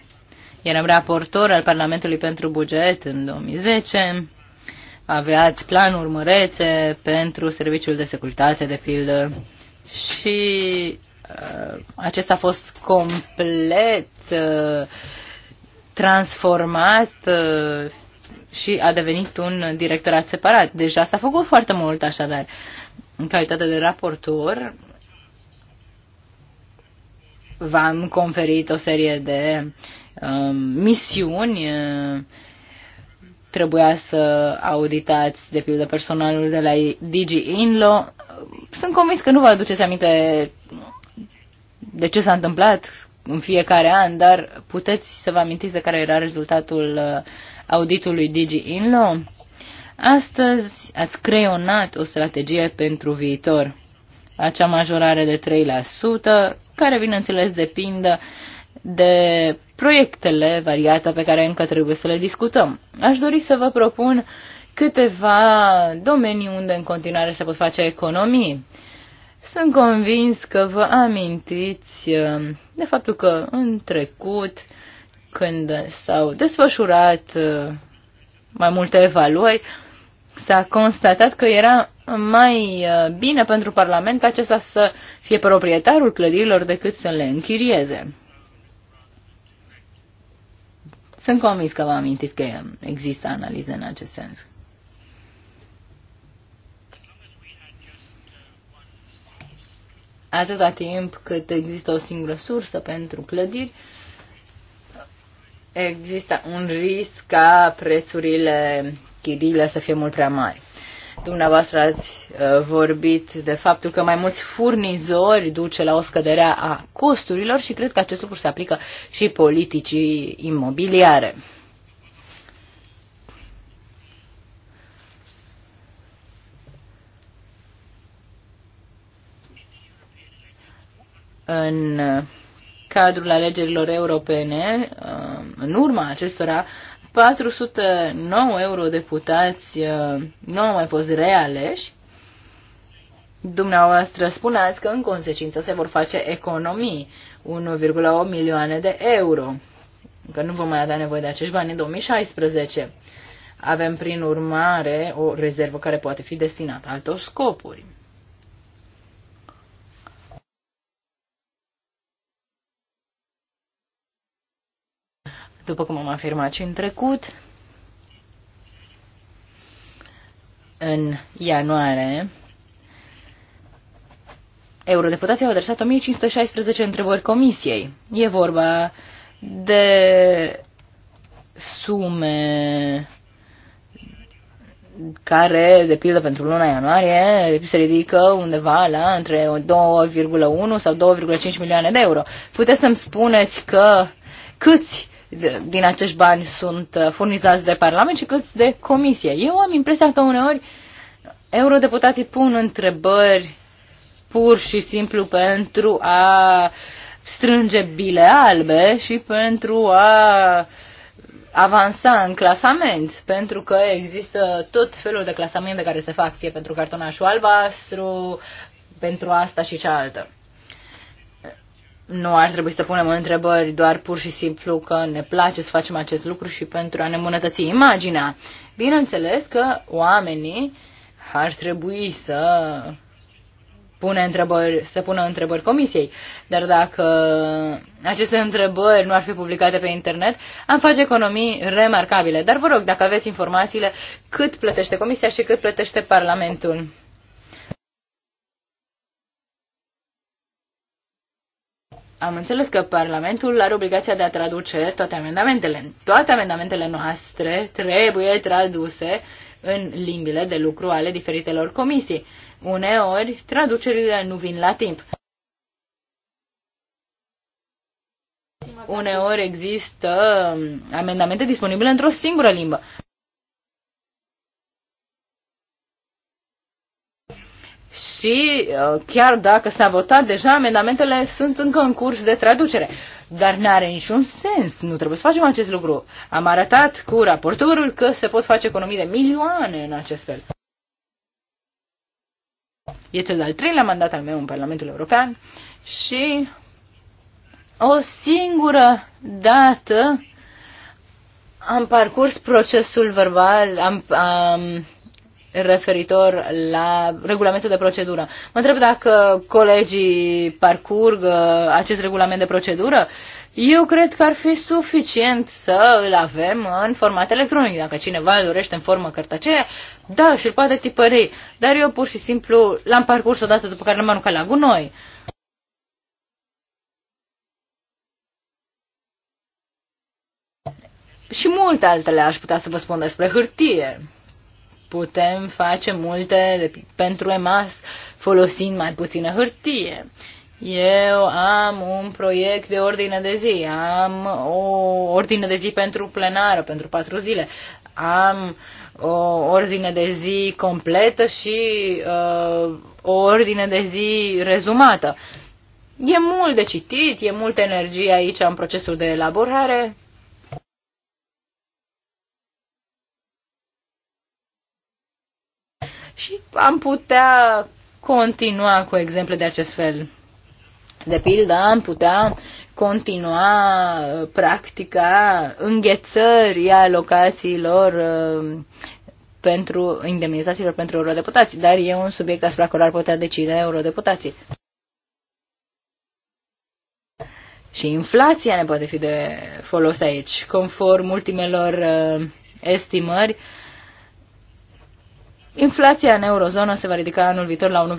eram raportor al Parlamentului pentru buget în 2010, aveați planuri mărețe pentru serviciul de securitate, de pildă, și uh, acesta a fost complet uh, transformat uh, și a devenit un directorat separat. Deja s-a făcut foarte mult așadar. În calitate de raportor, v-am conferit o serie de um, uh, misiuni. trebuia să auditați, de pildă, personalul de la Digi Inlo. Sunt convins că nu vă aduceți aminte de ce s-a întâmplat în fiecare an, dar puteți să vă amintiți de care era rezultatul uh, auditului Digi Inlo. Astăzi ați creionat o strategie pentru viitor. Acea majorare de care, bineînțeles, depindă de proiectele variate pe care încă trebuie să le discutăm. Aș dori să vă propun câteva domenii unde în continuare se pot face economii. Sunt convins că vă amintiți uh, de faptul că în trecut, când s-au desfășurat uh, mai multe evaluări, s-a constatat că era mai uh, bine pentru Parlament ca acesta să fie proprietarul clădirilor decât să le închirieze. Sunt convins că vă amintiți că există analize în acest sens. Atâta timp cât există o singură sursă pentru clădiri, există un risc ca prețurile chiriile să fie mult prea mari. Dumneavoastră ați uh, vorbit de faptul că mai mulți furnizori duce la o scădere a costurilor și cred că acest lucru se aplică și politicii imobiliare. în uh, cadrul alegerilor europene, uh, în urma acestora, 409 eurodeputați uh, nu au mai fost realeși, dumneavoastră spuneați că în consecință se vor face economii, 1,8 milioane de euro, că nu vom mai avea nevoie de acești bani în 2016. Avem prin urmare o rezervă care poate fi destinată altor scopuri. După cum am afirmat și în trecut, în ianuarie, eurodeputații au adresat 1516 întrebări comisiei. E vorba de sume care, de pildă pentru luna ianuarie, se ridică undeva la între 2,1 sau 2,5 milioane de euro. Puteți să-mi spuneți că câți din acești bani sunt uh, furnizați de Parlament și câți de Comisie. Eu am impresia că uneori eurodeputații pun întrebări pur și simplu pentru a strânge bile albe și pentru a avansa în clasament, pentru că există tot felul de clasamente care se fac, fie pentru cartonașul albastru, pentru asta și cealaltă nu ar trebui să punem întrebări doar pur și simplu că ne place să facem acest lucru și pentru a ne îmbunătăți imaginea. Bineînțeles că oamenii ar trebui să pune întrebări, să pună întrebări comisiei. Dar dacă aceste întrebări nu ar fi publicate pe internet, am face economii remarcabile. Dar vă rog, dacă aveți informațiile, cât plătește comisia și cât plătește Parlamentul. Am înțeles că Parlamentul are obligația de a traduce toate amendamentele. Toate amendamentele noastre trebuie traduse în limbile de lucru ale diferitelor comisii. Uneori, traducerile nu vin la timp. Uneori există um, amendamente disponibile într-o singură limbă. și uh, chiar dacă s-a votat deja, amendamentele sunt încă în curs de traducere. Dar n-are niciun sens, nu trebuie să facem acest lucru. Am arătat cu raportorul că se pot face economii de milioane în acest fel. E cel de-al treilea mandat al meu în Parlamentul European și o singură dată am parcurs procesul verbal, am, am referitor la regulamentul de procedură. Mă întreb dacă colegii parcurg uh, acest regulament de procedură. Eu cred că ar fi suficient să îl avem în format electronic. Dacă cineva îl dorește în formă cărtacee, da, și îl poate tipări. Dar eu pur și simplu l-am parcurs odată după care l-am aruncat la gunoi. Și multe altele aș putea să vă spun despre hârtie. Putem face multe pentru EMAS folosind mai puțină hârtie. Eu am un proiect de ordine de zi, am o ordine de zi pentru plenară, pentru patru zile, am o ordine de zi completă și uh, o ordine de zi rezumată. E mult de citit, e multă energie aici în procesul de elaborare, Și am putea continua cu exemple de acest fel. De pildă, am putea continua uh, practica înghețării alocațiilor uh, pentru indemnizațiilor pentru eurodeputații, dar e un subiect asupra care ar putea decide eurodeputații. Și inflația ne poate fi de folos aici. Conform ultimelor uh, estimări, uh, Inflația în eurozonă se va ridica anul viitor la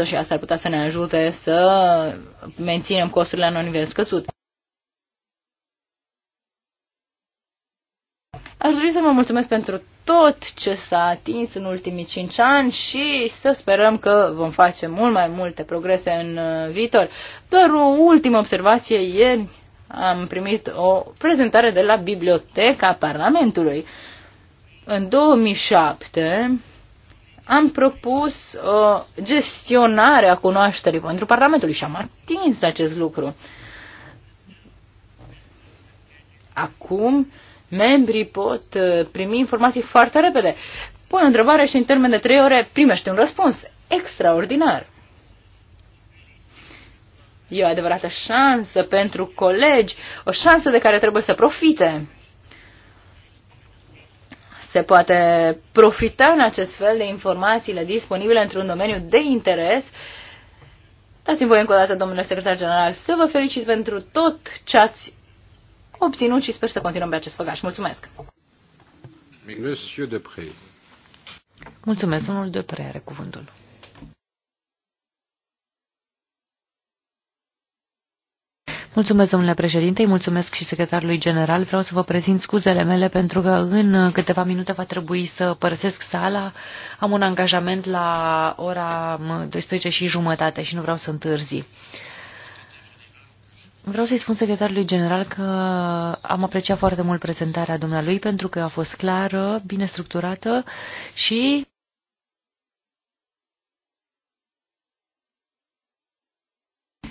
1,1% și asta ar putea să ne ajute să menținem costurile la un nivel scăzut. Aș dori să vă mulțumesc pentru tot ce s-a atins în ultimii 5 ani și să sperăm că vom face mult mai multe progrese în uh, viitor. Doar o ultimă observație. Ieri am primit o prezentare de la Biblioteca Parlamentului. În 2007 am propus uh, gestionarea cunoașterii pentru Parlamentului și am atins acest lucru. Acum, membrii pot uh, primi informații foarte repede. Pui o întrebare și în termen de trei ore primești un răspuns. Extraordinar! E o adevărată șansă pentru colegi, o șansă de care trebuie să profite se poate profita în acest fel de informațiile disponibile într-un domeniu de interes. Dați-mi voi încă o dată, domnule secretar general, să vă felicit pentru tot ce ați obținut și sper să continuăm pe acest făgaș. Mulțumesc! Monsieur Depre. Mulțumesc, domnul Depre are cuvântul. Mulțumesc, domnule președinte, îi mulțumesc și secretarului general. Vreau să vă prezint scuzele mele pentru că în câteva minute va trebui să părăsesc sala. Am un angajament la ora 12 și jumătate și nu vreau să întârzi. Vreau să-i spun secretarului general că am apreciat foarte mult prezentarea dumnealui pentru că a fost clară, bine structurată și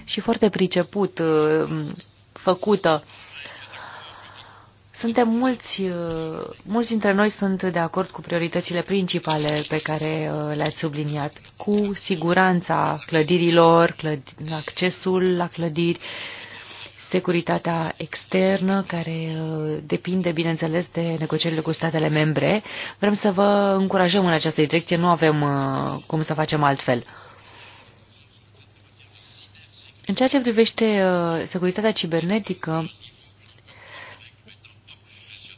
și foarte priceput uh, făcută. Suntem mulți, uh, mulți dintre noi sunt de acord cu prioritățile principale pe care uh, le-ați subliniat, cu siguranța clădirilor, clădi, accesul la clădiri, securitatea externă, care depinde, bineînțeles, de negocierile cu statele membre. Vrem să vă încurajăm în această direcție, nu avem cum să facem altfel. În ceea ce privește uh, securitatea cibernetică,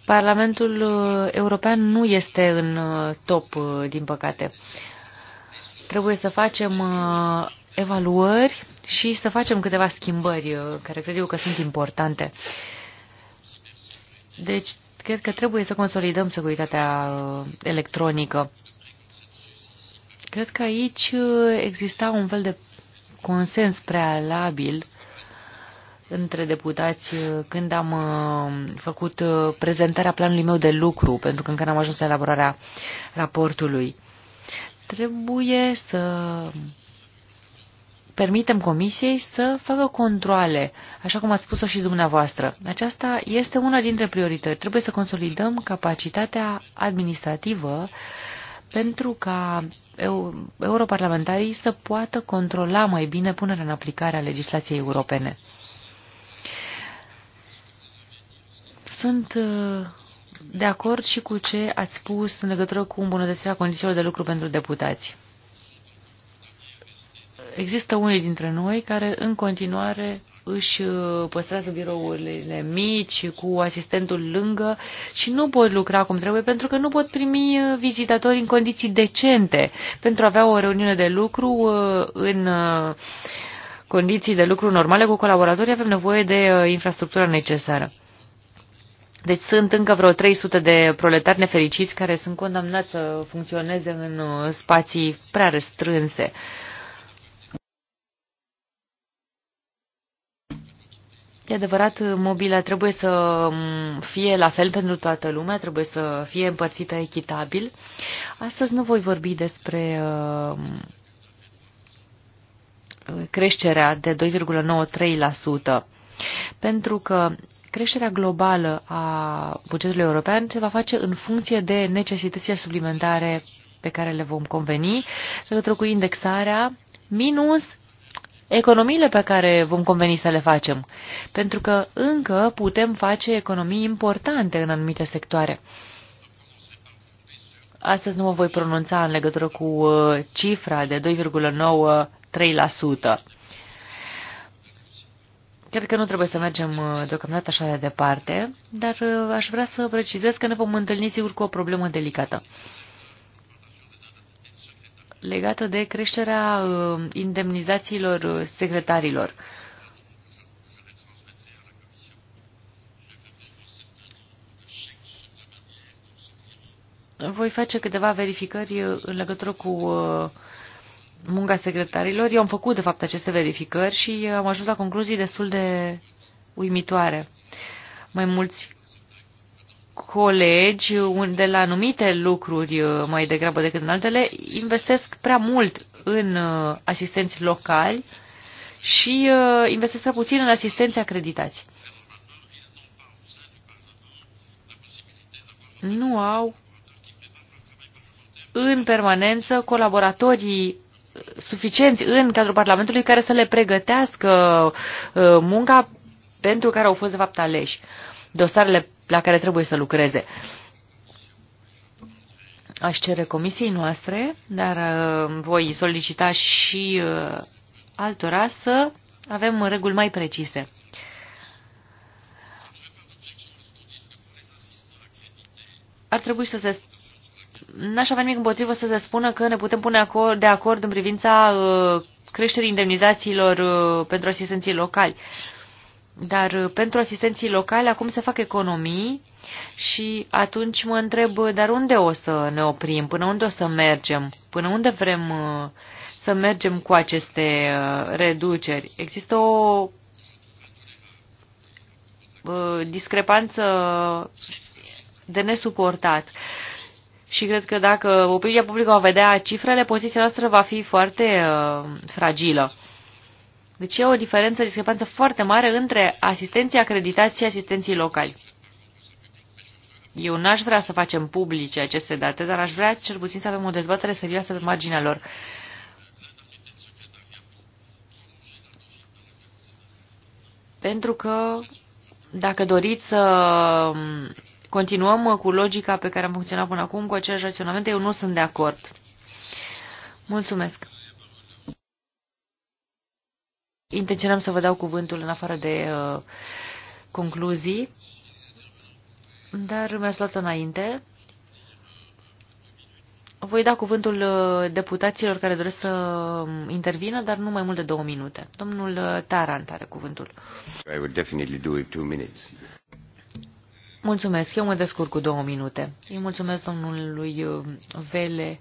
Parlamentul uh, European nu este în uh, top, uh, din păcate. Trebuie să facem evaluări și să facem câteva schimbări care cred eu că sunt importante. Deci, cred că trebuie să consolidăm securitatea electronică. Cred că aici exista un fel de consens prealabil între deputați când am uh, făcut uh, prezentarea planului meu de lucru, pentru că încă n-am ajuns la elaborarea raportului. Trebuie să permitem comisiei să facă controle, așa cum ați spus-o și dumneavoastră. Aceasta este una dintre priorități. Trebuie să consolidăm capacitatea administrativă uh, pentru ca europarlamentarii să poată controla mai bine punerea în aplicare a legislației europene. Sunt uh, de acord și cu ce ați spus în legătură cu îmbunătățirea condițiilor de lucru pentru deputați. Există unii dintre noi care în continuare își uh, păstrează birourile mici cu asistentul lângă și nu pot lucra cum trebuie pentru că nu pot primi uh, vizitatori în condiții decente pentru a avea o reuniune de lucru uh, în condiții de lucru normale cu colaboratorii, avem nevoie de infrastructura necesară. Deci sunt încă vreo 300 de proletari nefericiți care sunt condamnați să funcționeze în spații prea restrânse. Uh, E adevărat, mobila trebuie să mm, fie la fel pentru toată lumea, trebuie să fie împărțită echitabil. Astăzi nu voi vorbi despre uh, creșterea de 2,93%, pentru că creșterea globală a bugetului european se va face în funcție de necesitățile suplimentare pe care le vom conveni, pentru cu indexarea minus economiile pe care vom conveni să le facem, pentru că încă putem face economii importante în anumite sectoare. Astăzi nu mă voi pronunța în legătură cu uh, cifra de 2,93%. Cred că nu trebuie să mergem uh, deocamdată așa de departe, dar uh, aș vrea să precizez că ne vom întâlni sigur cu o problemă delicată legată de creșterea uh, indemnizațiilor uh, secretarilor. Voi face câteva verificări uh, în legătură cu munca secretarilor. Eu am făcut, de fapt, aceste verificări și am ajuns la concluzii destul de uimitoare. Mai mulți colegi de la anumite lucruri uh, mai degrabă decât în altele investesc prea mult în uh, asistenți locali și uh, investesc prea puțin în asistenți acreditați. Nu au în permanență colaboratorii suficienți în cadrul Parlamentului care să le pregătească munca pentru care au fost, de fapt, aleși. Dosarele la care trebuie să lucreze. Aș cere comisiei noastre, dar uh, voi solicita și uh, altora să avem reguli mai precise. Ar trebui să se n-aș avea nimic împotrivă să se spună că ne putem pune acord, de acord în privința uh, creșterii indemnizațiilor pentru asistenții locali. Uh, dar uh, pentru asistenții locali acum se fac economii și atunci mă întreb, uh, dar unde o să ne oprim? Până unde o să mergem? Până unde vrem uh, să mergem cu aceste reduceri? Există o discrepanță de nesuportat. Și cred că dacă opinia publică va vedea cifrele, poziția noastră va fi foarte uh, fragilă. Deci e o diferență, discrepanță foarte mare între asistenții acreditați și asistenții locali. Eu n-aș vrea să facem publice aceste date, dar aș vrea cel puțin să avem o dezbatere serioasă pe marginea lor. Pentru că dacă doriți să um, continuăm cu logica pe care am funcționat până acum, cu aceleași raționamente, eu nu sunt de acord. Mulțumesc intenționam să vă dau cuvântul în afară de uh, concluzii, dar mi-ați luat înainte. Voi da cuvântul uh, deputaților care doresc să um, intervină, dar nu mai mult de două minute. Domnul uh, Tarant are cuvântul. I would definitely do it two minutes. Mulțumesc, eu mă descurc cu două minute. Îi mulțumesc domnului uh, Vele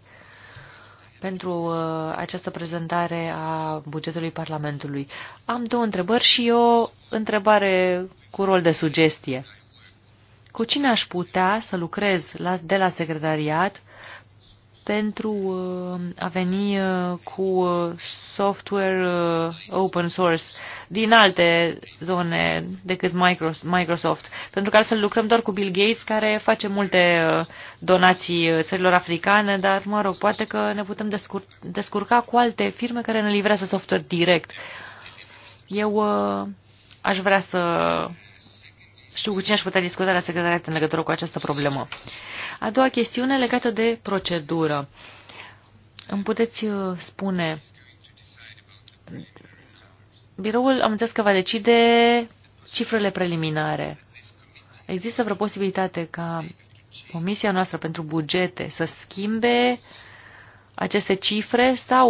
pentru uh, această prezentare a bugetului Parlamentului. Am două întrebări și o întrebare cu rol de sugestie. Cu cine aș putea să lucrez la, de la secretariat pentru uh, a veni uh, cu uh, software open source din alte zone decât Microsoft. Pentru că altfel lucrăm doar cu Bill Gates, care face multe donații țărilor africane, dar, mă rog, poate că ne putem descur descurca cu alte firme care ne livrează software direct. Eu aș vrea să știu cu cine aș putea discuta la secretariat în legătură cu această problemă. A doua chestiune legată de procedură. Îmi puteți uh, spune, biroul am înțeles că va decide cifrele preliminare. Există vreo posibilitate ca Comisia noastră pentru bugete să schimbe aceste cifre sau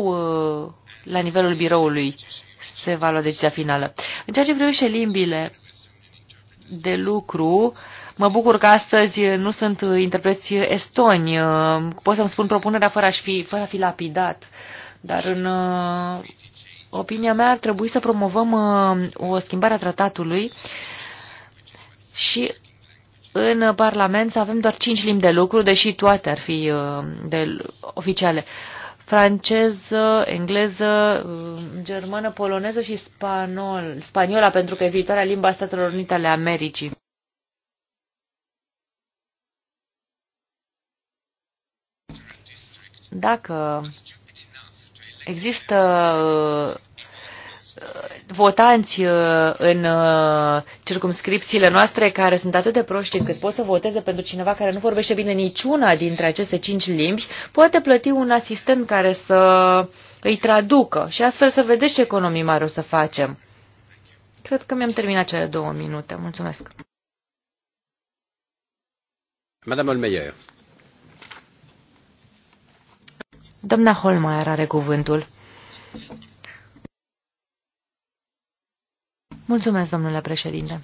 uh, la nivelul biroului se va lua decizia finală. În ceea ce privește limbile, de lucru. Mă bucur că astăzi nu sunt interpreți estoni. Pot să-mi spun propunerea fără a fi, fără a fi lapidat, dar în uh, opinia mea ar trebui să promovăm uh, o schimbare a tratatului și în Parlament să avem doar cinci limbi de lucru, deși toate ar fi uh, de oficiale franceză, engleză, germană, poloneză și spanol, spaniola, pentru că e viitoarea limba Statelor Unite ale Americii. Dacă există votanți uh, în uh, circumscripțiile noastre care sunt atât de proști încât pot să voteze pentru cineva care nu vorbește bine niciuna dintre aceste cinci limbi, poate plăti un asistent care să îi traducă și astfel să vedeți ce economii mari o să facem. Cred că mi-am terminat cele două minute. Mulțumesc. Madame Olmeyer. Doamna Holmeier are cuvântul. Mulțumesc, domnule președinte.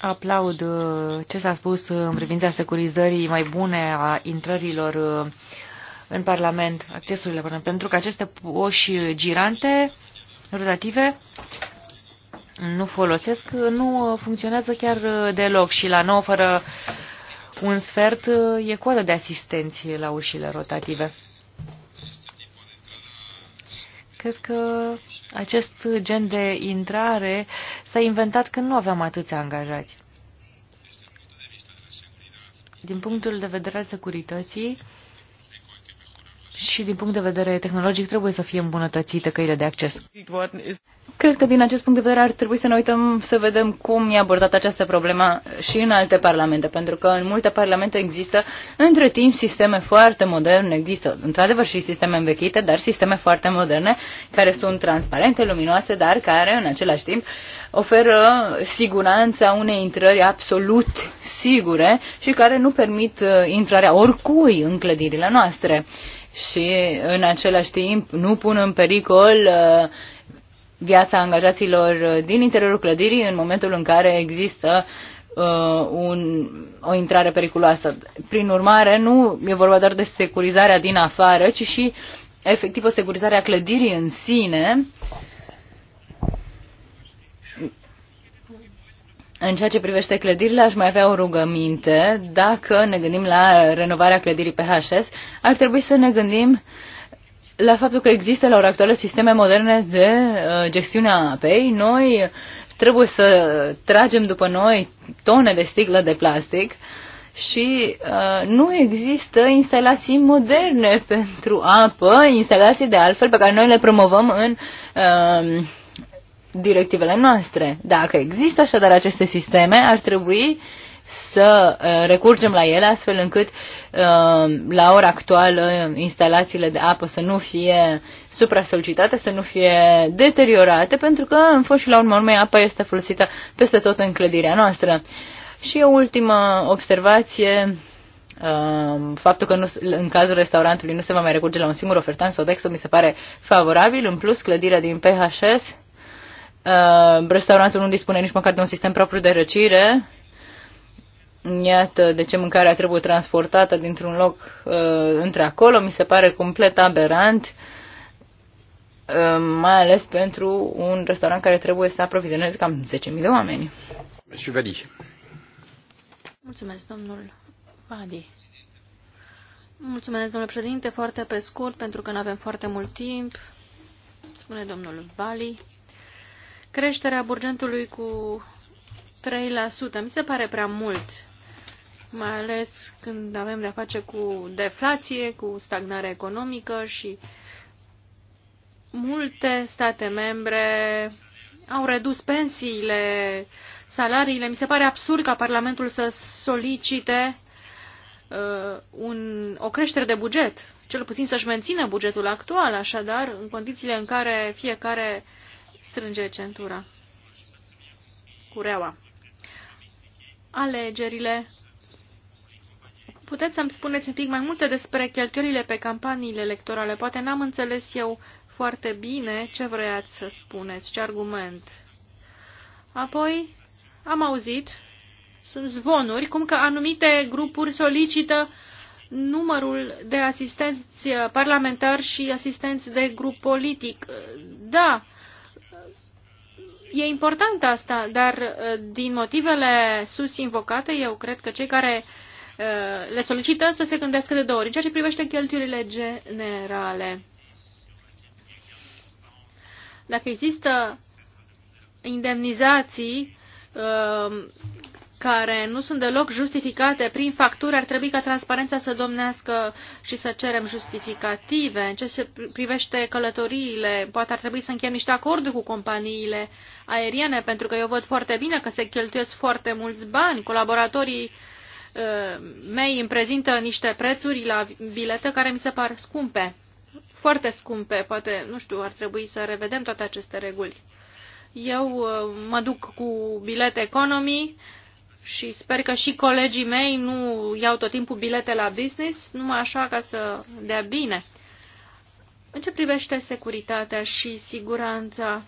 Aplaud uh, ce s-a spus în privința securizării mai bune a intrărilor uh, în Parlament, accesurile Parlament, pentru că aceste oși girante, rotative, nu folosesc, nu uh, funcționează chiar deloc și la nou fără un sfert e coadă de asistenție la ușile rotative. Cred că acest gen de intrare s-a inventat când nu aveam atâția angajați. Din punctul de vedere al securității, și din punct de vedere tehnologic trebuie să fie îmbunătățite căile de acces. Cred că din acest punct de vedere ar trebui să ne uităm să vedem cum e abordată această problemă și în alte parlamente, pentru că în multe parlamente există între timp sisteme foarte moderne, există într-adevăr și sisteme învechite, dar sisteme foarte moderne care sunt transparente, luminoase, dar care în același timp oferă siguranța unei intrări absolut sigure și care nu permit uh, intrarea oricui în clădirile noastre și în același timp nu pun în pericol uh, viața angajaților din interiorul clădirii în momentul în care există uh, un, o intrare periculoasă. Prin urmare, nu e vorba doar de securizarea din afară, ci și efectiv o securizare a clădirii în sine uh, În ceea ce privește clădirile, aș mai avea o rugăminte. Dacă ne gândim la renovarea clădirii PHS, ar trebui să ne gândim la faptul că există la ora actuală sisteme moderne de uh, gestiune a apei. Noi trebuie să tragem după noi tone de sticlă de plastic și uh, nu există instalații moderne pentru apă, instalații de altfel pe care noi le promovăm în uh, directivele noastre. Dacă există așadar aceste sisteme, ar trebui să uh, recurgem la ele astfel încât uh, la ora actuală instalațiile de apă să nu fie supra-solicitate, să nu fie deteriorate, pentru că în fost și la urmă urmei apa este folosită peste tot în clădirea noastră. Și o ultimă observație, uh, faptul că nu, în cazul restaurantului nu se va mai recurge la un singur ofertant, Sodexo mi se pare favorabil, în plus clădirea din PHS Uh, restaurantul nu dispune nici măcar de un sistem propriu de răcire. Iată de ce mâncarea trebuie transportată dintr-un loc uh, între acolo. Mi se pare complet aberant, uh, mai ales pentru un restaurant care trebuie să aprovizioneze cam 10.000 de oameni. Mulțumesc, domnul Vadi. Mulțumesc, domnule președinte, foarte pe scurt, pentru că nu avem foarte mult timp. Spune domnul Vali creșterea burgentului cu 3%. Mi se pare prea mult, mai ales când avem de-a face cu deflație, cu stagnare economică și multe state membre au redus pensiile, salariile. Mi se pare absurd ca Parlamentul să solicite uh, un, o creștere de buget, cel puțin să-și mențină bugetul actual, așadar, în condițiile în care fiecare strânge centura cureaua. Alegerile. Puteți să-mi spuneți un pic mai multe despre cheltuielile pe campaniile electorale? Poate n-am înțeles eu foarte bine ce vreați să spuneți, ce argument. Apoi am auzit, sunt zvonuri, cum că anumite grupuri solicită numărul de asistenți parlamentari și asistenți de grup politic. Da, E important asta, dar uh, din motivele sus invocate, eu cred că cei care uh, le solicită să se gândească de două ori, în ceea ce privește cheltuielile generale. Dacă există indemnizații uh, care nu sunt deloc justificate prin facturi, ar trebui ca transparența să domnească și să cerem justificative. În ce se privește călătoriile, poate ar trebui să încheiem niște acorduri cu companiile aeriene, pentru că eu văd foarte bine că se cheltuiesc foarte mulți bani. Colaboratorii uh, mei îmi prezintă niște prețuri la bilete care mi se par scumpe, foarte scumpe. Poate, nu știu, ar trebui să revedem toate aceste reguli. Eu uh, mă duc cu bilet economy, și sper că și colegii mei nu iau tot timpul bilete la business, numai așa ca să dea bine. În ce privește securitatea și siguranța,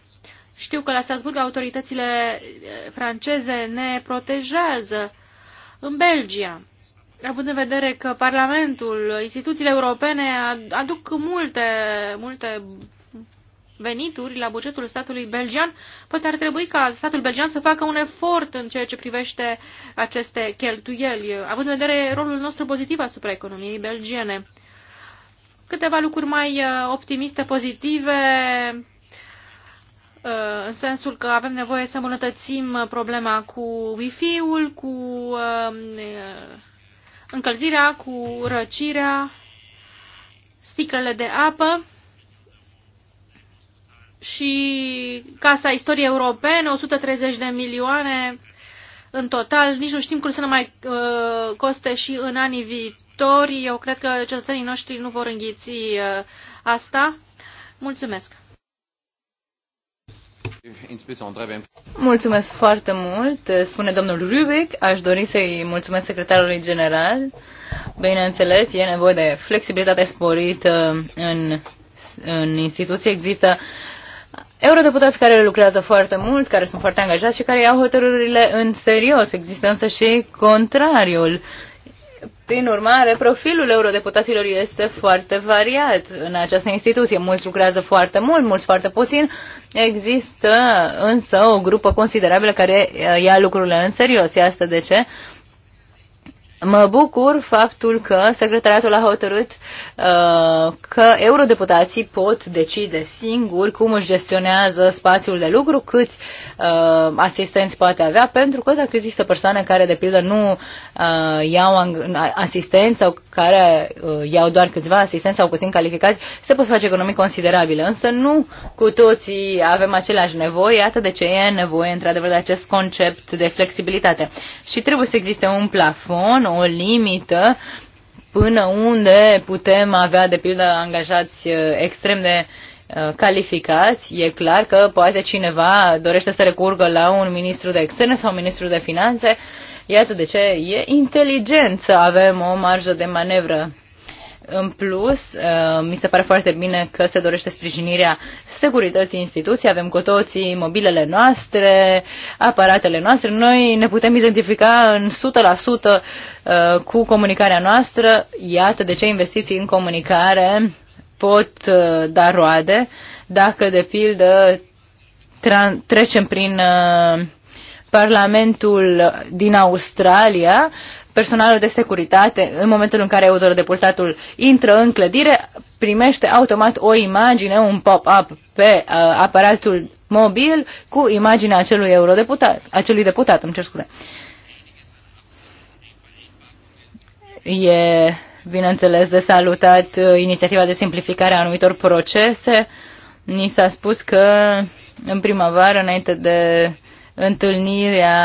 știu că la Strasburg autoritățile eh, franceze ne protejează. În Belgia, având în vedere că Parlamentul, instituțiile europene aduc multe, multe venituri la bugetul statului belgian, poate ar trebui ca statul belgian să facă un efort în ceea ce privește aceste cheltuieli, având în vedere rolul nostru pozitiv asupra economiei belgiene. Câteva lucruri mai uh, optimiste, pozitive, uh, în sensul că avem nevoie să îmbunătățim problema cu Wi-Fi-ul, cu um, uh, încălzirea, cu răcirea, sticlele de apă și Casa Istoriei Europene, 130 de milioane în total. Nici nu știm cum să ne mai uh, coste și în anii viitori. Eu cred că cetățenii noștri nu vor înghiți uh, asta. Mulțumesc! Mulțumesc foarte mult, spune domnul Rubic. Aș dori să-i mulțumesc secretarului general. Bineînțeles, e nevoie de flexibilitate sporită în, în instituție. Există uh, eurodeputați care lucrează foarte mult, care sunt foarte angajați și care iau hotărârile în serios. Există însă și contrariul. Prin urmare, profilul eurodeputaților este foarte variat în această instituție. Mulți lucrează foarte mult, mulți foarte puțin. Există însă o grupă considerabilă care eh, ia lucrurile în serios. Iar asta de ce? Mă bucur faptul că secretariatul a hotărât uh, că eurodeputații pot decide singuri cum își gestionează spațiul de lucru, câți uh, asistenți poate avea, pentru că dacă există persoane care, de pildă, nu uh, iau asistenți sau care uh, iau doar câțiva asistenți sau puțin calificați, se pot face economii considerabile. Însă nu cu toții avem aceleași nevoi, iată de ce e nevoie, într-adevăr, de acest concept de flexibilitate. Și trebuie să existe un plafon, impună o limită până unde putem avea, de pildă, angajați uh, extrem de uh, calificați, e clar că poate cineva dorește să recurgă la un ministru de externe sau un ministru de finanțe. Iată de ce e inteligent să avem o marjă de manevră în plus, uh, mi se pare foarte bine că se dorește sprijinirea securității instituției. Avem cu toții mobilele noastre, aparatele noastre. Noi ne putem identifica în 100% uh, cu comunicarea noastră. Iată de ce investiții în comunicare pot uh, da roade dacă, de pildă, trecem prin Parlamentul din Australia, personalul de securitate, în momentul în care eurodeputatul intră în clădire, primește automat o imagine, un pop-up pe uh, aparatul mobil cu imaginea acelui eurodeputat, acelui deputat, îmi cer scuze. E, bineînțeles, de salutat uh, inițiativa de simplificare a anumitor procese. Ni s-a spus că în primăvară, înainte de întâlnirea,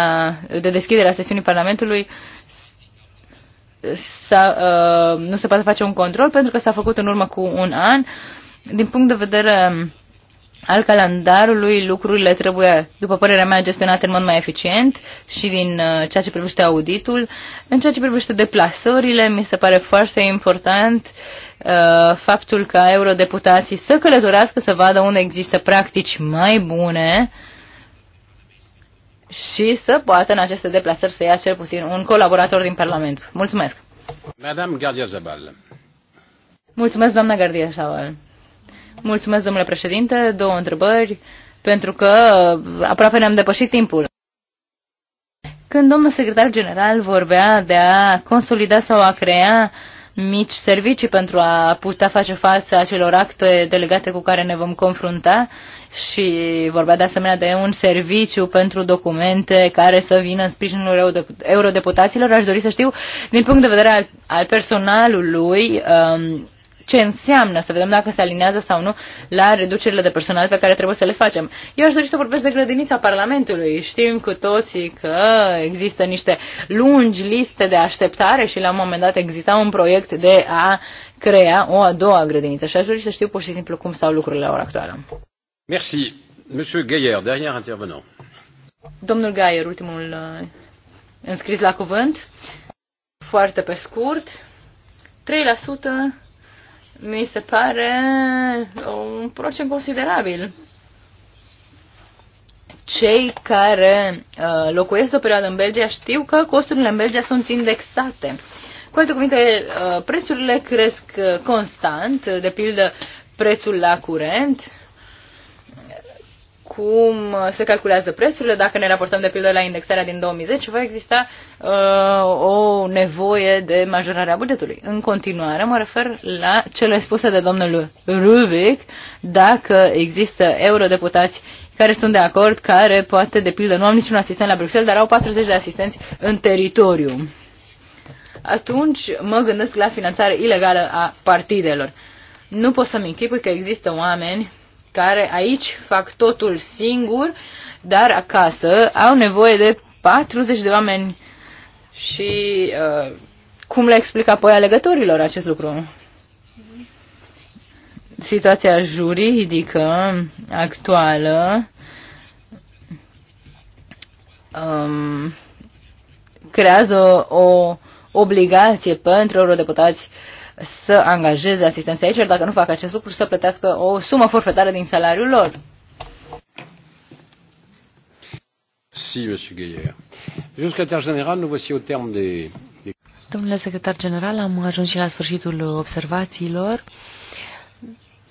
de deschiderea sesiunii Parlamentului, uh, s-a, uh, nu se poate face un control pentru că s-a făcut în urmă cu un an. Din punct de vedere um, al calendarului, lucrurile trebuie, după părerea mea, gestionate în mod mai eficient și din uh, ceea ce privește auditul. În ceea ce privește deplasările, mi se pare foarte important uh, faptul ca eurodeputații să călătorească, să vadă unde există practici mai bune uh, și să poată în aceste deplasări să ia cel puțin un colaborator din Parlament. Mulțumesc! Madame Gardia Zabal. Mulțumesc, doamna Gardia Zabal. Mulțumesc, domnule președinte. Două întrebări, pentru că aproape ne-am depășit timpul. Când domnul secretar general vorbea de a consolida sau a crea mici servicii pentru a putea face față acelor acte delegate cu care ne vom confrunta, și vorbea de asemenea de un serviciu pentru documente care să vină în sprijinul eurodeputaților. Aș dori să știu, din punct de vedere al, al personalului, um, ce înseamnă, să vedem dacă se alinează sau nu la reducerile de personal pe care trebuie să le facem. Eu aș dori să vorbesc de grădinița Parlamentului. Știm cu toții că există niște lungi liste de așteptare și la un moment dat exista un proiect de a crea o a doua grădiniță și aș dori să știu pur și simplu cum stau lucrurile la ora actuală. Domnul Gaier, ultimul uh, înscris la cuvânt, foarte pe scurt, trei sută mi se pare un procent considerabil. Cei care uh, locuiesc o perioadă în Belgia știu că costurile în Belgia sunt indexate. Cu alte cuvinte, uh, prețurile cresc uh, constant, de pildă prețul la curent, cum se calculează prețurile, dacă ne raportăm de pildă la indexarea din 2010, va exista uh, o nevoie de majorare a bugetului. În continuare, mă refer la cele spuse de domnul Rubic, dacă există eurodeputați care sunt de acord, care poate, de pildă, nu am niciun asistent la Bruxelles, dar au 40 de asistenți în teritoriu. Atunci mă gândesc la finanțare ilegală a partidelor. Nu pot să-mi închipui că există oameni care aici fac totul singur, dar acasă au nevoie de 40 de oameni și uh, cum le explica apoi alegătorilor acest lucru? Situația juridică actuală um, creează o obligație pentru eurodeputați să angajeze asistenții aici, dacă nu fac acest lucru, să plătească o sumă forfetară din salariul lor. Si, monsieur général, nous voici au terme des... Domnule secretar general, am ajuns și la sfârșitul observațiilor.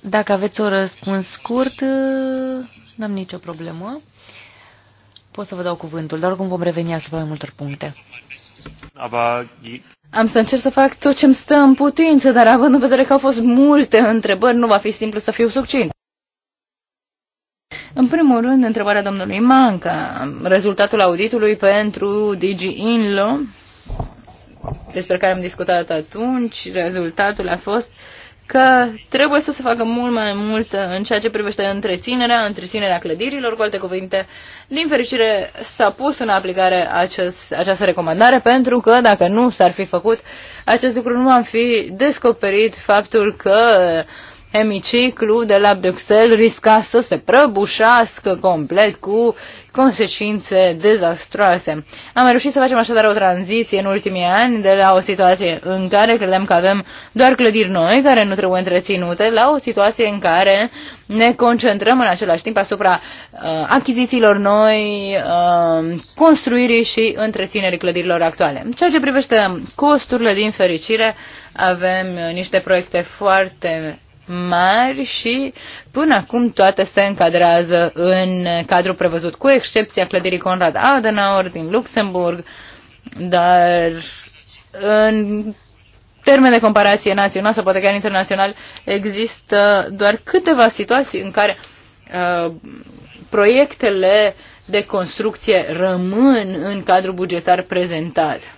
Dacă aveți o răspuns scurt, n-am nicio problemă. Pot să vă dau cuvântul, dar oricum vom reveni asupra mai multor puncte. Am să încerc să fac tot ce-mi stă în putință, dar având în vedere că au fost multe întrebări, nu va fi simplu să fiu succint. În primul rând, întrebarea domnului Manca, rezultatul auditului pentru Digi Inlo, despre care am discutat atunci, rezultatul a fost uh, că trebuie să se facă mult mai mult în ceea ce privește întreținerea, întreținerea clădirilor, cu alte cuvinte. Din fericire s-a pus în aplicare acest, această recomandare pentru că dacă nu s-ar fi făcut acest lucru, nu am fi descoperit faptul că uh, hemiciclu de la Bruxelles risca să se prăbușească complet cu consecințe dezastroase. Am reușit să facem așadar o tranziție în ultimii ani de la o situație în care credem că avem doar clădiri noi care nu trebuie întreținute la o situație în care ne concentrăm în același timp asupra uh, achizițiilor noi, uh, construirii și întreținerii clădirilor actuale. În ceea ce privește costurile, din fericire, avem uh, niște proiecte foarte mari și până acum toate se încadrează în cadrul prevăzut, cu excepția clădirii Conrad Adenauer din Luxemburg, dar în termen de comparație național sau poate chiar internațional există doar câteva situații în care uh, proiectele de construcție rămân în cadrul bugetar prezentat.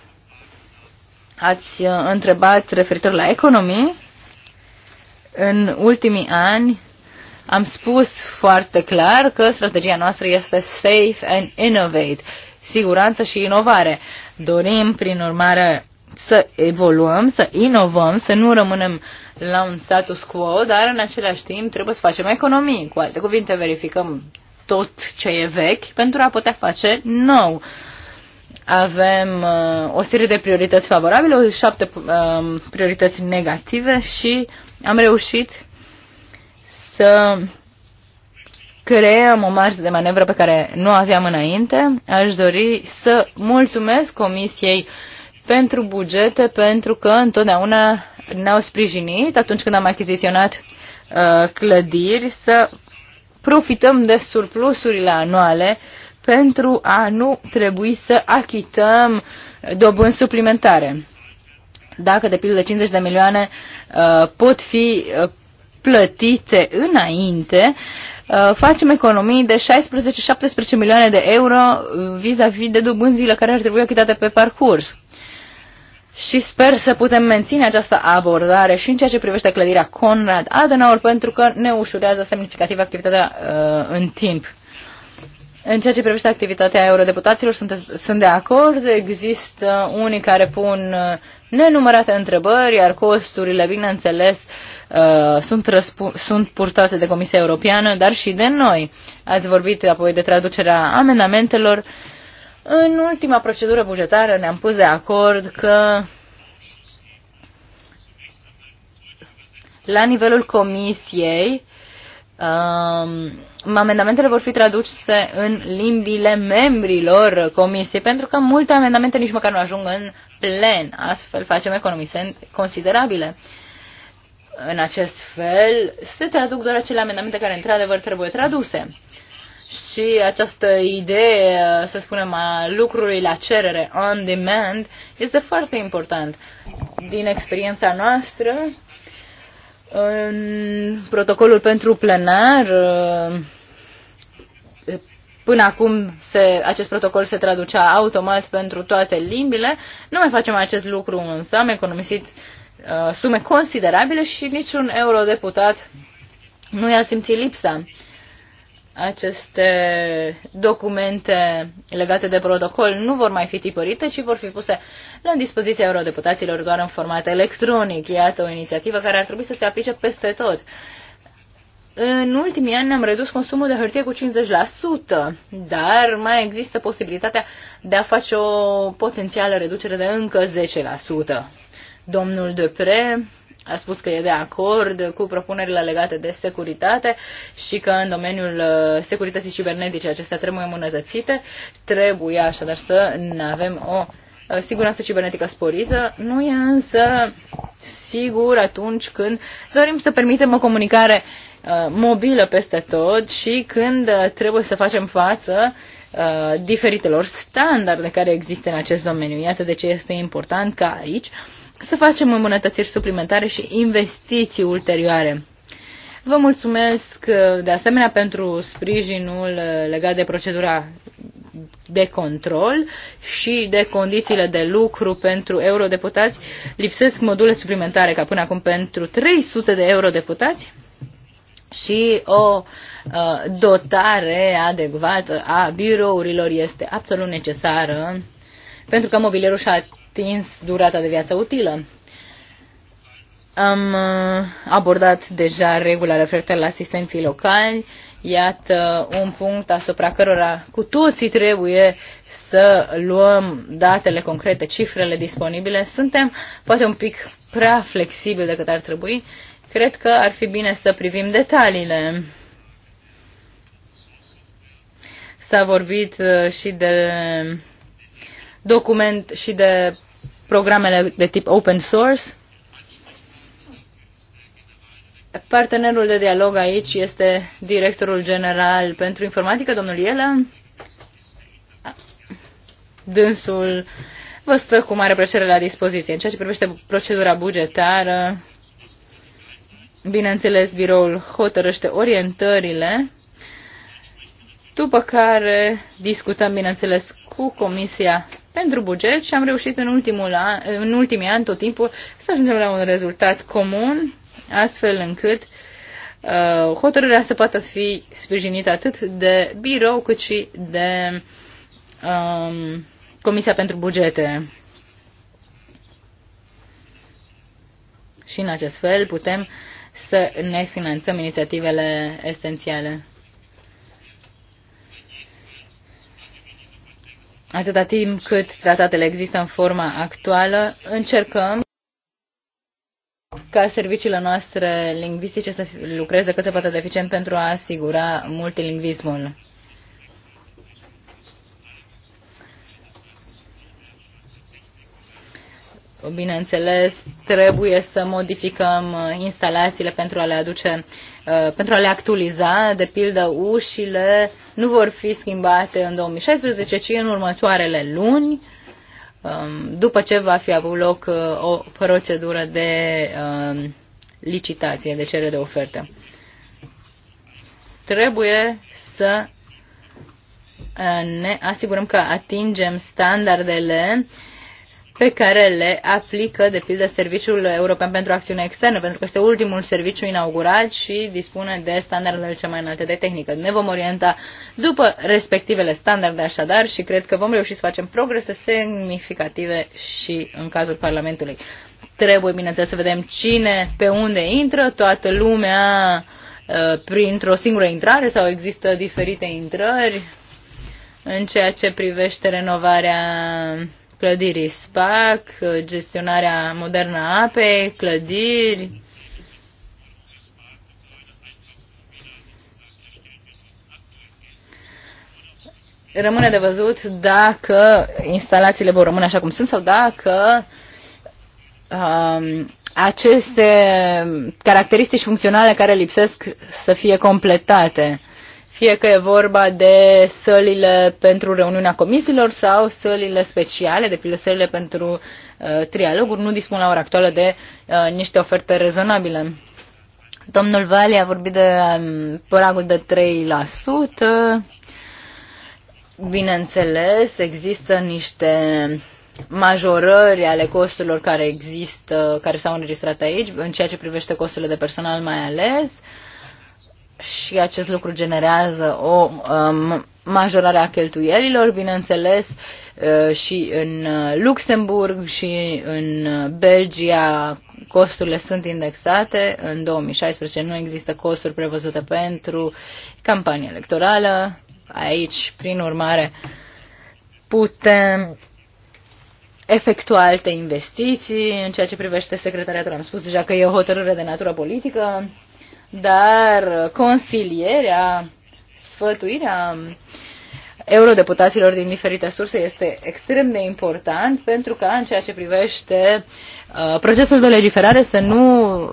Ați uh, întrebat referitor la economii. În ultimii ani am spus foarte clar că strategia noastră este Safe and Innovate, siguranță și inovare. Dorim, prin urmare, să evoluăm, să inovăm, să nu rămânem la un status quo, dar în același timp trebuie să facem economii. Cu alte cuvinte, verificăm tot ce e vechi pentru a putea face nou avem uh, o serie de priorități favorabile, șapte uh, priorități negative și am reușit să creăm o marjă de manevră pe care nu o aveam înainte. Aș dori să mulțumesc Comisiei pentru bugete, pentru că întotdeauna ne-au sprijinit atunci când am achiziționat uh, clădiri să profităm de surplusurile anuale uh, pentru a nu trebui să achităm dobânzi suplimentare. Dacă, de pildă, 50 de milioane uh, pot fi uh, plătite înainte, uh, facem economii de 16-17 milioane de euro vis-a-vis -vis de dobânzile care ar trebui achitate pe parcurs. Și sper să putem menține această abordare și în ceea ce privește clădirea Conrad Adenauer, pentru că ne ușurează semnificativ activitatea uh, în timp. În ceea ce privește activitatea eurodeputaților, sunt, sunt de acord. Există unii care pun uh, nenumărate întrebări, iar costurile, bineînțeles, uh, sunt, sunt purtate de Comisia Europeană, dar și de noi. Ați vorbit apoi de traducerea amendamentelor. În ultima procedură bugetară ne-am pus de acord că la nivelul Comisiei um, amendamentele vor fi traduse în limbile membrilor comisiei, pentru că multe amendamente nici măcar nu ajung în plen. Astfel facem economii considerabile. În acest fel se traduc doar acele amendamente care într-adevăr trebuie traduse. Și această idee, să spunem, a lucrurilor la cerere, on demand, este foarte important. Din experiența noastră, în protocolul pentru plenar, uh, până acum se, acest protocol se traducea automat pentru toate limbile. Nu mai facem acest lucru însă, am economisit uh, sume considerabile și niciun eurodeputat nu i-a simțit lipsa aceste documente legate de protocol nu vor mai fi tipărite, ci vor fi puse la dispoziția eurodeputaților doar în format electronic. Iată o inițiativă care ar trebui să se aplice peste tot. În ultimii ani am redus consumul de hârtie cu 50%, dar mai există posibilitatea de a face o potențială reducere de încă 10%. Domnul Depre a spus că e de acord cu propunerile legate de securitate și că în domeniul uh, securității cibernetice acestea trebuie îmbunătățite. Trebuie așadar să avem o uh, siguranță cibernetică sporită. Nu e însă sigur atunci când dorim să permitem o comunicare uh, mobilă peste tot și când trebuie să facem față diferitelor standarde care există în acest domeniu. Iată de ce este important ca aici uh, să facem îmbunătățiri suplimentare și investiții ulterioare. Vă mulțumesc uh, de asemenea pentru sprijinul uh, legat de procedura de control și de condițiile de lucru pentru eurodeputați. Lipsesc module suplimentare ca până acum pentru 300 de eurodeputați și o uh, dotare adecvată a birourilor este absolut necesară pentru că mobilierul și-a extins durata de viață utilă. Am uh, abordat deja regula referitoare la asistenții locali. Iată un punct asupra cărora cu toții trebuie să luăm datele concrete, cifrele disponibile. Suntem poate un pic prea flexibili decât ar trebui. Cred că ar fi bine să privim detaliile. S-a vorbit uh, și de document și de programele de tip open source. Partenerul de dialog aici este directorul general pentru informatică, domnul Iela. Dânsul vă stă cu mare plăcere la dispoziție. În ceea ce privește procedura bugetară, bineînțeles, biroul hotărăște orientările, după care discutăm, bineînțeles, cu Comisia pentru buget și am reușit în, ultimul an, în ultimii ani tot timpul să ajungem la un rezultat comun, astfel încât uh, hotărârea să poată fi sprijinită atât de birou cât și de um, Comisia pentru Bugete. Și în acest fel putem să ne finanțăm inițiativele esențiale. atâta timp cât tratatele există în forma actuală, încercăm ca serviciile noastre lingvistice să lucreze cât se poate de eficient pentru a asigura multilingvismul. Bineînțeles, trebuie să modificăm instalațiile pentru a le aduce Uh, pentru a le actualiza, de pildă ușile nu vor fi schimbate în 2016, ci în următoarele luni, um, după ce va fi avut loc uh, o procedură de um, licitație, de cerere de ofertă. Trebuie să uh, ne asigurăm că atingem standardele uh, pe care le aplică, de pildă, Serviciul European pentru Acțiune Externă, pentru că este ultimul serviciu inaugurat și dispune de standardele cele mai înalte de tehnică. Ne vom orienta după respectivele standarde așadar și cred că vom reuși să facem progrese semnificative și în cazul Parlamentului. Trebuie, bineînțeles, să vedem cine pe unde intră, toată lumea uh, printr-o singură intrare sau există diferite intrări în ceea ce privește renovarea clădirii SPAC, gestionarea modernă a apei, clădiri. Rămâne de văzut dacă instalațiile vor rămâne așa cum sunt sau dacă um, aceste caracteristici funcționale care lipsesc să fie completate fie că e vorba de sălile pentru reuniunea comisiilor sau sălile speciale, de pildă sălile pentru uh, trialoguri, nu dispun la ora actuală de uh, niște oferte rezonabile. Domnul Vali a vorbit de um, păragul de 3%. Bineînțeles, există niște majorări ale costurilor care există, care s-au înregistrat aici, în ceea ce privește costurile de personal mai ales. Uh, și acest lucru generează o um, majorare a cheltuielilor, bineînțeles, uh, și în uh, Luxemburg și în uh, Belgia costurile sunt indexate. În 2016 nu există costuri prevăzute pentru campanie electorală. Aici, prin urmare, putem efectua alte investiții. În ceea ce privește secretariatul, am spus deja că e o hotărâre de natură politică dar consilierea, sfătuirea eurodeputaților din diferite surse este extrem de important pentru că în ceea ce privește uh, procesul de legiferare să nu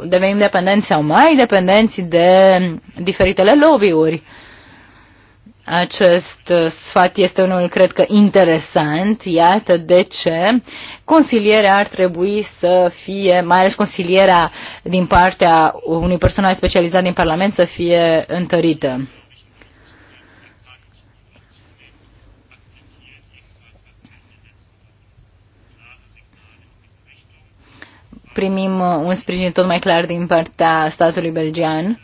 devenim dependenți sau mai dependenți de diferitele lobby-uri. Acest uh, sfat este unul, cred că, interesant. Iată de ce consilierea ar trebui să fie, mai ales consilierea din partea unui personal specializat din Parlament, să fie întărită. primim uh, un sprijin tot mai clar din partea statului belgian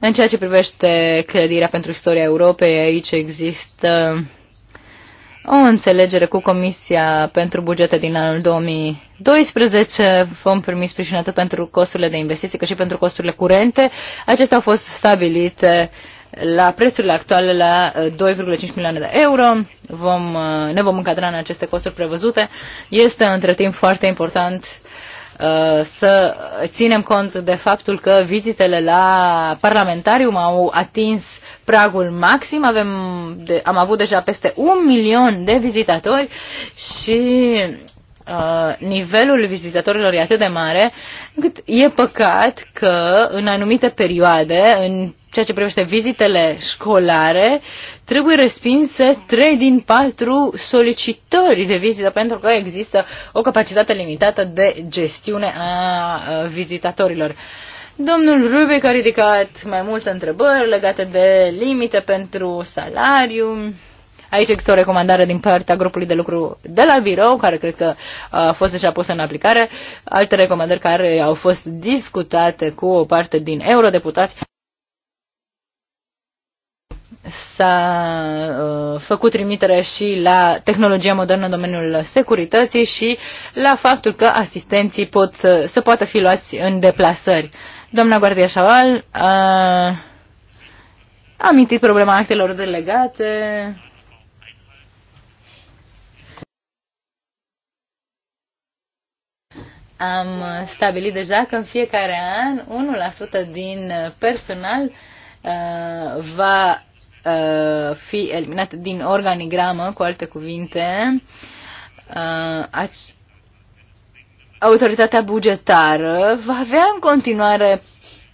în ceea ce privește clădirea pentru istoria Europei, aici există o înțelegere cu Comisia pentru bugete din anul 2012. Vom primi sprijin atât pentru costurile de investiții cât și pentru costurile curente. Acestea au fost stabilite la prețurile actuale la 2,5 uh, milioane de euro. Vom, uh, ne vom încadra în aceste costuri prevăzute. Este între timp foarte important Uh, să ținem cont de faptul că vizitele la parlamentarium au atins pragul maxim, avem, de, am avut deja peste un milion de vizitatori și uh, nivelul vizitatorilor e atât de mare, încât e păcat că în anumite perioade, în ceea ce privește vizitele școlare, trebuie respinse trei din patru solicitări de vizită pentru că există o capacitate limitată de gestiune a vizitatorilor. Domnul Rubic a ridicat mai multe întrebări legate de limite pentru salariu. Aici există o recomandare din partea grupului de lucru de la birou, care cred că a fost deja pusă în aplicare. Alte recomandări care au fost discutate cu o parte din eurodeputați s-a uh, făcut trimitere și la tehnologia modernă în domeniul securității și la faptul că asistenții pot să, să poată fi luați în deplasări. Doamna Guardia Șaval uh, a amintit problema actelor delegate. Am stabilit deja că în fiecare an 1% din personal uh, va Uh, fi eliminat din organigramă, cu alte cuvinte, uh, autoritatea bugetară va avea în continuare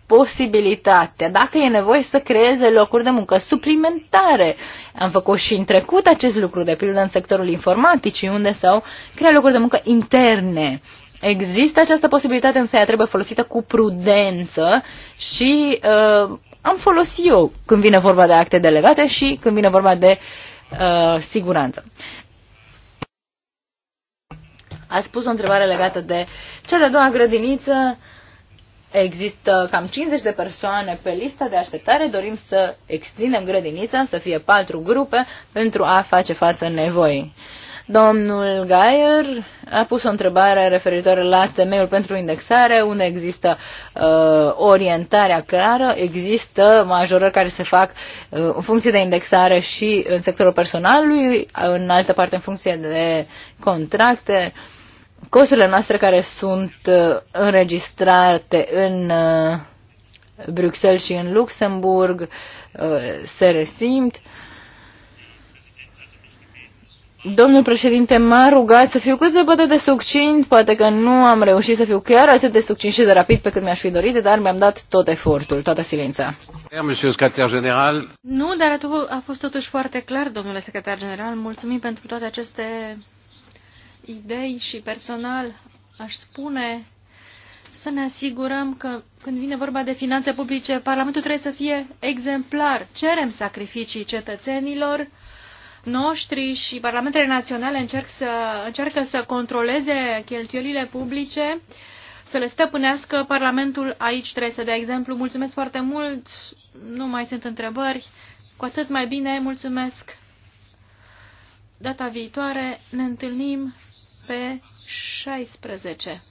posibilitatea, dacă e nevoie, să creeze locuri de muncă suplimentare. Am făcut și în trecut acest lucru, de pildă în sectorul informaticii, unde s-au creat locuri de muncă interne. Există această posibilitate, însă ea trebuie folosită cu prudență și uh, am folosit eu când vine vorba de acte delegate și când vine vorba de uh, siguranță. A spus o întrebare legată de cea de-a doua grădiniță. Există cam 50 de persoane pe lista de așteptare. Dorim să extindem grădinița, să fie patru grupe pentru a face față nevoii. Uh, Domnul Gaier a pus o întrebare referitoare la temeiul pentru indexare, unde există uh, orientarea clară, există majorări care se fac uh, în funcție de indexare și în sectorul personalului, în altă parte în funcție de contracte. Costurile noastre care sunt uh, înregistrate în uh, Bruxelles și în Luxemburg uh, se resimt. Uh, Domnul președinte, m-a rugat să fiu cât se poate de succint, poate că nu am reușit să fiu chiar atât de succint și de rapid pe cât mi-aș fi dorit, dar mi-am dat tot efortul, toată silința. General. Nu, dar a fost totuși foarte clar, domnule secretar general. Mulțumim pentru toate aceste idei și personal aș spune să ne asigurăm că când vine vorba de finanțe publice, Parlamentul trebuie să fie exemplar. Cerem sacrificii cetățenilor noștri și parlamentele naționale încerc să, încearcă să controleze cheltuielile publice, să le stăpânească. Parlamentul aici trebuie să dea exemplu. Mulțumesc foarte mult. Nu mai sunt întrebări. Cu atât mai bine, mulțumesc. Data viitoare ne întâlnim pe 16.